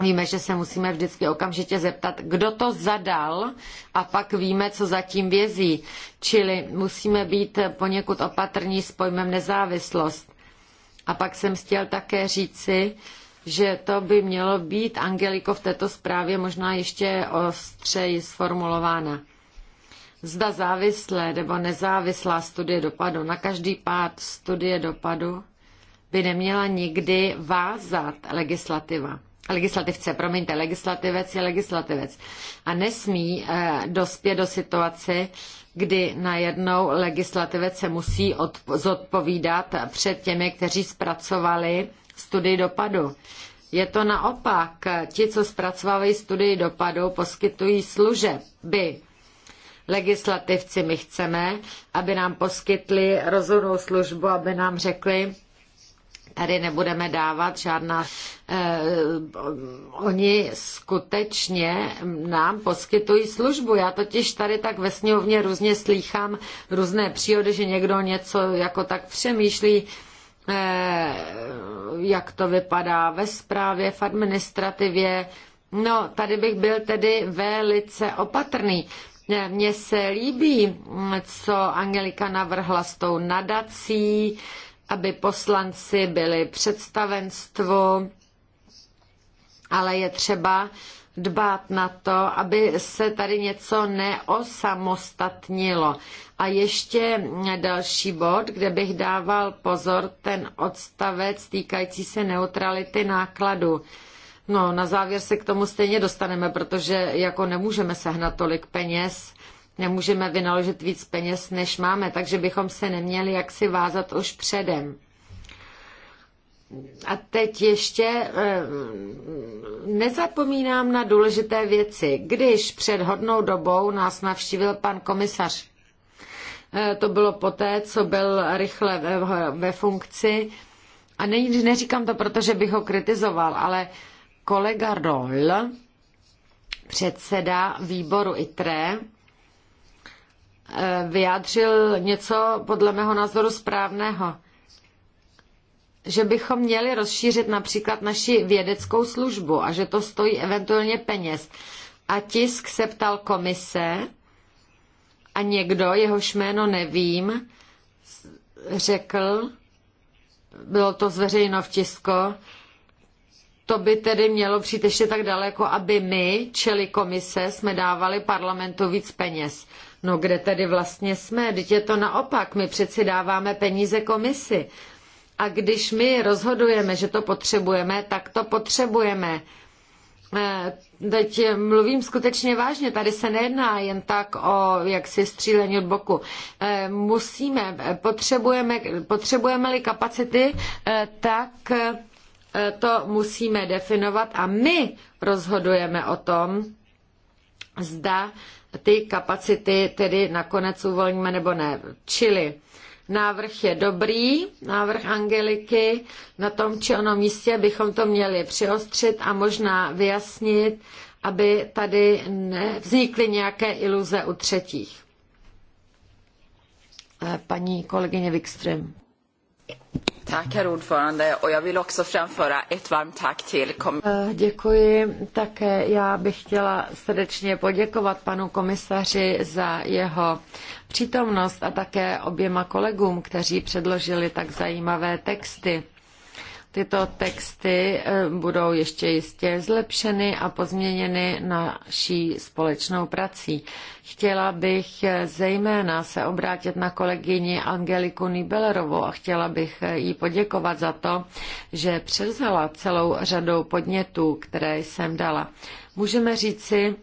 Víme, že se musíme vždycky okamžitě zeptat, kdo to zadal a pak víme, co zatím vězí. Čili musíme být poněkud opatrní s pojmem nezávislost. A pak jsem chtěl také říci, že to by mělo být, Angeliko, v této zprávě možná ještě ostřeji sformulována. Zda závislé nebo nezávislá studie dopadu. Na každý pád studie dopadu by neměla nikdy vázat legislativa legislativce, promiňte, legislativec je legislativec. A nesmí eh, dospět do situace, kdy najednou legislativec se musí zodpovídat před těmi, kteří zpracovali studii dopadu. Je to naopak. Ti, co zpracovávají studii dopadu, poskytují služeb by legislativci. My chceme, aby nám poskytli rozhodnou službu, aby nám řekli, tady nebudeme dávat žádná. Eh, oni skutečně nám poskytují službu. Já totiž tady tak ve sněhovně různě slýchám různé příhody, že někdo něco jako tak přemýšlí, eh, jak to vypadá ve správě, v administrativě. No, tady bych byl tedy velice opatrný. Eh, mně se líbí, co Angelika navrhla s tou nadací, eh, aby poslanci byli představenstvu, ale je třeba dbát na to, aby se tady něco neosamostatnilo. A ještě další bod, kde bych dával pozor, ten odstavec týkající se neutrality nákladu. No, na závěr se k tomu stejně dostaneme, protože jako nemůžeme sehnat tolik peněz, nemůžeme vynaložit víc peněz, než máme, takže bychom se neměli jaksi vázat už předem. A teď ještě eh, nezapomínám na důležité věci. Když před hodnou dobou nás navštívil pan komisař, eh, to bylo poté, co byl rychle ve, ve funkci, a ne, neříkám to, protože bych ho kritizoval, ale kolega Roll, předseda výboru ITRE, Eh, vyjádřil něco podle mého názoru správného. Že bychom měli rozšířit například naši vědeckou službu a že to stojí eventuálně peněz. A tisk se ptal komise a někdo, jehož jméno nevím, řekl, bylo to zveřejno v tisko, to by tedy mělo přijít ještě tak daleko, aby my, čili komise, jsme dávali parlamentu víc peněz. No kde tedy vlastně jsme? Vždyť je to naopak, my přeci dáváme peníze komisi. A když my rozhodujeme, že to potřebujeme, tak to potřebujeme. Eh, teď mluvím skutečně vážně, tady se nejedná jen tak o jaksi střílení od boku. Eh, musíme, potřebujeme, potřebujeme-li kapacity, eh, tak to musíme definovat a my rozhodujeme o tom, zda ty kapacity tedy nakonec uvolníme nebo ne. Čili návrh je dobrý, návrh Angeliky, na tom či onom místě bychom to měli přiostřit a možná vyjasnit, aby tady nevznikly nějaké iluze u třetích. Eh, paní kolegyně Wikström. Tak, herr också framföra ett varmt till eh, Děkuji také. Já bych chtěla srdečně poděkovat panu komisaři za jeho přítomnost a také oběma kolegům, kteří předložili tak zajímavé texty. Tyto texty eh, budou ještě jistě zlepšeny a pozměněny naší společnou prací. Chtěla bych eh, zejména se obrátit na kolegyni Angeliku Nibelerovou a chtěla bych eh, jí poděkovat za to, že převzala celou řadou podnětů, které jsem dala. Můžeme říci,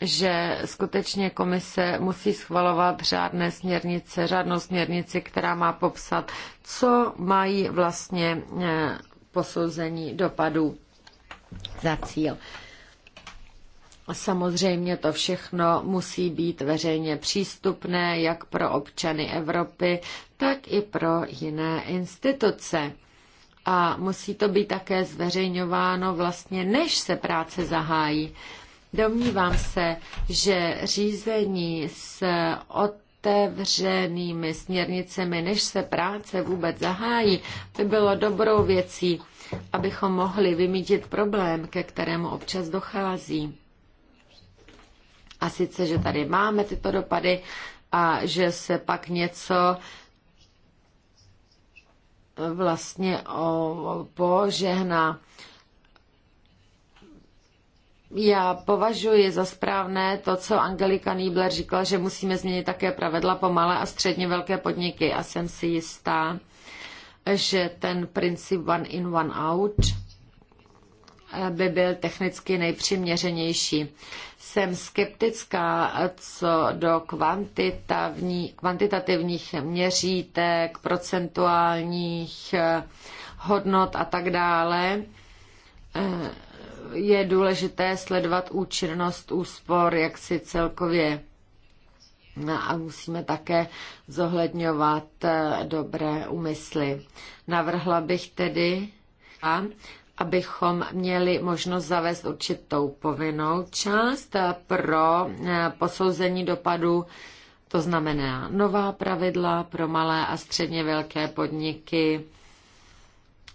že skutečně komise musí schvalovat řádné směrnice, řádnou směrnici, která má popsat, co mají vlastně eh, posouzení dopadů za cíl. Samozřejmě to všechno musí být veřejně přístupné jak pro občany Evropy, tak i pro jiné instituce. A musí to být také zveřejňováno vlastně, než se práce zahájí Domnívám se, že řízení s otevřenými směrnicemi, než se práce vůbec zahájí, by bylo dobrou věcí, abychom mohli vymítit problém, ke kterému občas dochází. A sice, že tady máme tyto dopady a že se pak něco vlastně požehná. Já považuji za správné to, co Angelika Niebler říkala, že musíme změnit také pravidla po malé a středně velké podniky a jsem si jistá, že ten princip one in, one out by byl technicky nejpřiměřenější. Jsem skeptická co do kvantitativních měřítek, procentuálních eh, hodnot a tak dále eh, je důležité sledovat účinnost úspor, jak si celkově no a musíme také zohledňovat eh, dobré úmysly. Navrhla bych tedy, abychom měli možnost zavést určitou povinnou část eh, pro eh, posouzení dopadu, to znamená nová pravidla pro malé a středně velké podniky,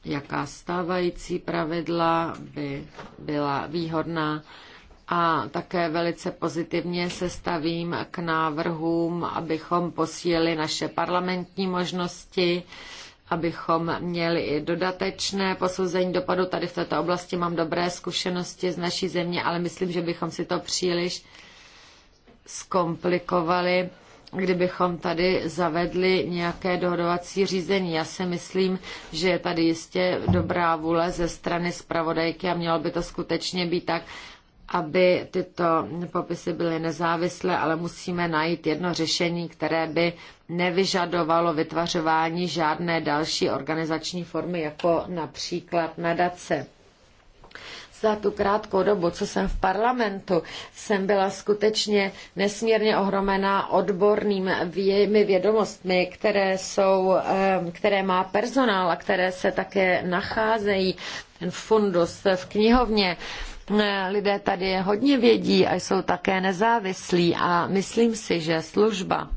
jaká stávající pravidla by byla výhodná. A také velice pozitivně se stavím k návrhům, abychom posílili naše parlamentní možnosti, abychom měli i dodatečné posouzení dopadu. Tady v této oblasti mám dobré zkušenosti z naší země, ale myslím, že bychom si to příliš zkomplikovali kdybychom tady zavedli nějaké dohodovací řízení. Já si myslím, že je tady jistě dobrá vůle ze strany zpravodajky a mělo by to skutečně být tak, aby tyto popisy byly nezávislé, ale musíme najít jedno řešení, které by nevyžadovalo vytvařování žádné další organizační formy, jako například nadace za tu krátkou dobu, co jsem v parlamentu, jsem byla skutečně nesmírně ohromená odbornými vědomostmi, které, jsou, které má personál a které se také nacházejí, ten fundus v knihovně. Lidé tady hodně vědí a jsou také nezávislí a myslím si, že služba,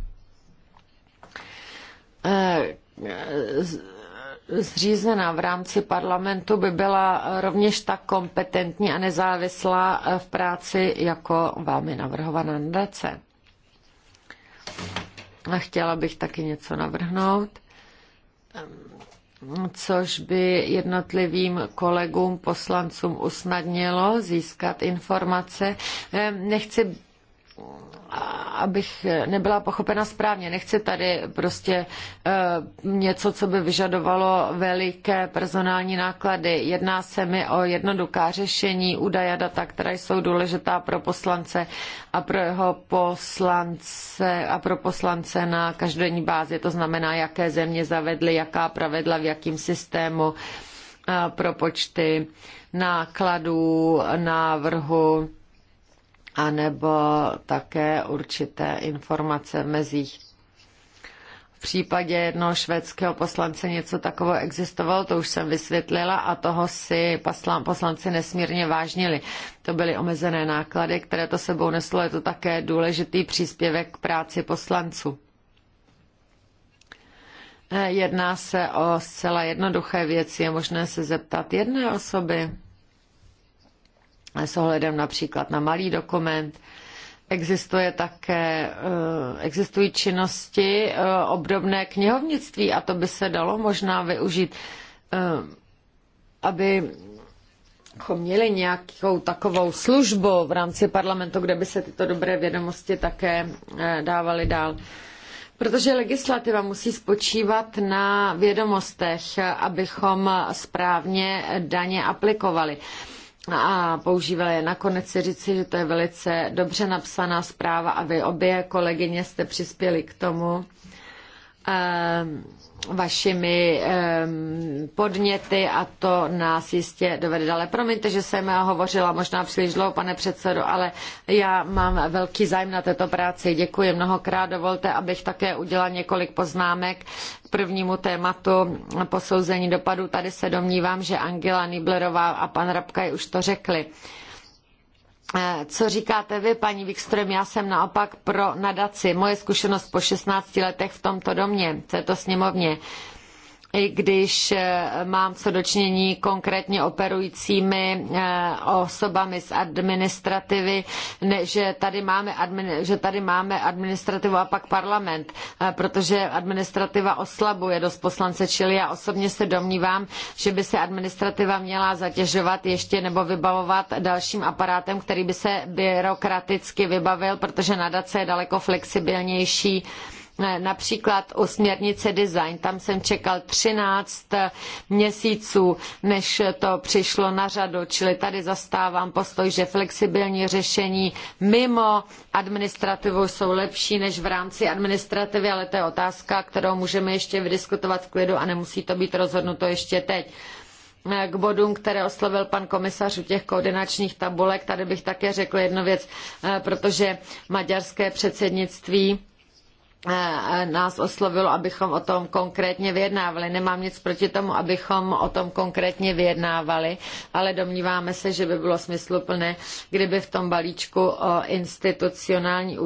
Zřízená v rámci parlamentu, by byla rovněž tak kompetentní a nezávislá v práci jako vámi navrhovaná nadace. A chtěla bych taky něco navrhnout, ehm, což by jednotlivým kolegům, poslancům usnadnilo získat informace. Ehm, nechci abych nebyla pochopena správně. Nechci tady prostě eh, něco, co by vyžadovalo veliké personální náklady. Jedná se mi o jednoduchá řešení údaje data, která jsou důležitá pro poslance a pro jeho poslance a pro poslance na každodenní bázi. To znamená, jaké země zavedly, jaká pravidla, v jakým systému eh, pro počty nákladů, návrhu anebo také určité informace v mezích. V případě jednoho švédského poslance něco takového existovalo, to už jsem vysvětlila a toho si poslanci nesmírně vážnili. To byly omezené náklady, které to sebou neslo, je to také důležitý příspěvek k práci poslanců. Eh, jedná se o zcela jednoduché věci, je možné se zeptat jedné osoby, s ohledem například na malý dokument. Existuje také, eh, existují činnosti eh, obdobné knihovnictví a to by se dalo možná využít, eh, aby měli nějakou takovou službu v rámci parlamentu, kde by se tyto dobré vědomosti také dávaly dál. Protože legislativa musí spočívat na vědomostech, abychom správně daně aplikovali a používal je. Nakonec si říci, že to je velice dobře napsaná zpráva a vy obě kolegyně jste přispěli k tomu, ehm, vašimi ehm, podněty a to nás jistě dovede dále. Promiňte, že jsem hovořila možná příliš dlouho, pane předsedo, ale já mám velký zájem na této práci. Děkuji mnohokrát. Dovolte, abych také udělal několik poznámek k prvnímu tématu posouzení dopadu. Tady se domnívám, že Angela Niblerová a pan Rabkaj už to řekli. Uh, Eh, co říkáte vy, paní Wikström, já jsem naopak pro nadaci. Moje zkušenost po 16 letech v tomto domě, v této sněmovně, i když eh, mám co dočinění konkrétně operujícími eh, osobami z administrativy, že tady, máme, že tady máme administrativu a pak parlament, eh, protože administrativa oslabuje dost poslance, čili já osobně se domnívám, že by se administrativa měla zatěžovat ještě nebo vybavovat dalším aparátem, který by se byrokraticky vybavil, protože nadace je daleko flexibilnější Eh, například u směrnice design, tam jsem čekal 13 měsíců, než to přišlo na řadu, čili tady zastávám postoj, že flexibilní řešení mimo administrativu jsou lepší než v rámci administrativy, ale to je otázka, kterou můžeme ještě vydiskutovat v klidu a nemusí to být rozhodnuto ještě teď eh, k bodům, které oslovil pan komisař u těch koordinačních tabulek. Tady bych také řekl jednu věc, eh, protože maďarské předsednictví nás oslovilo, abychom o tom konkrétně vyjednávali. Nemám nic proti tomu, abychom o tom konkrétně vyjednávali, ale domníváme se, že by bylo smysluplné, kdyby v tom balíčku o institucionální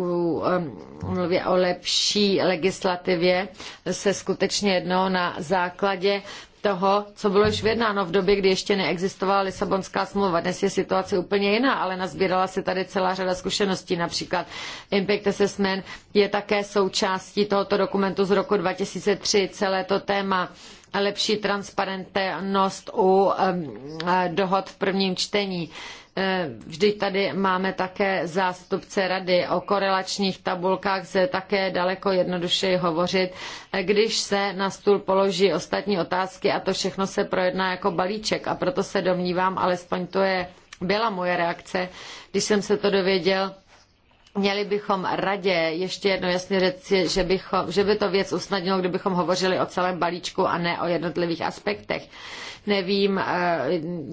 mluvě o lepší legislativě se skutečně jednalo na základě toho, co bylo již vyjednáno v době, kdy ještě neexistovala Lisabonská smlouva. Dnes je situace úplně jiná, ale nazbírala se tady celá řada zkušeností. Například Impact Assessment je také součástí tohoto dokumentu z roku 2003. Celé to téma lepší transparentnost u dohod v prvním čtení. Eh, vždyť tady máme také zástupce rady. O korelačních tabulkách se také daleko jednodušeji hovořit, eh, když se na stůl položí ostatní otázky a to všechno se projedná jako balíček. A proto se domnívám, alespoň to je, byla moje reakce, když jsem se to dověděl, Měli bychom radě ještě jedno jasně říci, že, bychom, že by to věc usnadnilo, kdybychom hovořili o celém balíčku a ne o jednotlivých aspektech. Nevím, eh,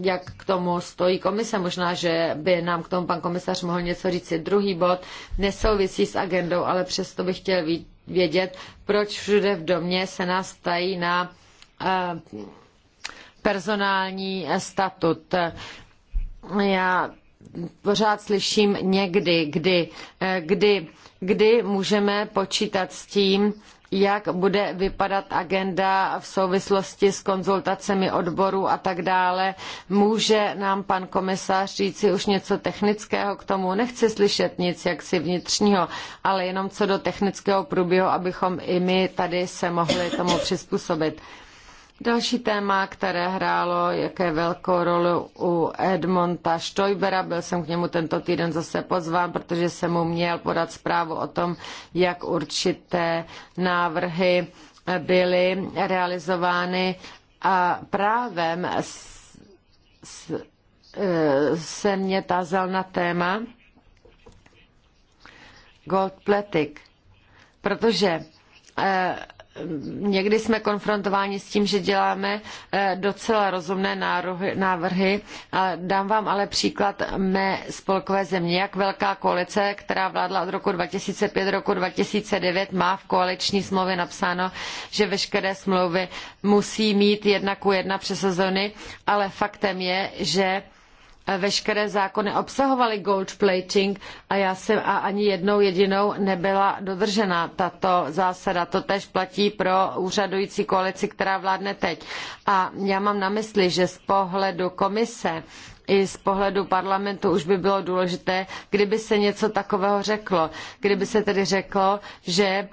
jak k tomu stojí komise. Možná, že by nám k tomu pan komisař mohl něco říci. Druhý bod nesouvisí s agendou, ale přesto bych chtěl vědět, proč všude v domě se nás tají na eh, personální statut. Já pořád slyším někdy, kdy, eh, kdy, kdy můžeme počítat s tím, jak bude vypadat agenda v souvislosti s konzultacemi odborů a tak dále. Může nám pan komisař říci už něco technického k tomu? Nechci slyšet nic jaksi vnitřního, ale jenom co do technického průběhu, abychom i my tady se mohli tomu přizpůsobit. Další téma, které hrálo jaké velkou roli u Edmonta Stoibera, byl jsem k němu tento týden zase pozván, protože jsem mu měl podat zprávu o tom, jak určité návrhy byly realizovány a právem e, se mě tázal na téma gold platic, protože e, někdy jsme konfrontováni s tím, že děláme eh, docela rozumné návrhy. Dám vám ale příklad mé spolkové země, jak velká koalice, která vládla od roku 2005 do roku 2009, má v koaliční smlouvě napsáno, že veškeré smlouvy musí mít jedna ku jedna přesazony, ale faktem je, že veškeré zákony obsahovaly gold plating a já jsem a ani jednou jedinou nebyla dodržena tato zásada. To tež platí pro úřadující koalici, která vládne teď. A já mám na mysli, že z pohledu komise i z pohledu parlamentu už by bylo důležité, kdyby se něco takového řeklo. Kdyby se tedy řeklo, že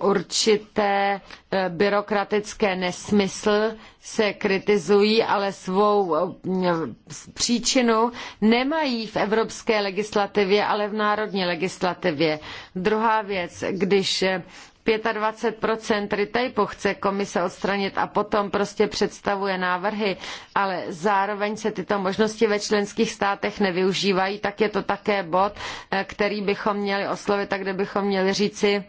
určité eh, byrokratické nesmysl se kritizují, ale svou eh, příčinu nemají v evropské legislativě, ale v národní legislativě. Druhá věc, když 25% eh, retypu chce komise odstranit a potom prostě představuje návrhy, ale zároveň se tyto možnosti ve členských státech nevyužívají, tak je to také bod, který bychom měli oslovit a kde bychom měli říci,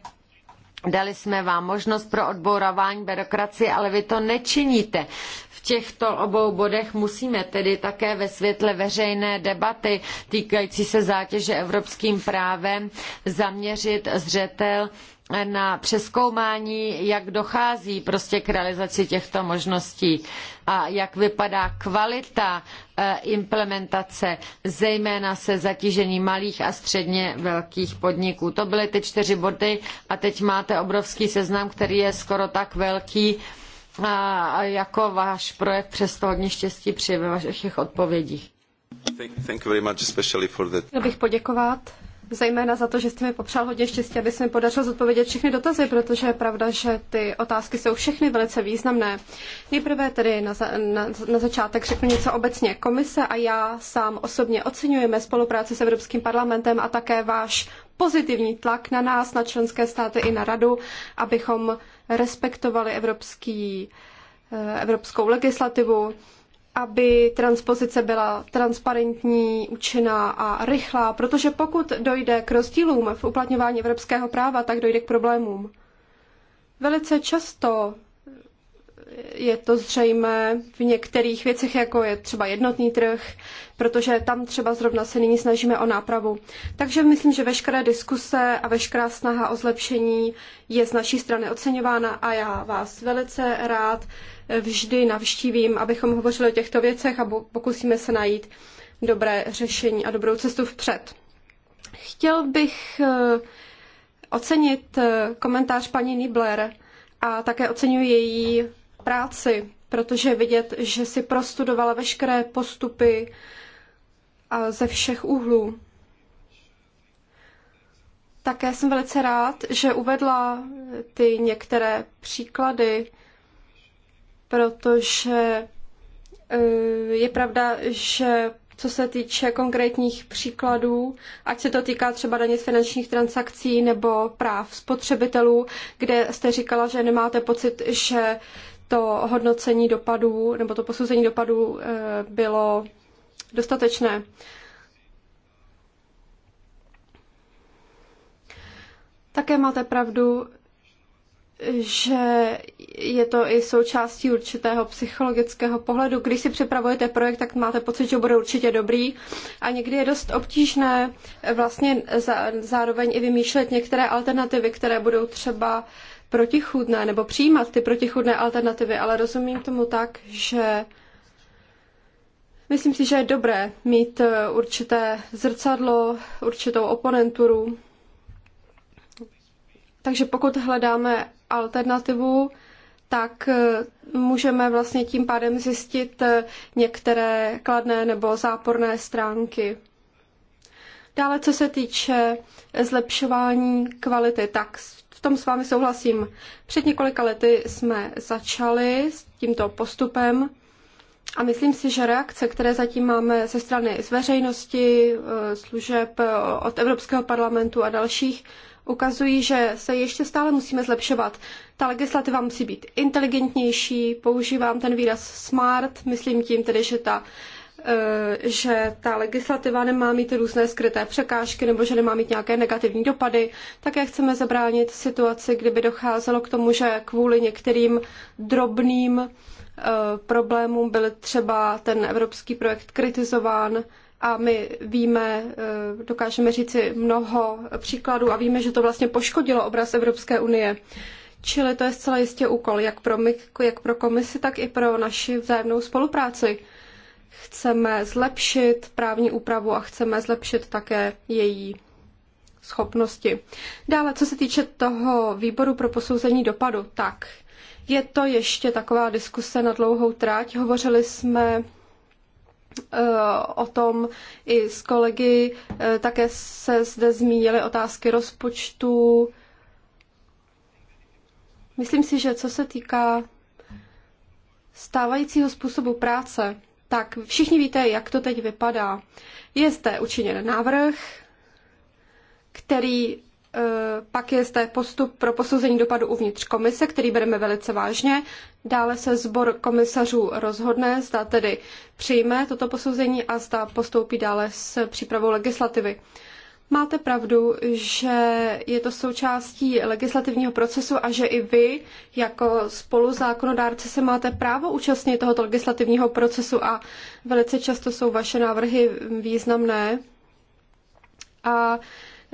Dali jsme vám možnost pro odbouravání byrokracie, ale vy to nečiníte. V těchto obou bodech musíme tedy také ve světle veřejné debaty týkající se zátěže evropským právem zaměřit zřetel na přeskoumání, jak dochází prostě k realizaci těchto možností a jak vypadá kvalita eh, implementace, zejména se zatížením malých a středně velkých podniků. To byly ty čtyři body a teď máte obrovský seznam, který je skoro tak velký eh, jako váš projekt, přesto hodně štěstí při vašich odpovědích. Thank, thank you very much, especially for that. Chtěl bych poděkovat zejména za to, že jste mi popřál hodně štěstí, aby se mi podařilo zodpovědět všechny dotazy, protože je pravda, že ty otázky jsou všechny velice významné. Nejprve tedy na, za, na, na začátek řeknu něco obecně. Komise a já sám osobně oceňujeme spolupráci s Evropským parlamentem a také váš pozitivní tlak na nás, na členské státy i na radu, abychom respektovali evropský, eh, evropskou legislativu aby transpozice byla transparentní, účinná a rychlá, protože pokud dojde k rozdílům v uplatňování evropského práva, tak dojde k problémům. Velice často je to zřejmé v některých věcech, jako je třeba jednotný trh, protože tam třeba zrovna se nyní snažíme o nápravu. Takže myslím, že veškeré diskuse a veškerá snaha o zlepšení je z naší strany oceňována a já vás velice rád vždy navštívím, abychom hovořili o těchto věcech a pokusíme se najít dobré řešení a dobrou cestu vpřed. Chtěl bych eh, ocenit eh, komentář paní Nibler a také oceňuji její práci, protože vidět, že si prostudovala veškeré postupy a ze všech úhlů. Také jsem velice rád, že uvedla ty některé příklady, protože eh, je pravda, že co se týče konkrétních příkladů, ať se to týká třeba daně z finančních transakcí nebo práv spotřebitelů, kde jste říkala, že nemáte pocit, že to hodnocení dopadů nebo to posouzení dopadů eh, bylo dostatečné. Také máte pravdu, že je to i součástí určitého psychologického pohledu. Když si připravujete projekt, tak máte pocit, že bude určitě dobrý a někdy je dost obtížné eh, vlastně zároveň i vymýšlet některé alternativy, které budou třeba protichůdné nebo přijímat ty protichůdné alternativy, ale rozumím tomu tak, že myslím si, že je dobré mít eh, určité zrcadlo, určitou oponenturu. Takže pokud hledáme alternativu, tak eh, můžeme vlastně tím pádem zjistit eh, některé kladné nebo záporné stránky. Dále, co se týče zlepšování kvality, tak tom s vámi souhlasím. Před několika lety jsme začali s tímto postupem a myslím si, že reakce, které zatím máme ze strany z veřejnosti, eh, služeb eh, od Evropského parlamentu a dalších, ukazují, že se ještě stále musíme zlepšovat. Ta legislativa musí být inteligentnější, používám ten výraz smart, myslím tím tedy, že ta Eh, že ta legislativa nemá mít různé skryté překážky nebo že nemá mít nějaké negativní dopady. Také chceme zabránit situaci, kdyby docházelo k tomu, že kvůli některým drobným eh, problémům byl třeba ten evropský projekt kritizován a my víme, eh, dokážeme říci mnoho příkladů a víme, že to vlastně poškodilo obraz Evropské unie. Čili to je zcela jistě úkol jak pro, my, jak pro komisi, tak i pro naši vzájemnou spolupráci Chceme zlepšit právní úpravu a chceme zlepšit také její schopnosti. Dále, co se týče toho výboru pro posouzení dopadu, tak je to ještě taková diskuse na dlouhou tráť. Hovořili jsme e, o tom i s kolegy. E, také se zde zmínily otázky rozpočtu. Myslím si, že co se týká stávajícího způsobu práce, tak všichni víte, jak to teď vypadá. Je zde učiněn návrh, který e, pak je zde postup pro posouzení dopadu uvnitř komise, který bereme velice vážně. Dále se sbor komisařů rozhodne, zda tedy přijme toto posouzení a zda postoupí dále s přípravou legislativy. Máte pravdu, že je to součástí legislativního procesu a že i vy jako spoluzákonodárci se máte právo účastnit tohoto legislativního procesu a velice často jsou vaše návrhy významné. A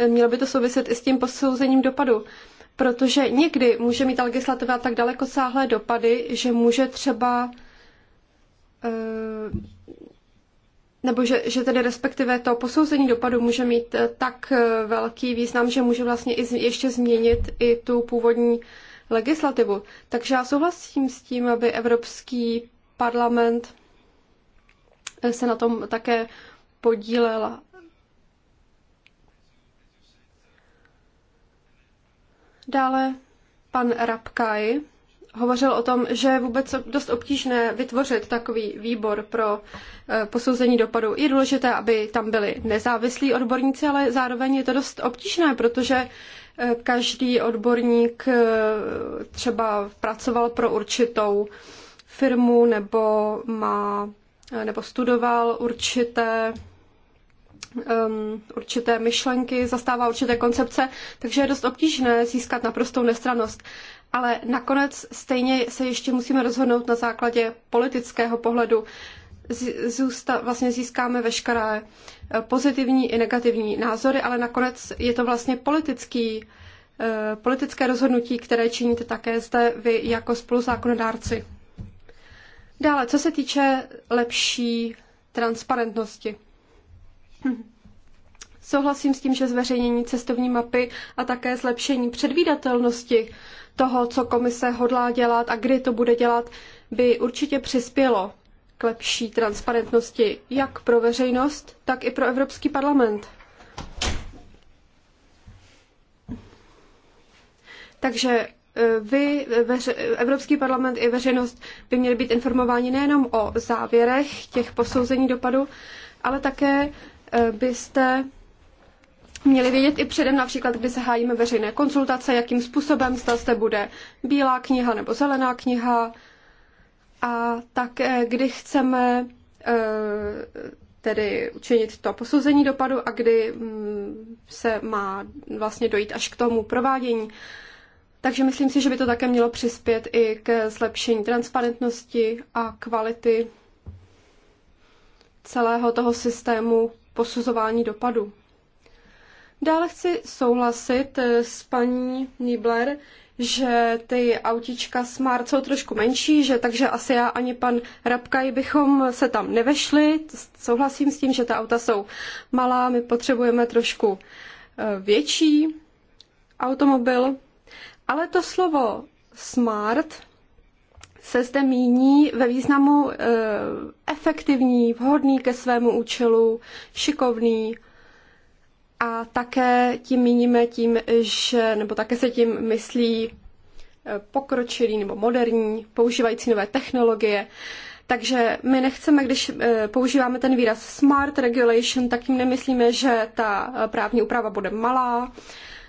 mělo by to souviset i s tím posouzením dopadu, protože někdy může mít ta legislativa tak daleko sáhlé dopady, že může třeba eh, nebo že, že tedy respektive to posouzení dopadu může mít eh, tak eh, velký význam, že může vlastně i ještě změnit i tu původní legislativu. Takže já souhlasím s tím, aby Evropský parlament eh, se na tom také podílel. Dále pan Rapkaj hovořil o tom, že je vůbec dost obtížné vytvořit takový výbor pro eh, posouzení dopadu. Je důležité, aby tam byli nezávislí odborníci, ale zároveň je to dost obtížné, protože eh, každý odborník eh, třeba pracoval pro určitou firmu nebo má nebo studoval určité um, určité myšlenky, zastává určité koncepce, takže je dost obtížné získat naprostou nestranost ale nakonec stejně se ještě musíme rozhodnout na základě politického pohledu. Zůsta, vlastně získáme veškeré eh, pozitivní i negativní názory, ale nakonec je to vlastně politický, eh, politické rozhodnutí, které činíte také zde vy jako spoluzákonodárci. Dále, co se týče lepší transparentnosti. Souhlasím s tím, že zveřejnění cestovní mapy a také zlepšení předvídatelnosti toho, co komise hodlá dělat a kdy to bude dělat, by určitě přispělo k lepší transparentnosti jak pro veřejnost, tak i pro Evropský parlament. Takže e, vy, Evropský parlament i veřejnost by měli být informováni nejenom o závěrech těch posouzení dopadu, ale také e, byste měli vědět i předem například, kdy zahájíme veřejné konzultace, jakým způsobem zda zde bude bílá kniha nebo zelená kniha. A tak, eh, kdy chceme eh, tedy učinit to posouzení dopadu a kdy mm, se má vlastně dojít až k tomu provádění. Takže myslím si, že by to také mělo přispět i k zlepšení transparentnosti a kvality celého toho systému posuzování dopadu. Dále chci souhlasit eh, s paní Nibler, že ty autička Smart jsou trošku menší, že takže asi já ani pan Rabkaj bychom se tam nevešli. Souhlasím s tím, že ta auta jsou malá, my potřebujeme trošku eh, větší automobil. Ale to slovo smart se zde míní ve významu eh, efektivní, vhodný ke svému účelu, šikovný, a také tím míníme tím, že, nebo také se tím myslí e, pokročilý nebo moderní, používající nové technologie. Takže my nechceme, když e, používáme ten výraz smart regulation, tak tím nemyslíme, že ta e, právní úprava bude malá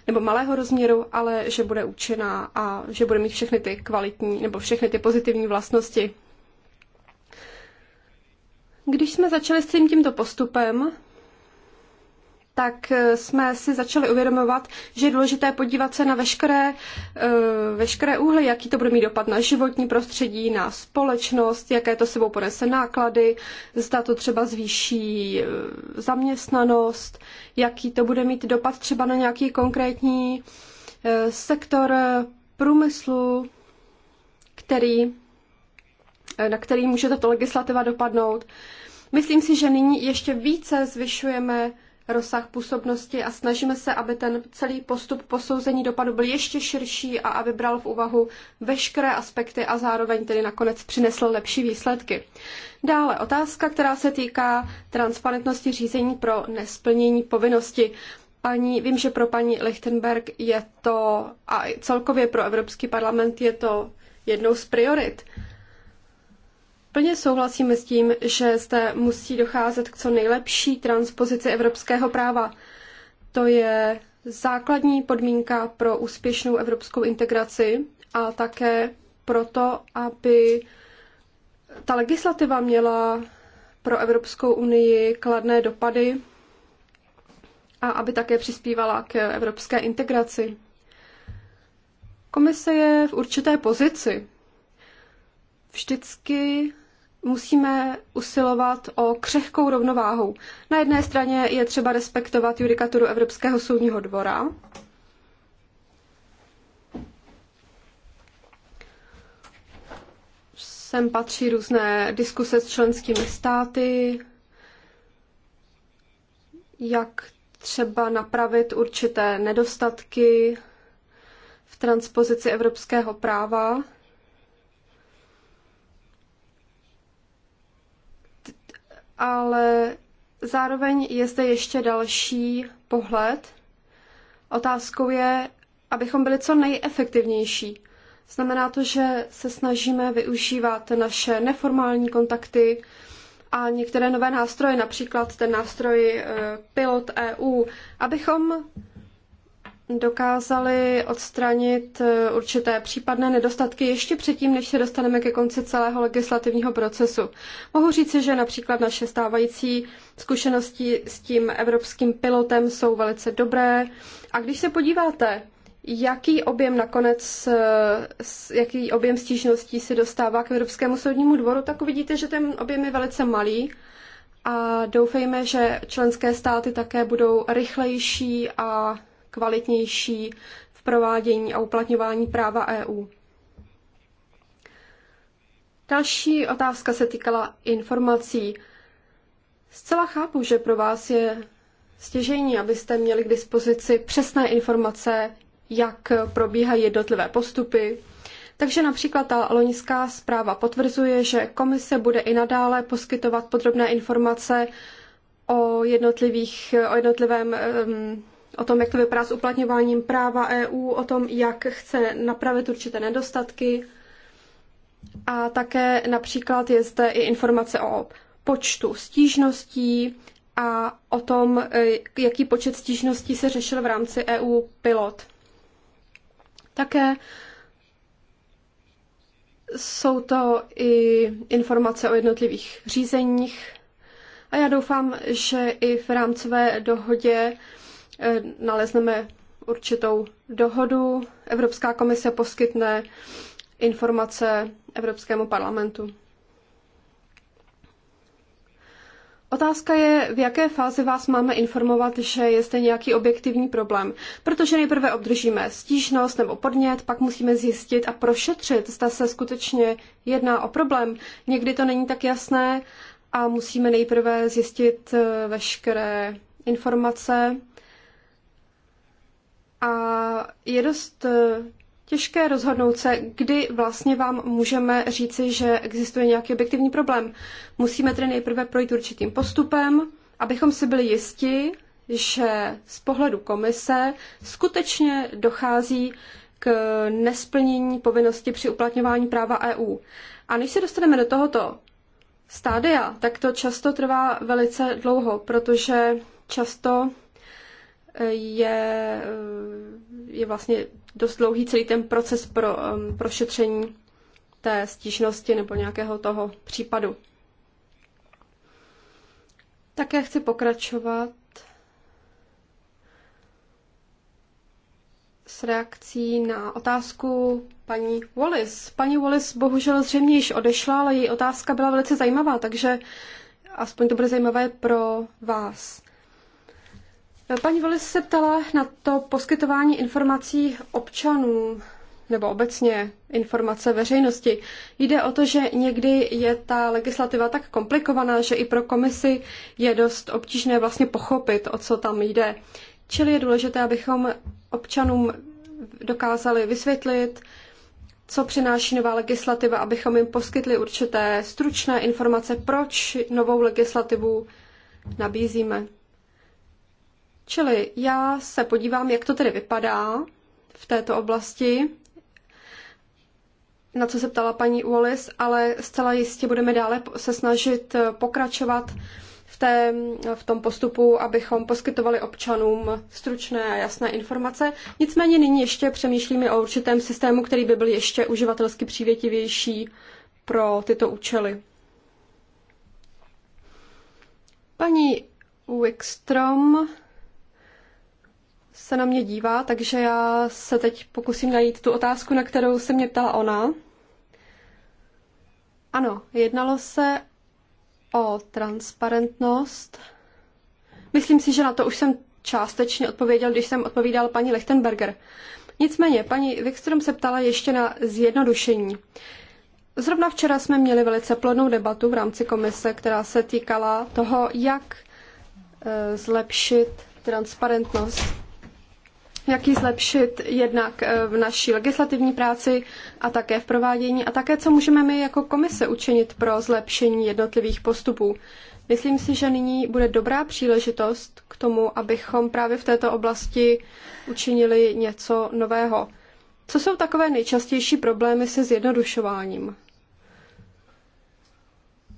nebo malého rozměru, ale že bude účinná a že bude mít všechny ty kvalitní nebo všechny ty pozitivní vlastnosti. Když jsme začali s tím tímto postupem, tak eh, jsme si začali uvědomovat, že je důležité podívat se na veškeré, eh, veškeré úhly, jaký to bude mít dopad na životní prostředí, na společnost, jaké to sebou ponese náklady, zda to třeba zvýší eh, zaměstnanost, jaký to bude mít dopad třeba na nějaký konkrétní sektor průmyslu, který, na který může tato legislativa dopadnout. Myslím si, že nyní ještě více zvyšujeme rozsah působnosti a snažíme se, aby ten celý postup posouzení dopadu byl ještě širší a aby bral v úvahu veškeré aspekty a zároveň tedy nakonec přinesl lepší výsledky. Dále otázka, která se týká transparentnosti řízení pro nesplnění povinnosti. Paní, vím, že pro paní Lichtenberg je to, a celkově pro Evropský parlament je to jednou z priorit. Plně souhlasíme s tím, že zde musí docházet k co nejlepší transpozici evropského práva. To je základní podmínka pro úspěšnou evropskou integraci a také proto, aby ta legislativa měla pro Evropskou unii kladné dopady a aby také přispívala k evropské integraci. Komise je v určité pozici. Vždycky musíme usilovat o křehkou rovnováhu. Na jedné straně je třeba respektovat judikaturu Evropského soudního dvora, Sem patří různé diskuse s členskými státy, jak třeba napravit určité nedostatky v transpozici evropského práva. ale zároveň je zde ještě další pohled. Otázkou je, abychom byli co nejefektivnější. Znamená to, že se snažíme využívat naše neformální kontakty a některé nové nástroje, například ten nástroj eh, Pilot EU, abychom dokázali odstranit eh, určité případné nedostatky ještě předtím, než se dostaneme ke konci celého legislativního procesu. Mohu říci, že například naše stávající zkušenosti s tím evropským pilotem jsou velice dobré. A když se podíváte, jaký objem nakonec, eh, jaký objem stížností se dostává k Evropskému soudnímu dvoru, tak uvidíte, že ten objem je velice malý a doufejme, že členské státy také budou rychlejší a kvalitnější v provádění a uplatňování práva EU. Další otázka se týkala informací. Zcela chápu, že pro vás je stěžejní, abyste měli k dispozici přesné informace, jak probíhají jednotlivé postupy. Takže například ta loňská zpráva potvrzuje, že komise bude i nadále poskytovat podrobné informace o, jednotlivých, o jednotlivém um, o tom, jak to vypadá s uplatňováním práva EU, o tom, jak chce napravit určité nedostatky. A také například je zde i informace o počtu stížností a o tom, eh, jaký počet stížností se řešil v rámci EU pilot. Také jsou to i informace o jednotlivých řízeních a já doufám, že i v rámcové dohodě Eh, nalezneme určitou dohodu. Evropská komise poskytne informace Evropskému parlamentu. Otázka je, v jaké fázi vás máme informovat, že je zde nějaký objektivní problém. Protože nejprve obdržíme stížnost nebo podnět, pak musíme zjistit a prošetřit, zda se skutečně jedná o problém. Někdy to není tak jasné a musíme nejprve zjistit eh, veškeré informace a je dost eh, těžké rozhodnout se, kdy vlastně vám můžeme říci, že existuje nějaký objektivní problém. Musíme tedy nejprve projít určitým postupem, abychom si byli jisti, že z pohledu komise skutečně dochází k nesplnění povinnosti při uplatňování práva EU. A než se dostaneme do tohoto stádia, tak to často trvá velice dlouho, protože často je, je vlastně dost dlouhý celý ten proces pro um, prošetření té stížnosti nebo nějakého toho případu. Také chci pokračovat s reakcí na otázku paní Wallis. Paní Wallis bohužel zřejmě již odešla, ale její otázka byla velice zajímavá, takže aspoň to bude zajímavé pro vás. Paní Velis se ptala na to poskytování informací občanům nebo obecně informace veřejnosti. Jde o to, že někdy je ta legislativa tak komplikovaná, že i pro komisi je dost obtížné vlastně pochopit, o co tam jde. Čili je důležité, abychom občanům dokázali vysvětlit, co přináší nová legislativa, abychom jim poskytli určité stručné informace, proč novou legislativu nabízíme. Čili já se podívám, jak to tedy vypadá v této oblasti, na co se ptala paní Wallis, ale zcela jistě budeme dále se snažit eh, pokračovat v, té, eh, v tom postupu, abychom poskytovali občanům stručné a jasné informace. Nicméně nyní ještě přemýšlíme o určitém systému, který by byl ještě uživatelsky přívětivější pro tyto účely. Paní Wickstrom se na mě dívá, takže já se teď pokusím najít tu otázku, na kterou se mě ptala ona. Ano, jednalo se o transparentnost. Myslím si, že na to už jsem částečně odpověděl, když jsem odpovídal paní Lechtenberger. Nicméně, paní Wikström se ptala ještě na zjednodušení. Zrovna včera jsme měli velice plodnou debatu v rámci komise, která se týkala toho, jak eh, zlepšit transparentnost jak ji zlepšit jednak eh, v naší legislativní práci a také v provádění a také, co můžeme my jako komise učinit pro zlepšení jednotlivých postupů. Myslím si, že nyní bude dobrá příležitost k tomu, abychom právě v této oblasti učinili něco nového. Co jsou takové nejčastější problémy se zjednodušováním?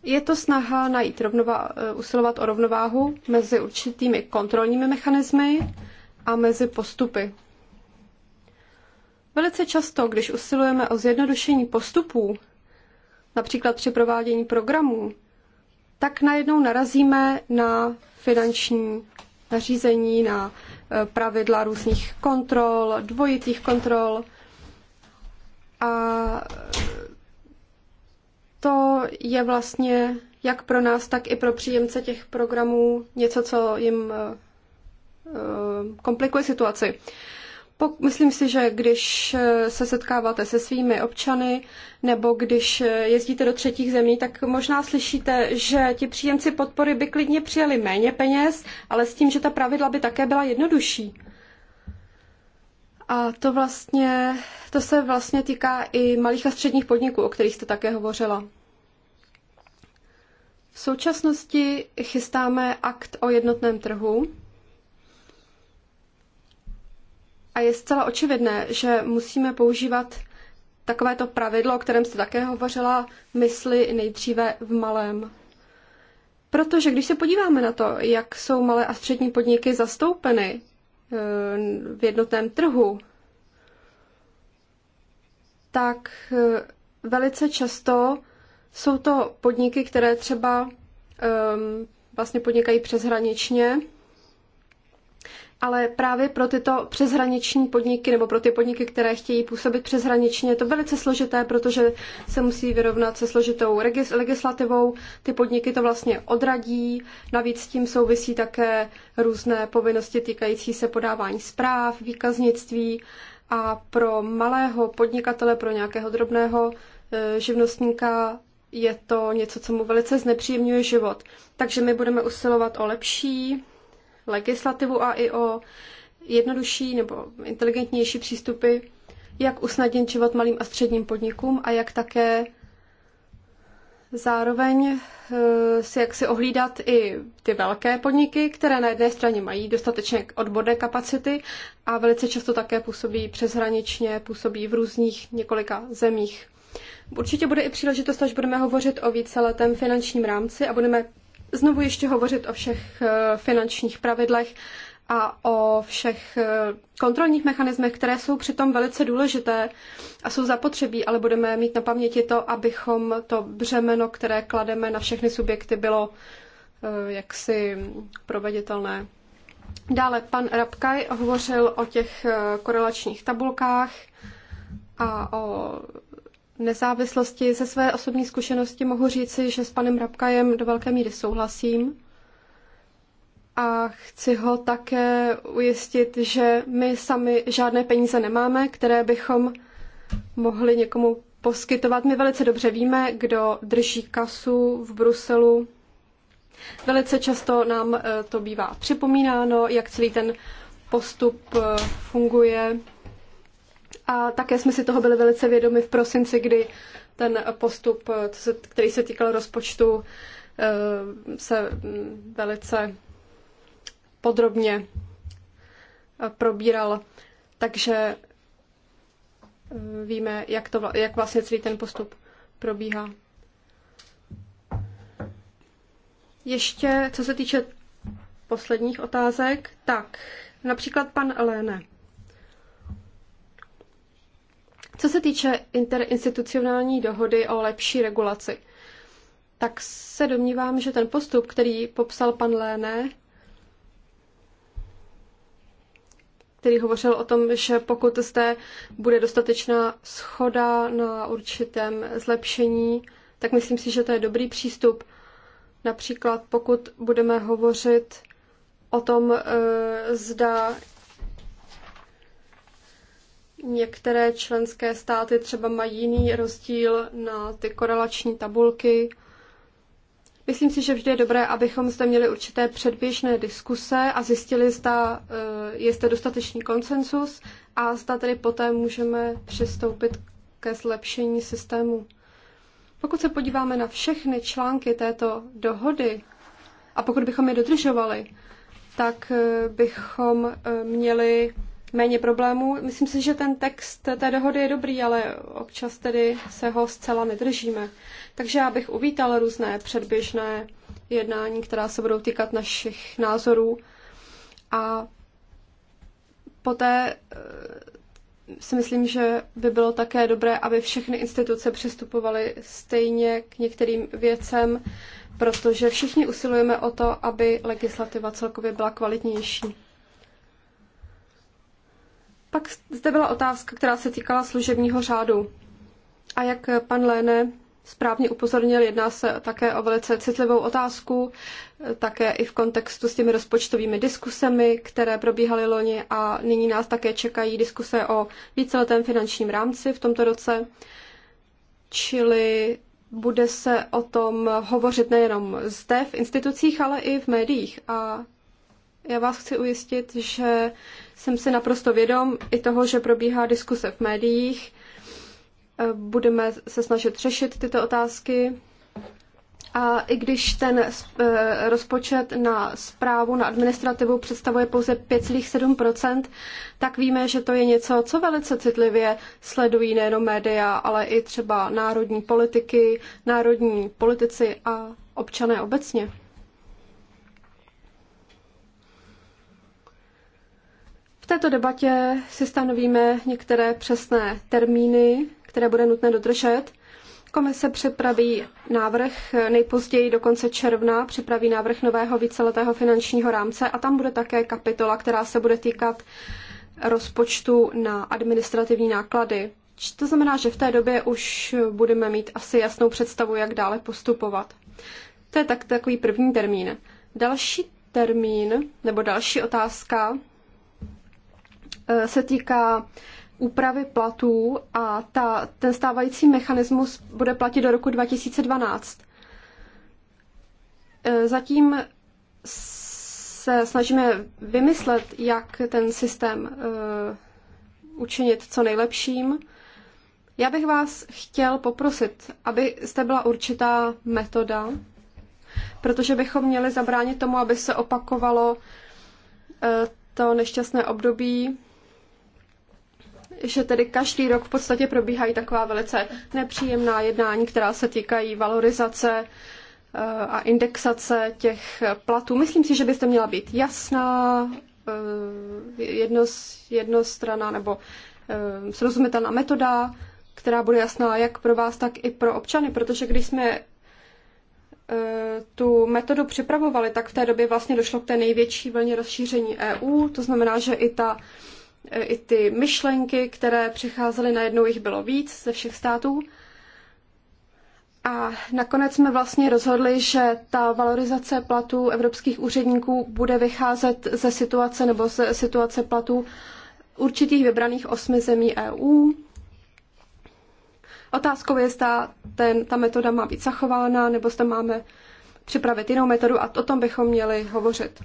Je to snaha najít rovnová- eh, usilovat o rovnováhu mezi určitými kontrolními mechanismy, a mezi postupy. Velice často, když usilujeme o zjednodušení postupů, například při provádění programů, tak najednou narazíme na finanční nařízení, na e, pravidla různých kontrol, dvojitých kontrol. A e, to je vlastně jak pro nás, tak i pro příjemce těch programů něco, co jim e, Eh, komplikuje situaci. Myslím si, že když eh, se setkáváte se svými občany nebo když eh, jezdíte do třetích zemí, tak možná slyšíte, že ti příjemci podpory by klidně přijali méně peněz, ale s tím, že ta pravidla by také byla jednodušší. A to vlastně, to se vlastně týká i malých a středních podniků, o kterých jste také hovořila. V současnosti chystáme akt o jednotném trhu, A je zcela očividné, že musíme používat takovéto pravidlo, o kterém jste také hovořila, mysli nejdříve v malém. Protože když se podíváme na to, jak jsou malé a střední podniky zastoupeny eh, v jednotném trhu, tak eh, velice často jsou to podniky, které třeba um, vlastně podnikají přeshraničně ale právě pro tyto přeshraniční podniky nebo pro ty podniky, které chtějí působit přeshraničně, je to velice složité, protože se musí vyrovnat se složitou legislativou. Ty podniky to vlastně odradí, navíc s tím souvisí také různé povinnosti týkající se podávání zpráv, výkaznictví a pro malého podnikatele, pro nějakého drobného e, živnostníka je to něco, co mu velice znepříjemňuje život. Takže my budeme usilovat o lepší legislativu a i o jednodušší nebo inteligentnější přístupy, jak usnadnit život malým a středním podnikům a jak také zároveň eh, si jak si ohlídat i ty velké podniky, které na jedné straně mají dostatečně odborné kapacity a velice často také působí přeshraničně, působí v různých několika zemích. Určitě bude i příležitost, až budeme hovořit o víceletém finančním rámci a budeme znovu ještě hovořit o všech eh, finančních pravidlech a o všech eh, kontrolních mechanismech, které jsou přitom velice důležité a jsou zapotřebí, ale budeme mít na paměti to, abychom to břemeno, které klademe na všechny subjekty, bylo eh, jaksi proveditelné. Dále pan Rabkaj hovořil o těch korelačních tabulkách a o nezávislosti ze své osobní zkušenosti mohu říci, že s panem Rabkajem do velké míry souhlasím a chci ho také ujistit, že my sami žádné peníze nemáme, které bychom mohli někomu poskytovat. My velice dobře víme, kdo drží kasu v Bruselu. Velice často nám eh, to bývá připomínáno, jak celý ten postup eh, funguje. A také jsme si toho byli velice vědomi v prosinci, kdy ten postup, který se týkal rozpočtu, eh, se velice podrobně eh, probíral. Takže eh, víme, jak, to, jak vlastně celý ten postup probíhá. Ještě, co se týče posledních otázek, tak například pan Léne. Co se týče interinstitucionální dohody o lepší regulaci, tak se domnívám, že ten postup, který popsal pan Léne, který hovořil o tom, že pokud zde bude dostatečná schoda na určitém zlepšení, tak myslím si, že to je dobrý přístup. Například pokud budeme hovořit o tom, eh, zda Některé členské státy třeba mají jiný rozdíl na ty korelační tabulky. Myslím si, že vždy je dobré, abychom zde měli určité předběžné diskuse a zjistili, zda eh, je zde dostatečný konsensus a zda tedy poté můžeme přistoupit ke zlepšení systému. Pokud se podíváme na všechny články této dohody a pokud bychom je dodržovali, tak eh, bychom eh, měli méně problémů. Myslím si, že ten text té dohody je dobrý, ale občas tedy se ho zcela nedržíme. Takže já bych uvítal různé předběžné jednání, která se budou týkat našich názorů. A poté eh, si myslím, že by bylo také dobré, aby všechny instituce přistupovaly stejně k některým věcem, protože všichni usilujeme o to, aby legislativa celkově byla kvalitnější. Pak zde byla otázka, která se týkala služebního řádu. A jak pan Léne správně upozornil, jedná se také o velice citlivou otázku, také i v kontextu s těmi rozpočtovými diskusemi, které probíhaly loni a nyní nás také čekají diskuse o víceletém finančním rámci v tomto roce, čili bude se o tom hovořit nejenom zde v institucích, ale i v médiích a já vás chci ujistit, že jsem si naprosto vědom i toho, že probíhá diskuse v médiích. Eh, budeme se snažit řešit tyto otázky. A i když ten eh, rozpočet na zprávu, na administrativu představuje pouze 5,7%, tak víme, že to je něco, co velice citlivě sledují nejenom média, ale i třeba národní politiky, národní politici a občané obecně. V této debatě si stanovíme některé přesné termíny, které bude nutné dodržet. Komise připraví návrh nejpozději do konce června, připraví návrh nového víceletého finančního rámce a tam bude také kapitola, která se bude týkat rozpočtu na administrativní náklady. To znamená, že v té době už budeme mít asi jasnou představu, jak dále postupovat. To je tak, takový první termín. Další termín nebo další otázka Eh, se týká úpravy platů a ta, ten stávající mechanismus bude platit do roku 2012. Eh, zatím se snažíme vymyslet, jak ten systém eh, učinit co nejlepším. Já bych vás chtěl poprosit, abyste byla určitá metoda, protože bychom měli zabránit tomu, aby se opakovalo to nešťastné období že tedy každý rok v podstatě probíhají taková velice nepříjemná jednání, která se týkají valorizace eh, a indexace těch platů. Myslím si, že byste měla být jasná, eh, jedno, jednostranná nebo eh, srozumitelná metoda, která bude jasná jak pro vás, tak i pro občany, protože když jsme tu metodu připravovali, tak v té době vlastně došlo k té největší vlně rozšíření EU, to znamená, že i ta E, i ty myšlenky, které přicházely najednou, jich bylo víc ze všech států. A nakonec jsme vlastně rozhodli, že ta valorizace platů evropských úředníků bude vycházet ze situace nebo ze situace platů určitých vybraných osmi zemí EU. Otázkou je, zda ten, ta metoda má být zachována, nebo zda máme připravit jinou metodu a o tom bychom měli hovořit.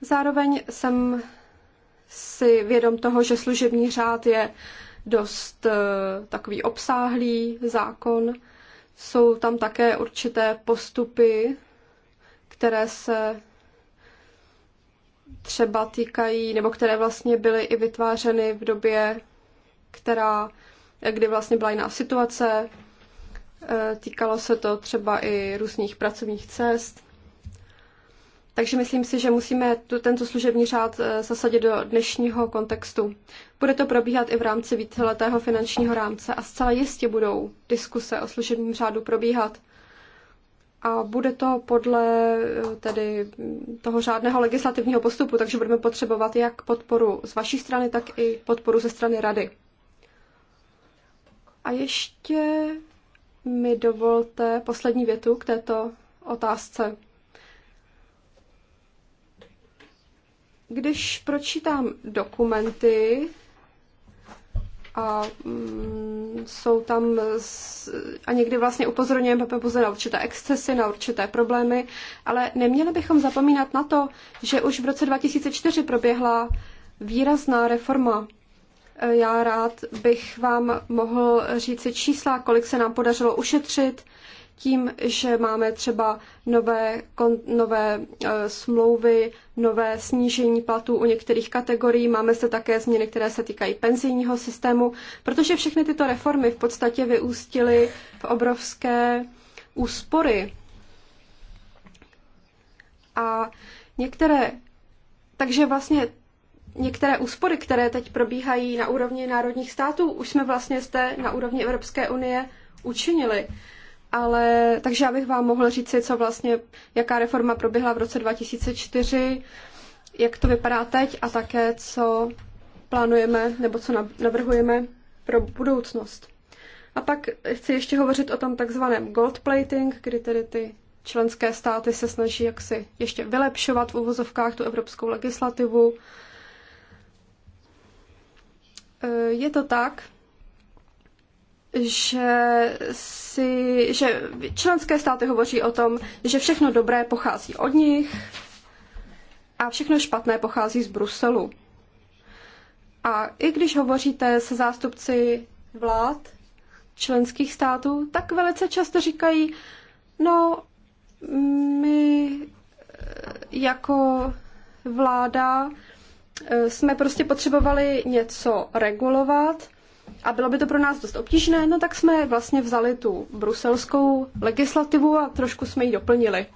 Zároveň jsem si vědom toho, že služební řád je dost eh, takový obsáhlý zákon. Jsou tam také určité postupy, které se třeba týkají, nebo které vlastně byly i vytvářeny v době, která, kdy vlastně byla jiná situace. Eh, týkalo se to třeba i různých pracovních cest. Takže myslím si, že musíme tu, tento služební řád eh, zasadit do dnešního kontextu. Bude to probíhat i v rámci víceletého finančního rámce a zcela jistě budou diskuse o služebním řádu probíhat. A bude to podle eh, tedy mm, toho řádného legislativního postupu, takže budeme potřebovat jak podporu z vaší strany, tak i podporu ze strany rady. A ještě mi dovolte poslední větu k této otázce. Když pročítám dokumenty, a mm, jsou tam s, a někdy vlastně upozorňujeme pouze na určité excesy, na určité problémy, ale neměli bychom zapomínat na to, že už v roce 2004 proběhla výrazná reforma. E, já rád bych vám mohl si čísla, kolik se nám podařilo ušetřit, tím, že máme třeba nové, kon, nové eh, smlouvy, nové snížení platů u některých kategorií, máme se také změny, které se týkají penzijního systému, protože všechny tyto reformy v podstatě vyústily v obrovské úspory. A některé, takže vlastně některé úspory, které teď probíhají na úrovni národních států, už jsme vlastně zde na úrovni Evropské unie učinili ale takže já bych vám mohl říci, co vlastně, jaká reforma proběhla v roce 2004, jak to vypadá teď a také, co plánujeme nebo co navrhujeme pro budoucnost. A pak chci ještě hovořit o tom takzvaném gold plating, kdy tedy ty členské státy se snaží jaksi ještě vylepšovat v uvozovkách tu evropskou legislativu. E, je to tak, že, si, že členské státy hovoří o tom, že všechno dobré pochází od nich a všechno špatné pochází z Bruselu. A i když hovoříte se zástupci vlád členských států, tak velice často říkají, no my eh, jako vláda eh, jsme prostě potřebovali něco regulovat, a bylo by to pro nás dost obtížné, no tak jsme vlastně vzali tu bruselskou legislativu a trošku jsme ji doplnili.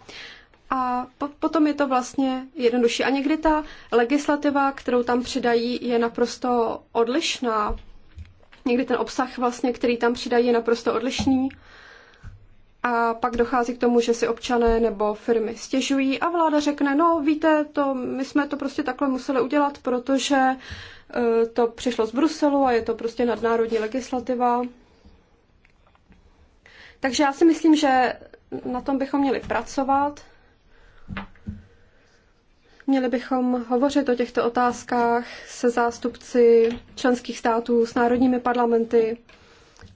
A po, potom je to vlastně jednodušší. A někdy ta legislativa, kterou tam přidají, je naprosto odlišná. Někdy ten obsah, vlastně, který tam přidají, je naprosto odlišný. A pak dochází k tomu, že si občané nebo firmy stěžují a vláda řekne, no víte, to, my jsme to prostě takhle museli udělat, protože uh, Eh, to přišlo z Bruselu a je to prostě nadnárodní legislativa. Takže já si myslím, že na tom bychom měli pracovat. Měli bychom hovořit o těchto otázkách se zástupci členských států, s národními parlamenty.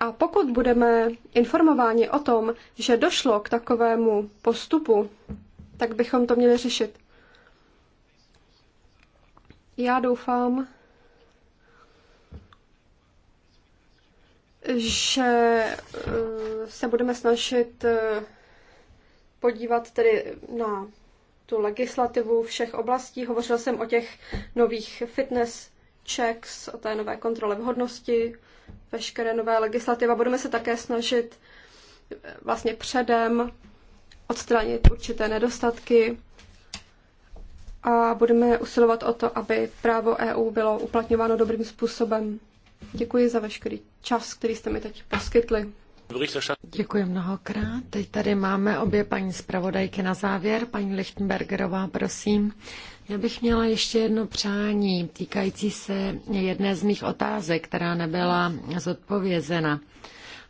A pokud budeme informováni o tom, že došlo k takovému postupu, tak bychom to měli řešit. Já doufám, že eh, se budeme snažit eh, podívat tedy na tu legislativu všech oblastí. Hovořil jsem o těch nových fitness checks, o té nové kontrole vhodnosti, veškeré nové legislativa. Budeme se také snažit eh, vlastně předem odstranit určité nedostatky a budeme usilovat o to, aby právo EU bylo uplatňováno dobrým způsobem. Děkuji za veškerý čas, který jste mi teď poskytli. Děkuji mnohokrát. Teď tady máme obě paní zpravodajky na závěr. Paní Lichtenbergerová, prosím. Já bych měla ještě jedno přání týkající se jedné z mých otázek, která nebyla zodpovězena.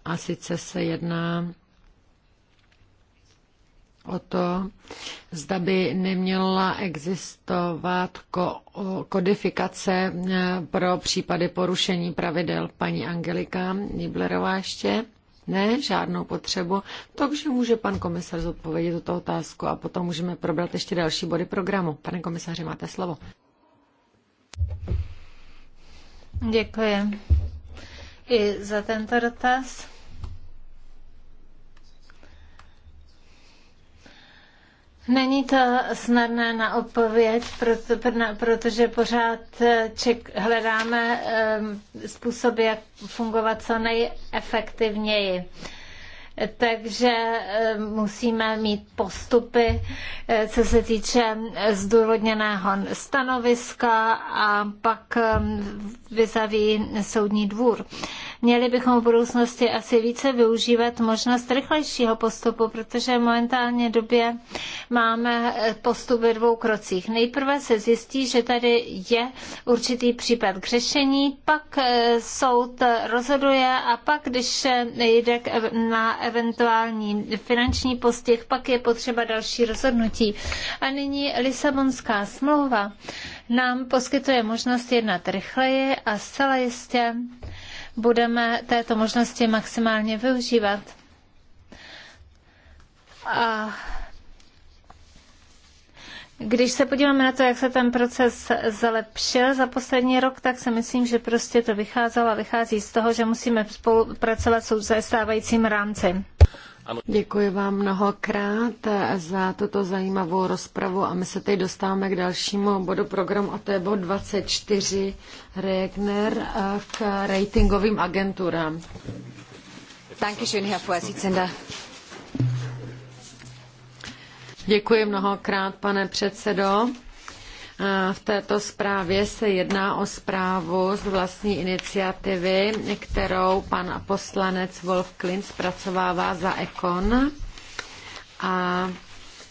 A sice se jedná o to, zda by neměla existovat ko- kodifikace e, pro případy porušení pravidel paní Angelika Niblerová ještě. Ne, žádnou potřebu. Takže může pan komisař zodpovědět tuto otázku a potom můžeme probrat ještě další body programu. Pane komisaři, máte slovo. Děkuji i za tento dotaz. Není to snadné na odpověď, proto, protože pořád eh, ček, hledáme eh, způsob, jak fungovat co nejefektivněji. Takže eh, musíme mít postupy, co se týče zdůvodněného stanoviska a pak vyzaví soudní dvůr. Měli bychom v budoucnosti asi více využívat možnost rychlejšího postupu, protože momentálně době máme postup ve dvou krocích. Nejprve se zjistí, že tady je určitý případ k řešení, pak eh, soud rozhoduje a pak, když jde na eventuální finanční postih, pak je potřeba další rozhodnutí. A nyní Lisabonská smlouva nám poskytuje možnost jednat rychleji a zcela jistě budeme této možnosti maximálně využívat. A když se podíváme na to, jak se ten proces zlepšil za poslední rok, tak si myslím, že prostě to vycházelo a vychází z toho, že musíme spolupracovat se stávajícím rámcem. Děkuji vám mnohokrát za tuto zajímavou rozpravu a my se teď dostáváme k dalšímu bodu programu a to je bod 24 Regner eh, k ratingovým agenturám. Dankeschön, Herr Vorsitzender. Děkuji mnohokrát, pane předsedo. V této zprávě se jedná o zprávu z vlastní iniciativy, kterou pan poslanec Wolf Klin zpracovává za Ekon. A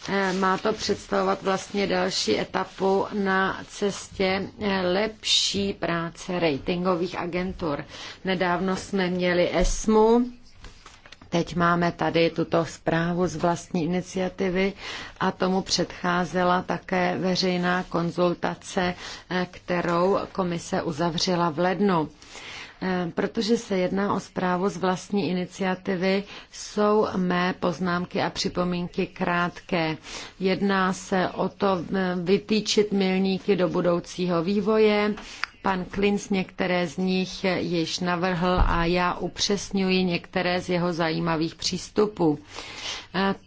e, má to představovat vlastně další etapu na cestě e, lepší práce ratingových agentur. Nedávno jsme měli ESMU, Teď máme tady tuto zprávu z vlastní iniciativy a tomu předcházela také veřejná konzultace, eh, kterou komise uzavřela v lednu. Eh, protože se jedná o zprávu z vlastní iniciativy, jsou mé poznámky a připomínky krátké. Jedná se o to eh, vytýčit milníky do budoucího vývoje, Pan Klinz některé z nich již navrhl a já upřesňuji některé z jeho zajímavých přístupů.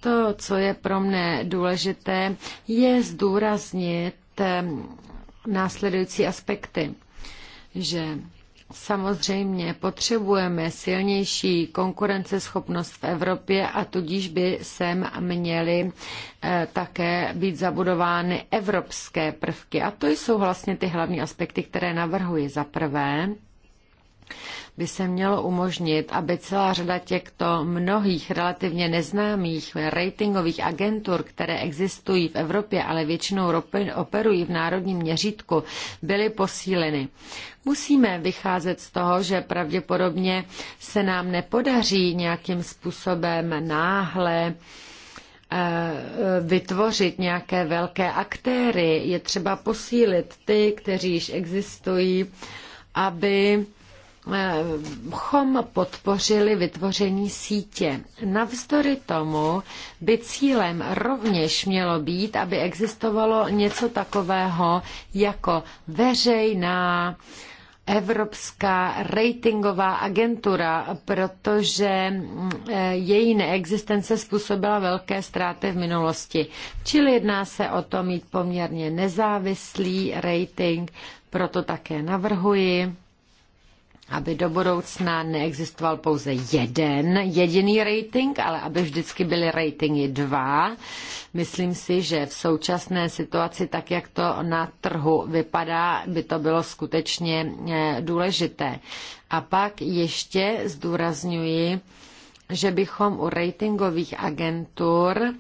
to, co je pro mne důležité, je zdůraznit eh, následující aspekty, že Samozřejmě potřebujeme silnější konkurenceschopnost v Evropě a tudíž by sem měly eh, také být zabudovány evropské prvky. A to jsou vlastně ty hlavní aspekty, které navrhuji. Za prvé, by se mělo umožnit, aby celá řada těchto mnohých relativně neznámých ratingových agentur, které existují v Evropě, ale většinou operují v národním měřítku, byly posíleny. Musíme vycházet z toho, že pravděpodobně se nám nepodaří nějakým způsobem náhle eh, vytvořit nějaké velké aktéry, je třeba posílit ty, kteří již existují, aby bychom podpořili vytvoření sítě. Navzdory tomu by cílem rovněž mělo být, aby existovalo něco takového jako veřejná Evropská ratingová agentura, protože eh, její neexistence způsobila velké ztráty v minulosti. Čili jedná se o to mít poměrně nezávislý rating, proto také navrhuji, aby do budoucna neexistoval pouze jeden jediný rating, ale aby vždycky byly ratingy dva. Myslím si, že v současné situaci, tak jak to na trhu vypadá, by to bylo skutečně eh, důležité. A pak ještě zdůrazňuji, že bychom u ratingových agentur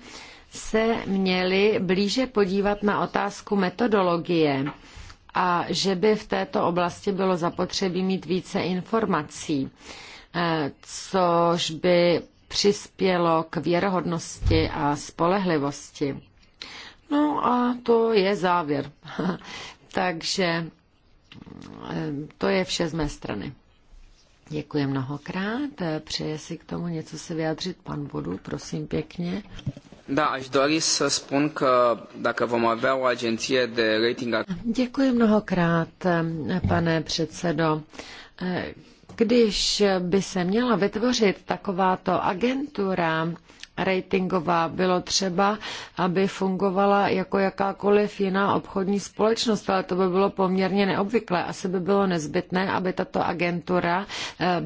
se měli blíže podívat na otázku metodologie a že by v této oblasti bylo zapotřebí mít více informací, eh, což by přispělo k věrohodnosti a spolehlivosti. No a to je závěr. [LAUGHS] Takže eh, to je vše z mé strany. Děkuji mnohokrát. Přeje si k tomu něco se vyjádřit pan Vodu, prosím pěkně. Da, aș dori să spun că dacă vom avea o agenție de rating... Děkuji mnohokrát, pane předsedo. Když by se měla vytvořit takováto agentura, ratingová. Bylo třeba, aby fungovala jako jakákoliv jiná obchodní společnost, ale to by bylo poměrně neobvyklé. Asi by bylo nezbytné, aby tato agentura eh,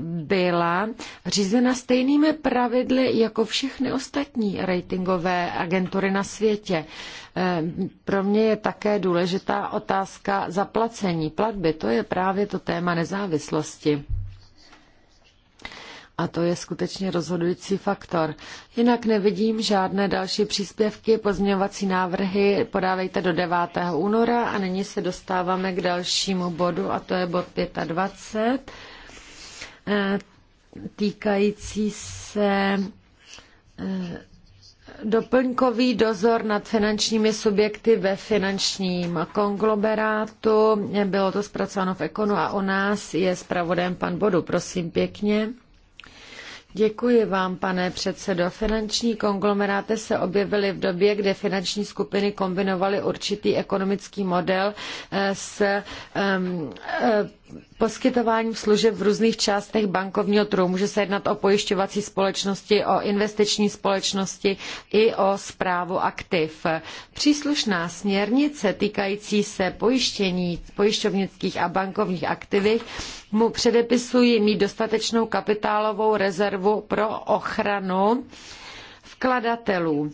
byla řízena stejnými pravidly jako všechny ostatní ratingové agentury na světě. Eh, pro mě je také důležitá otázka zaplacení platby. To je právě to téma nezávislosti. A to je skutečně rozhodující faktor. Jinak nevidím žádné další příspěvky, pozměňovací návrhy podávejte do 9. února a nyní se dostáváme k dalšímu bodu a to je bod 25 eh, týkající se eh, doplňkový dozor nad finančními subjekty ve finančním konglomerátu. Bylo to zpracováno v Ekonu a o nás je zpravodajem pan Bodu. Prosím pěkně. Děkuji vám, pane předsedo. Finanční konglomeráty se objevily v době, kdy finanční skupiny kombinovaly určitý ekonomický model eh, s eh, poskytováním služeb v různých částech bankovního trhu. Může se jednat o pojišťovací společnosti, o investiční společnosti i o správu aktiv. Příslušná směrnice týkající se pojištění pojišťovnických a bankovních aktivit mu předepisují mít dostatečnou kapitálovou rezervu pro ochranu vkladatelů.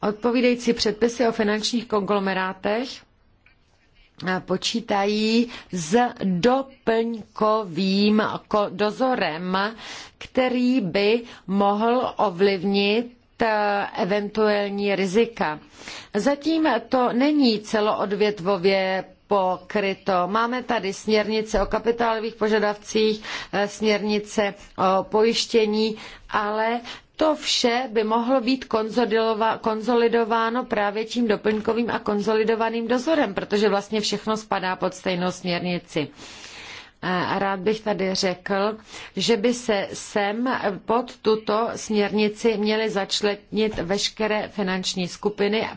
Odpovídající předpisy o finančních konglomerátech počítají s doplňkovým dozorem, který by mohl ovlivnit e, eventuální rizika. Zatím to není celoodvětvově pokryto. Máme tady směrnice o kapitálových požadavcích, e, směrnice o pojištění, ale to vše by mohlo být konzolidováno právě tím doplňkovým a konzolidovaným dozorem, protože vlastně všechno spadá pod stejnou směrnici. rád bych tady řekl, že by se sem pod tuto směrnici měly začlenit veškeré finanční skupiny,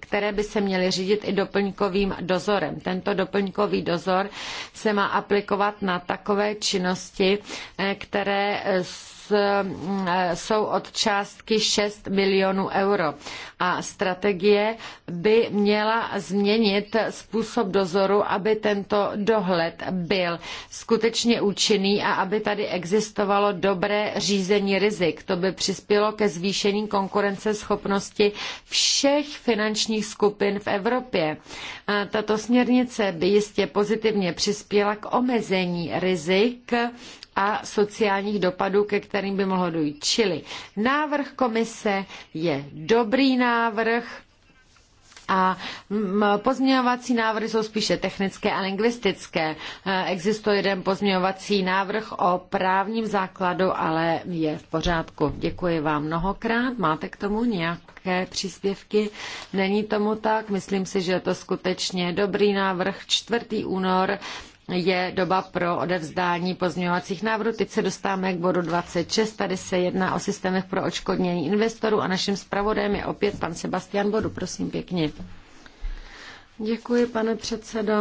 které by se měly řídit i doplňkovým dozorem. Tento doplňkový dozor se má aplikovat na takové činnosti, eh, které jsou Eh, jsou od částky 6 milionů euro. A strategie by měla změnit způsob dozoru, aby tento dohled byl skutečně účinný a aby tady existovalo dobré řízení rizik. To by přispělo ke zvýšení konkurenceschopnosti všech finančních skupin v Evropě. Tato směrnice by jistě pozitivně přispěla k omezení rizik a sociálních dopadů, ke kterým by mohlo dojít. Čili návrh komise je dobrý návrh, a pozměňovací návrhy jsou spíše technické a lingvistické. E, existuje jeden pozměňovací návrh o právním základu, ale je v pořádku. Děkuji vám mnohokrát. Máte k tomu nějaké příspěvky? Není tomu tak. Myslím si, že je to skutečně dobrý návrh. 4. únor je doba pro odevzdání pozměňovacích návrhů. Teď se dostáváme k bodu 26. Tady se jedná o systémech pro očkodnění investorů a naším zpravodajem je opět pan Sebastian Bodu. Prosím pěkně. Děkuji, pane předsedo.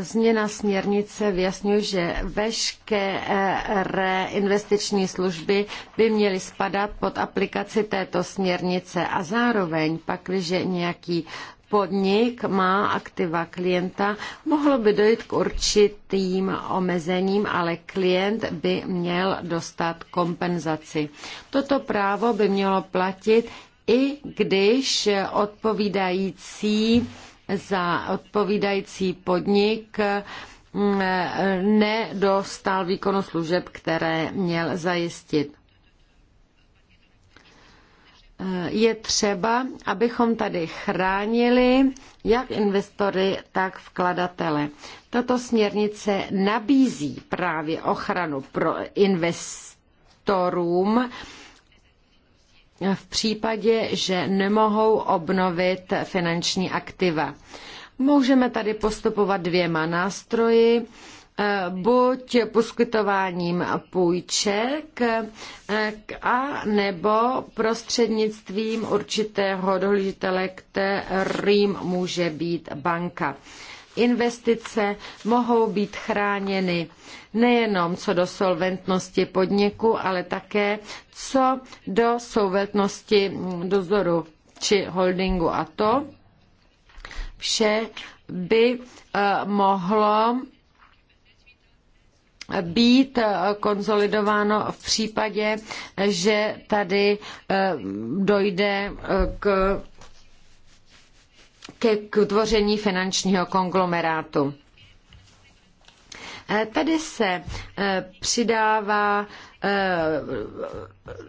Změna směrnice vyjasňuje, že veškeré investiční služby by měly spadat pod aplikaci této směrnice a zároveň pak, když nějaký podnik má aktiva klienta, mohlo by dojít k určitým omezením, ale klient by měl dostat kompenzaci. Toto právo by mělo platit i když odpovídající za odpovídající podnik mm, nedostal výkonu služeb, které měl zajistit je třeba, abychom tady chránili jak investory, tak vkladatele. Tato směrnice nabízí právě ochranu pro investorům v případě, že nemohou obnovit finanční aktiva. Můžeme tady postupovat dvěma nástroji buď poskytováním půjček eh, a nebo prostřednictvím určitého dohlížitele, kterým může být banka. Investice mohou být chráněny nejenom co do solventnosti podniku, ale také co do solventnosti dozoru či holdingu. A to vše by eh, mohlo být konsolidováno v případě, že tady eh, dojde eh, k, k, k utvoření finančního konglomerátu. Eh, tady se eh, přidává eh,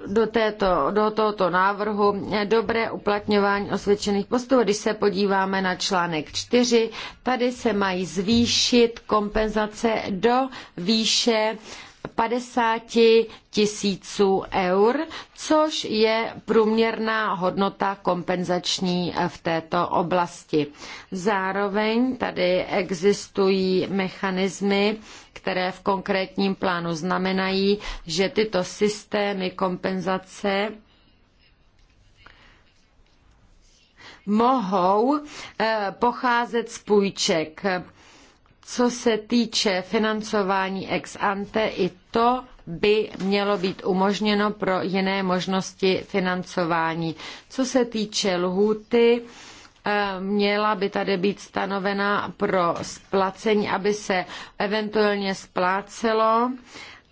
do, této, do tohoto návrhu dobré uplatňování osvědčených postupů. Když se podíváme na článek 4, tady se mají zvýšit kompenzace do výše 50 tisíců eur, což je průměrná hodnota kompenzační v této oblasti. Zároveň tady existují mechanismy, které v konkrétním plánu znamenají, že tyto systémy kompenzace mohou eh, pocházet z půjček co se týče financování ex ante, i to by mělo být umožněno pro jiné možnosti financování. Co se týče lhůty, eh, měla by tady být stanovena pro splacení, aby se eventuálně splácelo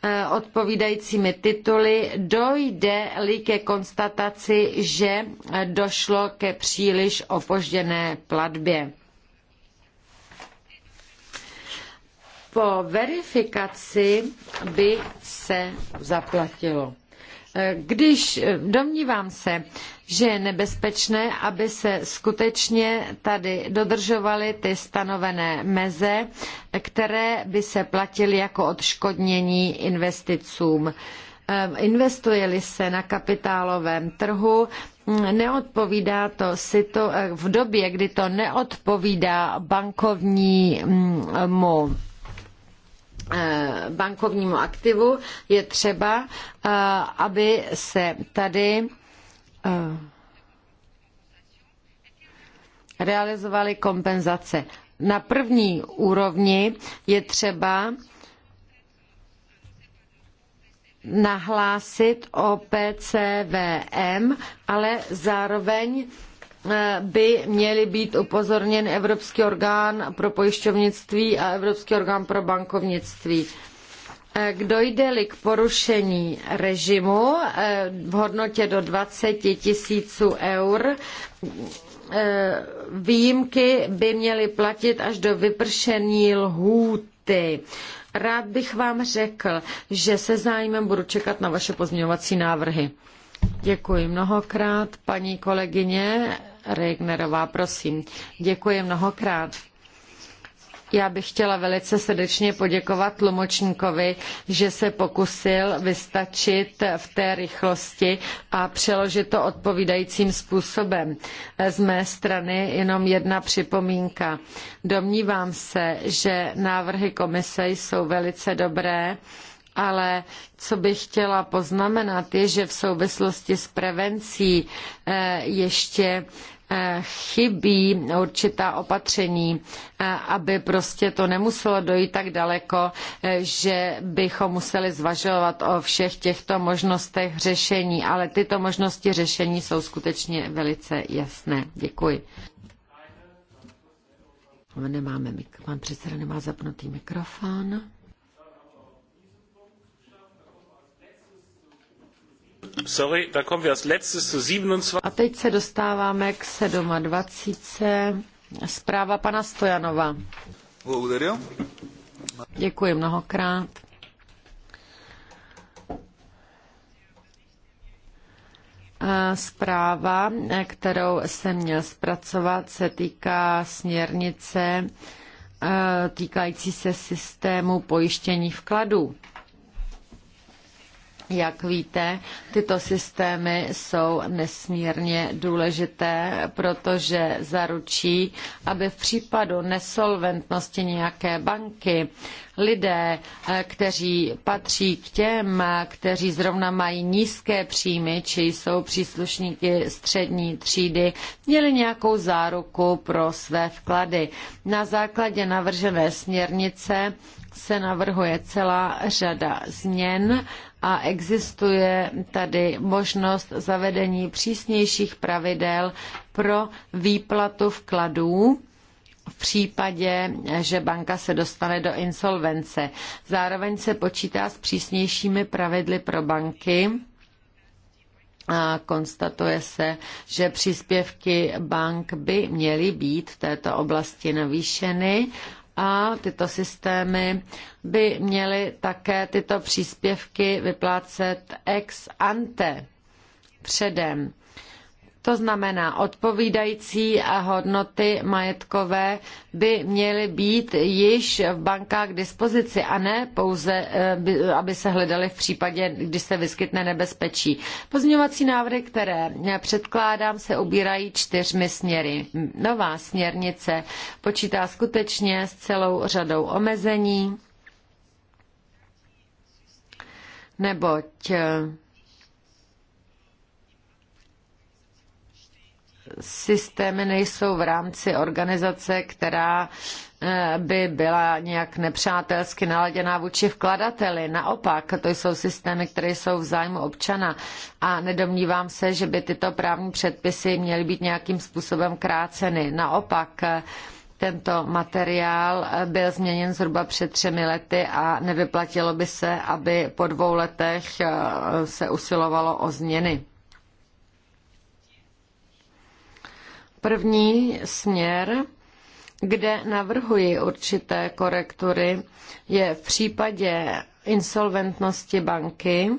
eh, odpovídajícími tituly, dojde-li ke konstataci, že došlo ke příliš opožděné platbě. po verifikaci by se zaplatilo. Eh, když eh, domnívám se, že je nebezpečné, aby se skutečně tady dodržovaly ty stanovené meze, které by se platily jako odškodnění investicům. Eh, investuje-li se na kapitálovém trhu, hm, neodpovídá to to v době, kdy to neodpovídá bankovnímu Eh, bankovnímu aktivu, je třeba, eh, aby se tady eh, realizovaly kompenzace. Na první úrovni je třeba nahlásit o PCVM, ale zároveň by měly být upozorněn Evropský orgán pro pojišťovnictví a Evropský orgán pro bankovnictví. Kdo eh, jde-li k porušení režimu eh, v hodnotě do 20 tisíců eur, eh, výjimky by měly platit až do vypršení lhůty. Rád bych vám řekl, že se zájmem budu čekat na vaše pozměňovací návrhy. Děkuji mnohokrát, paní kolegyně. Regnerová, prosím. Děkuji mnohokrát. Já bych chtěla velice srdečně poděkovat tlumočníkovi, že se pokusil vystačit v té rychlosti a přeložit to odpovídajícím způsobem. Z mé strany jenom jedna připomínka. Domnívám se, že návrhy komise jsou velice dobré, ale co bych chtěla poznamenat, je, že v souvislosti s prevencí eh, ještě Eh, chybí určitá opatření, eh, aby prostě to nemuselo dojít tak daleko, eh, že bychom museli zvažovat o všech těchto možnostech řešení, ale tyto možnosti řešení jsou skutečně velice jasné. Děkuji. Nemáme mikrofon. pan předseda nemá zapnutý mikrofon. Sorry, da kommen wir als letztes zu 27. A teď se dostáváme k 27. Zpráva pana Stojanova. Děkuji mnohokrát. Zpráva, kterou jsem měl zpracovat, se týká směrnice e, týkající se systému pojištění vkladů. Jak víte, tyto systémy jsou nesmírně důležité, protože zaručí, aby v případu nesolventnosti nějaké banky lidé, eh, kteří patří k těm, eh, kteří zrovna mají nízké příjmy, či jsou příslušníky střední třídy, měli nějakou záruku pro své vklady. Na základě navržené směrnice se navrhuje celá řada změn a existuje tady možnost zavedení přísnějších pravidel pro výplatu vkladů v případě, že banka se dostane do insolvence. Zároveň se počítá s přísnějšími pravidly pro banky a konstatuje se, že příspěvky bank by měly být v této oblasti navýšeny a tyto systémy by měly také tyto příspěvky vyplácet ex ante předem to znamená, odpovídající hodnoty majetkové by měly být již v bankách k dispozici a ne pouze, eh, aby se hledaly v případě, kdy se vyskytne nebezpečí. Pozměňovací návrhy, které předkládám, se ubírají čtyřmi směry. Nová směrnice počítá skutečně s celou řadou omezení, neboť eh, systémy nejsou v rámci organizace, která eh, by byla nějak nepřátelsky naladěná vůči vkladateli. Naopak, to jsou systémy, které jsou v zájmu občana a nedomnívám se, že by tyto právní předpisy měly být nějakým způsobem kráceny. Naopak, tento materiál byl změněn zhruba před třemi lety a nevyplatilo by se, aby po dvou letech eh, se usilovalo o změny. První směr, kde navrhuji určité korektury, je v případě insolventnosti banky,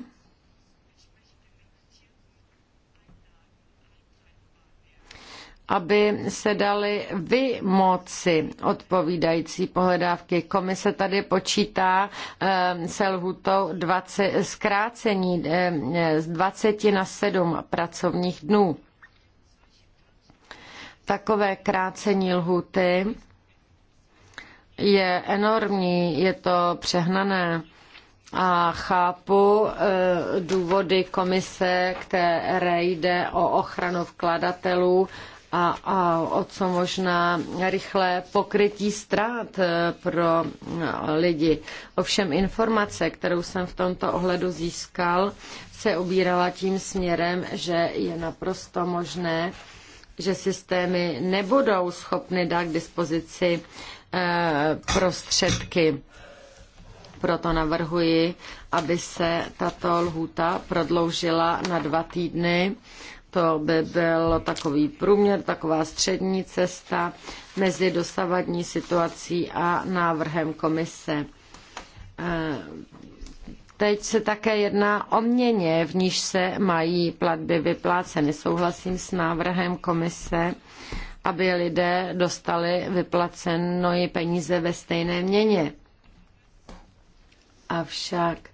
aby se daly vymoci odpovídající pohledávky. Komise tady počítá ehm, se lhutou 20, zkrácení ehm, z 20 na 7 pracovních dnů takové krácení lhuty je enormní, je to přehnané a chápu e, důvody komise, které jde o ochranu vkladatelů a, a o co možná rychlé pokrytí ztrát e, pro e, lidi. Ovšem informace, kterou jsem v tomto ohledu získal, se ubírala tím směrem, že je naprosto možné, že systémy nebudou schopny dát k dispozici eh, prostředky. Proto navrhuji, aby se tato lhůta prodloužila na dva týdny. To by byl takový průměr, taková střední cesta mezi dosavadní situací a návrhem komise eh, Teď se také jedná o měně, v níž se mají platby vypláceny. Souhlasím s návrhem komise, aby lidé dostali vyplaceno i peníze ve stejné měně. Avšak,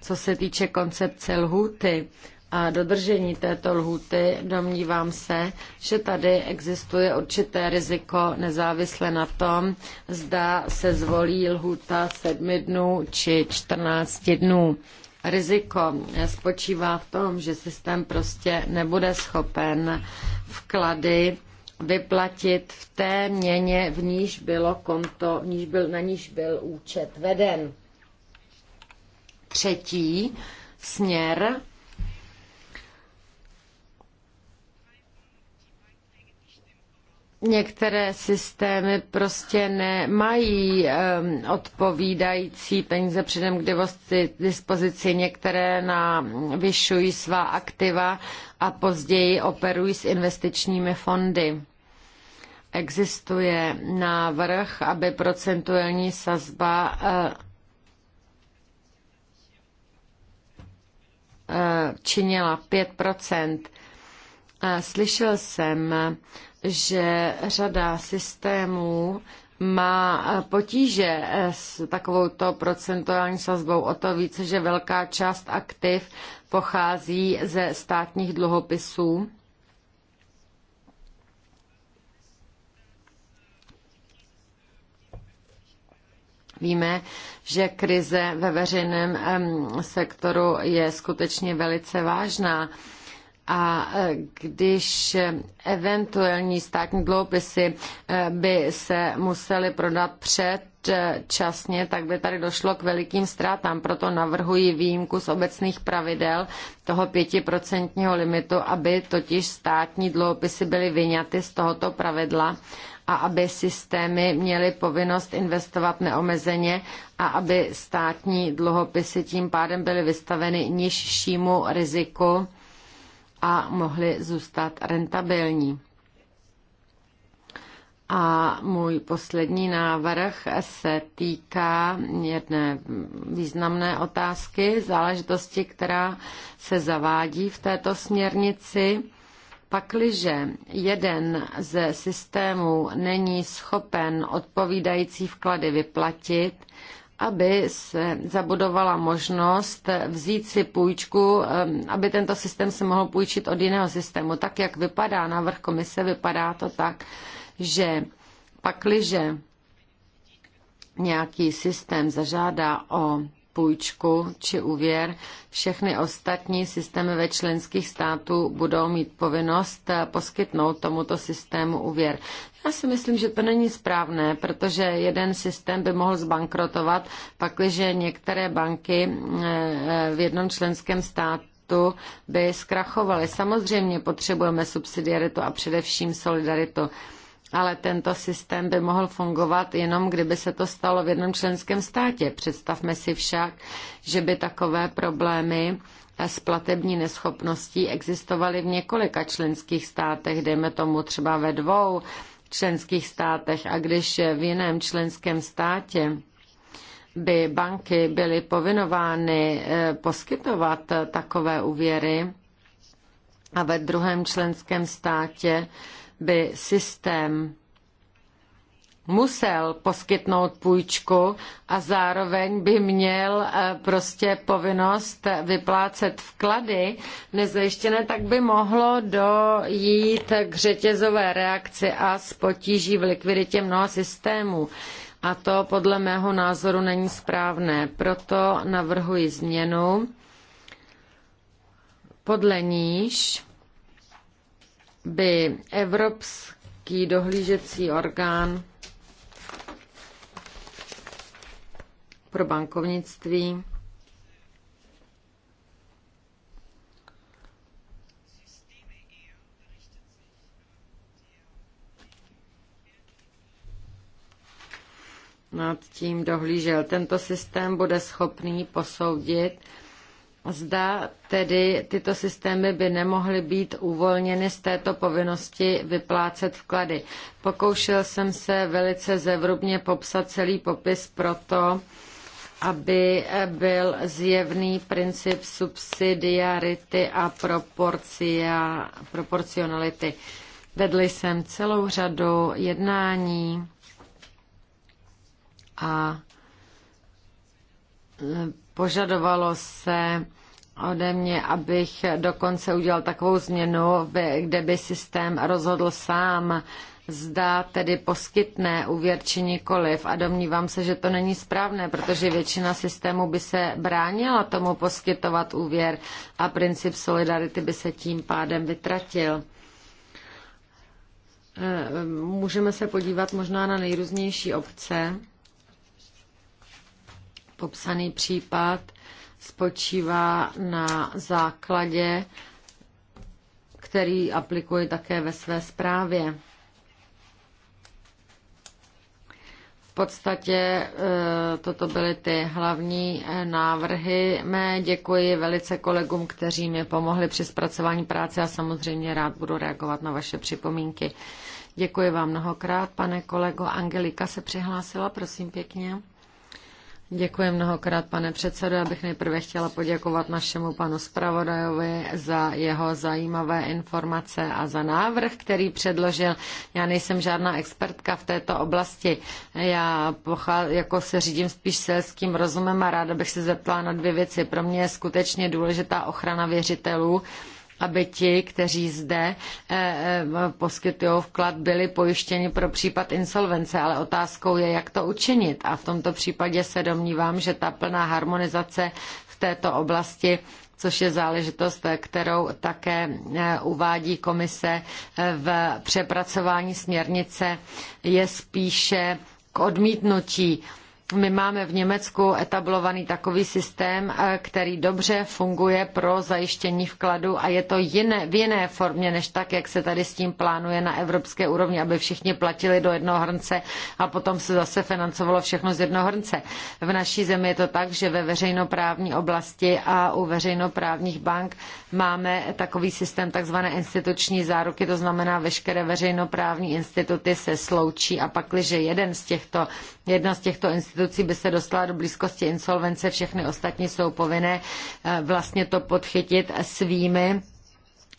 co se týče koncepce lhuty a dodržení této lhuty, domnívám se, že tady existuje určité riziko nezávisle na tom, zda se zvolí lhuta sedmi dnů či 14 dnů. Riziko spočívá v tom, že systém prostě nebude schopen vklady vyplatit v té měně, v níž bylo konto, v níž byl, na níž byl účet veden. Třetí směr některé systémy prostě nemají um, odpovídající peníze předem k dispozici, některé navyšují svá aktiva a později operují s investičními fondy. Existuje návrh, aby procentuální sazba ehm, ehm, činila 5 Slyšel jsem, že řada systémů má potíže s takovouto procentuální sazbou. O to více, že velká část aktiv pochází ze státních dluhopisů. Víme, že krize ve veřejném sektoru je skutečně velice vážná a e, když eventuální státní dluhopisy e, by se musely prodat před e, časně, tak by tady došlo k velikým ztrátám. Proto navrhuji výjimku z obecných pravidel toho pětiprocentního limitu, aby totiž státní dluhopisy byly vyňaty z tohoto pravidla a aby systémy měly povinnost investovat neomezeně a aby státní dluhopisy tím pádem byly vystaveny nižšímu riziku a mohly zůstat rentabilní. A můj poslední návrh se týká jedné významné otázky, záležitosti, která se zavádí v této směrnici. Pakliže jeden ze systémů není schopen odpovídající vklady vyplatit, aby se zabudovala možnost vzít si půjčku, eh, aby tento systém se mohl půjčit od jiného systému. Tak, jak vypadá návrh komise, vypadá to tak, že pakliže nějaký systém zažádá o půjčku či úvěr, všechny ostatní systémy ve členských států budou mít povinnost poskytnout tomuto systému úvěr. Já si myslím, že to není správné, protože jeden systém by mohl zbankrotovat, pakliže některé banky eh, v jednom členském státu by zkrachovaly. Samozřejmě potřebujeme subsidiaritu a především solidaritu ale tento systém by mohl fungovat jenom, kdyby se to stalo v jednom členském státě. Představme si však, že by takové problémy s platební neschopností existovaly v několika členských státech, dejme tomu třeba ve dvou členských státech a když v jiném členském státě by banky byly povinovány eh, poskytovat takové úvěry a ve druhém členském státě by systém musel poskytnout půjčku a zároveň by měl eh, prostě povinnost vyplácet vklady nezajištěné, tak by mohlo dojít k řetězové reakci a s potíží v likviditě mnoha systémů. A to podle mého názoru není správné. Proto navrhuji změnu, podle níž by Evropský dohlížecí orgán pro bankovnictví nad tím dohlížel. Tento systém bude schopný posoudit, Zda tedy tyto systémy by nemohly být uvolněny z této povinnosti vyplácet vklady. Pokoušel jsem se velice zevrubně popsat celý popis proto, aby byl zjevný princip subsidiarity a proporcia, proporcionality. Vedl jsem celou řadu jednání a Požadovalo se ode mě, abych dokonce udělal takovou změnu, kde by systém rozhodl sám, zda tedy poskytne úvěr či nikoliv. A domnívám se, že to není správné, protože většina systému by se bránila tomu poskytovat úvěr a princip solidarity by se tím pádem vytratil. E, můžeme se podívat možná na nejrůznější obce. Popsaný případ spočívá na základě, který aplikuje také ve své zprávě. V podstatě eh, toto byly ty hlavní eh, návrhy mé. Děkuji velice kolegům, kteří mi pomohli při zpracování práce a samozřejmě rád budu reagovat na vaše připomínky. Děkuji vám mnohokrát, pane kolego. Angelika se přihlásila, prosím pěkně. Děkuji mnohokrát, pane předsedo. Já bych nejprve chtěla poděkovat našemu panu zpravodajovi za jeho zajímavé informace a za návrh, který předložil. Já nejsem žádná expertka v této oblasti. Já pochá, jako se řídím spíš selským rozumem a ráda bych se zeptala na dvě věci. Pro mě je skutečně důležitá ochrana věřitelů aby ti, kteří zde eh, eh, poskytují vklad, byli pojištěni pro případ insolvence, ale otázkou je, jak to učinit. A v tomto případě se domnívám, že ta plná harmonizace v této oblasti což je záležitost, kterou také eh, uvádí komise v přepracování směrnice, je spíše k odmítnutí my máme v Německu etablovaný takový systém, eh, který dobře funguje pro zajištění vkladu a je to jiné, v jiné formě, než tak, jak se tady s tím plánuje na evropské úrovni, aby všichni platili do jednoho hrnce a potom se zase financovalo všechno z jednoho hrnce. V naší zemi je to tak, že ve veřejnoprávní oblasti a u veřejnoprávních bank máme takový systém takzvané instituční záruky, to znamená veškeré veřejnoprávní instituty se sloučí a pakliže jeden z těchto Jedna z těchto institucí by se dostala do blízkosti insolvence, všechny ostatní jsou povinné eh, vlastně to podchytit svými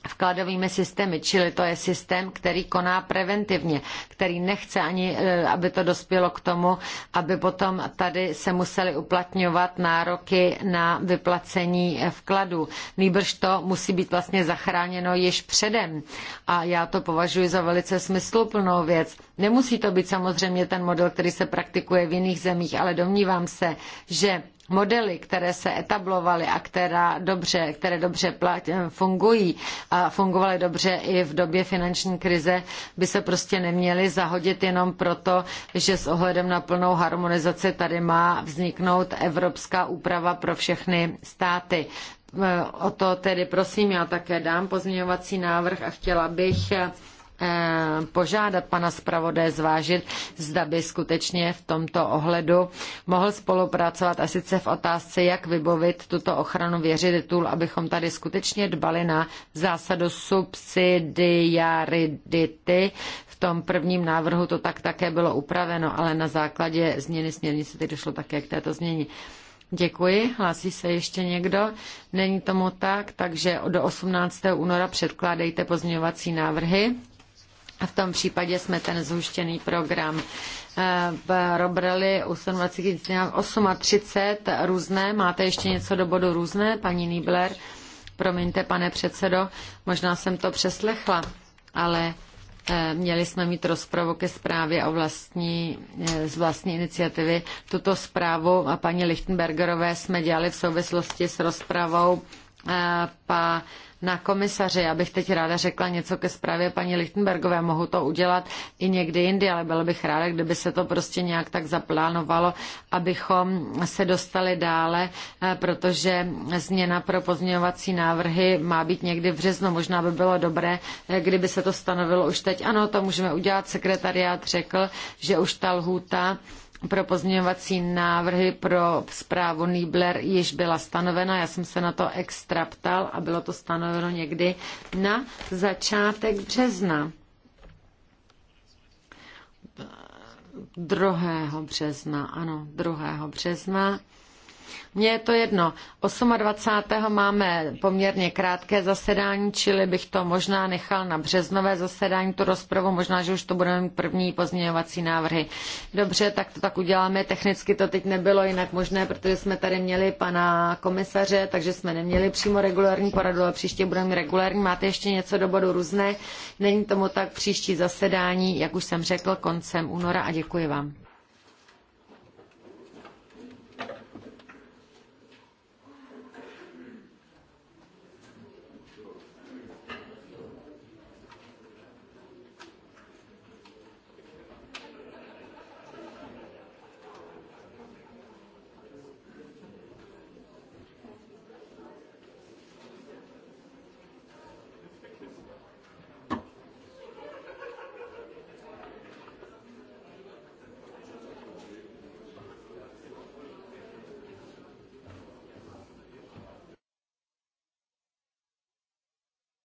vkladovými systémy, čili to je systém, který koná preventivně, který nechce ani, e, aby to dospělo k tomu, aby potom tady se museli uplatňovat nároky na vyplacení e, vkladů. Nýbrž to musí být vlastně zachráněno již předem. A já to považuji za velice smysluplnou věc. Nemusí to být samozřejmě ten model, který se praktikuje v jiných zemích, ale domnívám se, že modely, které se etablovaly a která dobře, které dobře eh, fungují a fungovaly dobře i v době finanční krize, by se prostě neměly zahodit jenom proto, že s ohledem na plnou harmonizaci tady má vzniknout evropská úprava pro všechny státy. Eh, o to tedy prosím, já také dám pozměňovací návrh a chtěla bych eh, Eh, požádat pana zpravodaje zvážit, zda by skutečně v tomto ohledu mohl spolupracovat a sice v otázce, jak vybavit tuto ochranu věřitelů, abychom tady skutečně dbali na zásadu subsidiarity. V tom prvním návrhu to tak také bylo upraveno, ale na základě změny směrnice tedy došlo také k této změně. Děkuji. Hlásí se ještě někdo? Není tomu tak, takže do 18. února předkládejte pozměňovací návrhy v tom případě jsme ten zhuštěný program probrali 28, 30 různé. Máte ještě něco do bodu různé, paní Nibler? Promiňte, pane předsedo, možná jsem to přeslechla, ale eh, měli jsme mít rozpravu ke zprávě o vlastní, eh, z vlastní iniciativy. Tuto zprávu a paní Lichtenbergerové jsme dělali v souvislosti s rozpravou eh, pa, na komisaři. Já bych teď ráda řekla něco ke zprávě paní Lichtenbergové. Mohu to udělat i někdy jindy, ale byla bych ráda, kdyby se to prostě nějak tak zaplánovalo, abychom se dostali dále, eh, protože změna pro pozměňovací návrhy má být někdy v březnu. Možná by bylo dobré, eh, kdyby se to stanovilo už teď. Ano, to můžeme udělat. Sekretariát řekl, že už ta lhůta pro pozměňovací návrhy pro zprávu Niebler již byla stanovena. Já jsem se na to extra ptal a bylo to stanoveno někdy na začátek března. 2. března, ano, 2. března mně je to jedno. 28. máme poměrně krátké zasedání, čili bych to možná nechal na březnové zasedání, tu rozpravu, možná, že už to budeme mít první pozměňovací návrhy. Dobře, tak to tak uděláme. Technicky to teď nebylo jinak možné, protože jsme tady měli pana komisaře, takže jsme neměli přímo regulární poradu, ale příště budeme regulární. Máte ještě něco do bodu různé? Není tomu tak příští zasedání, jak už jsem řekl, koncem února a děkuji vám.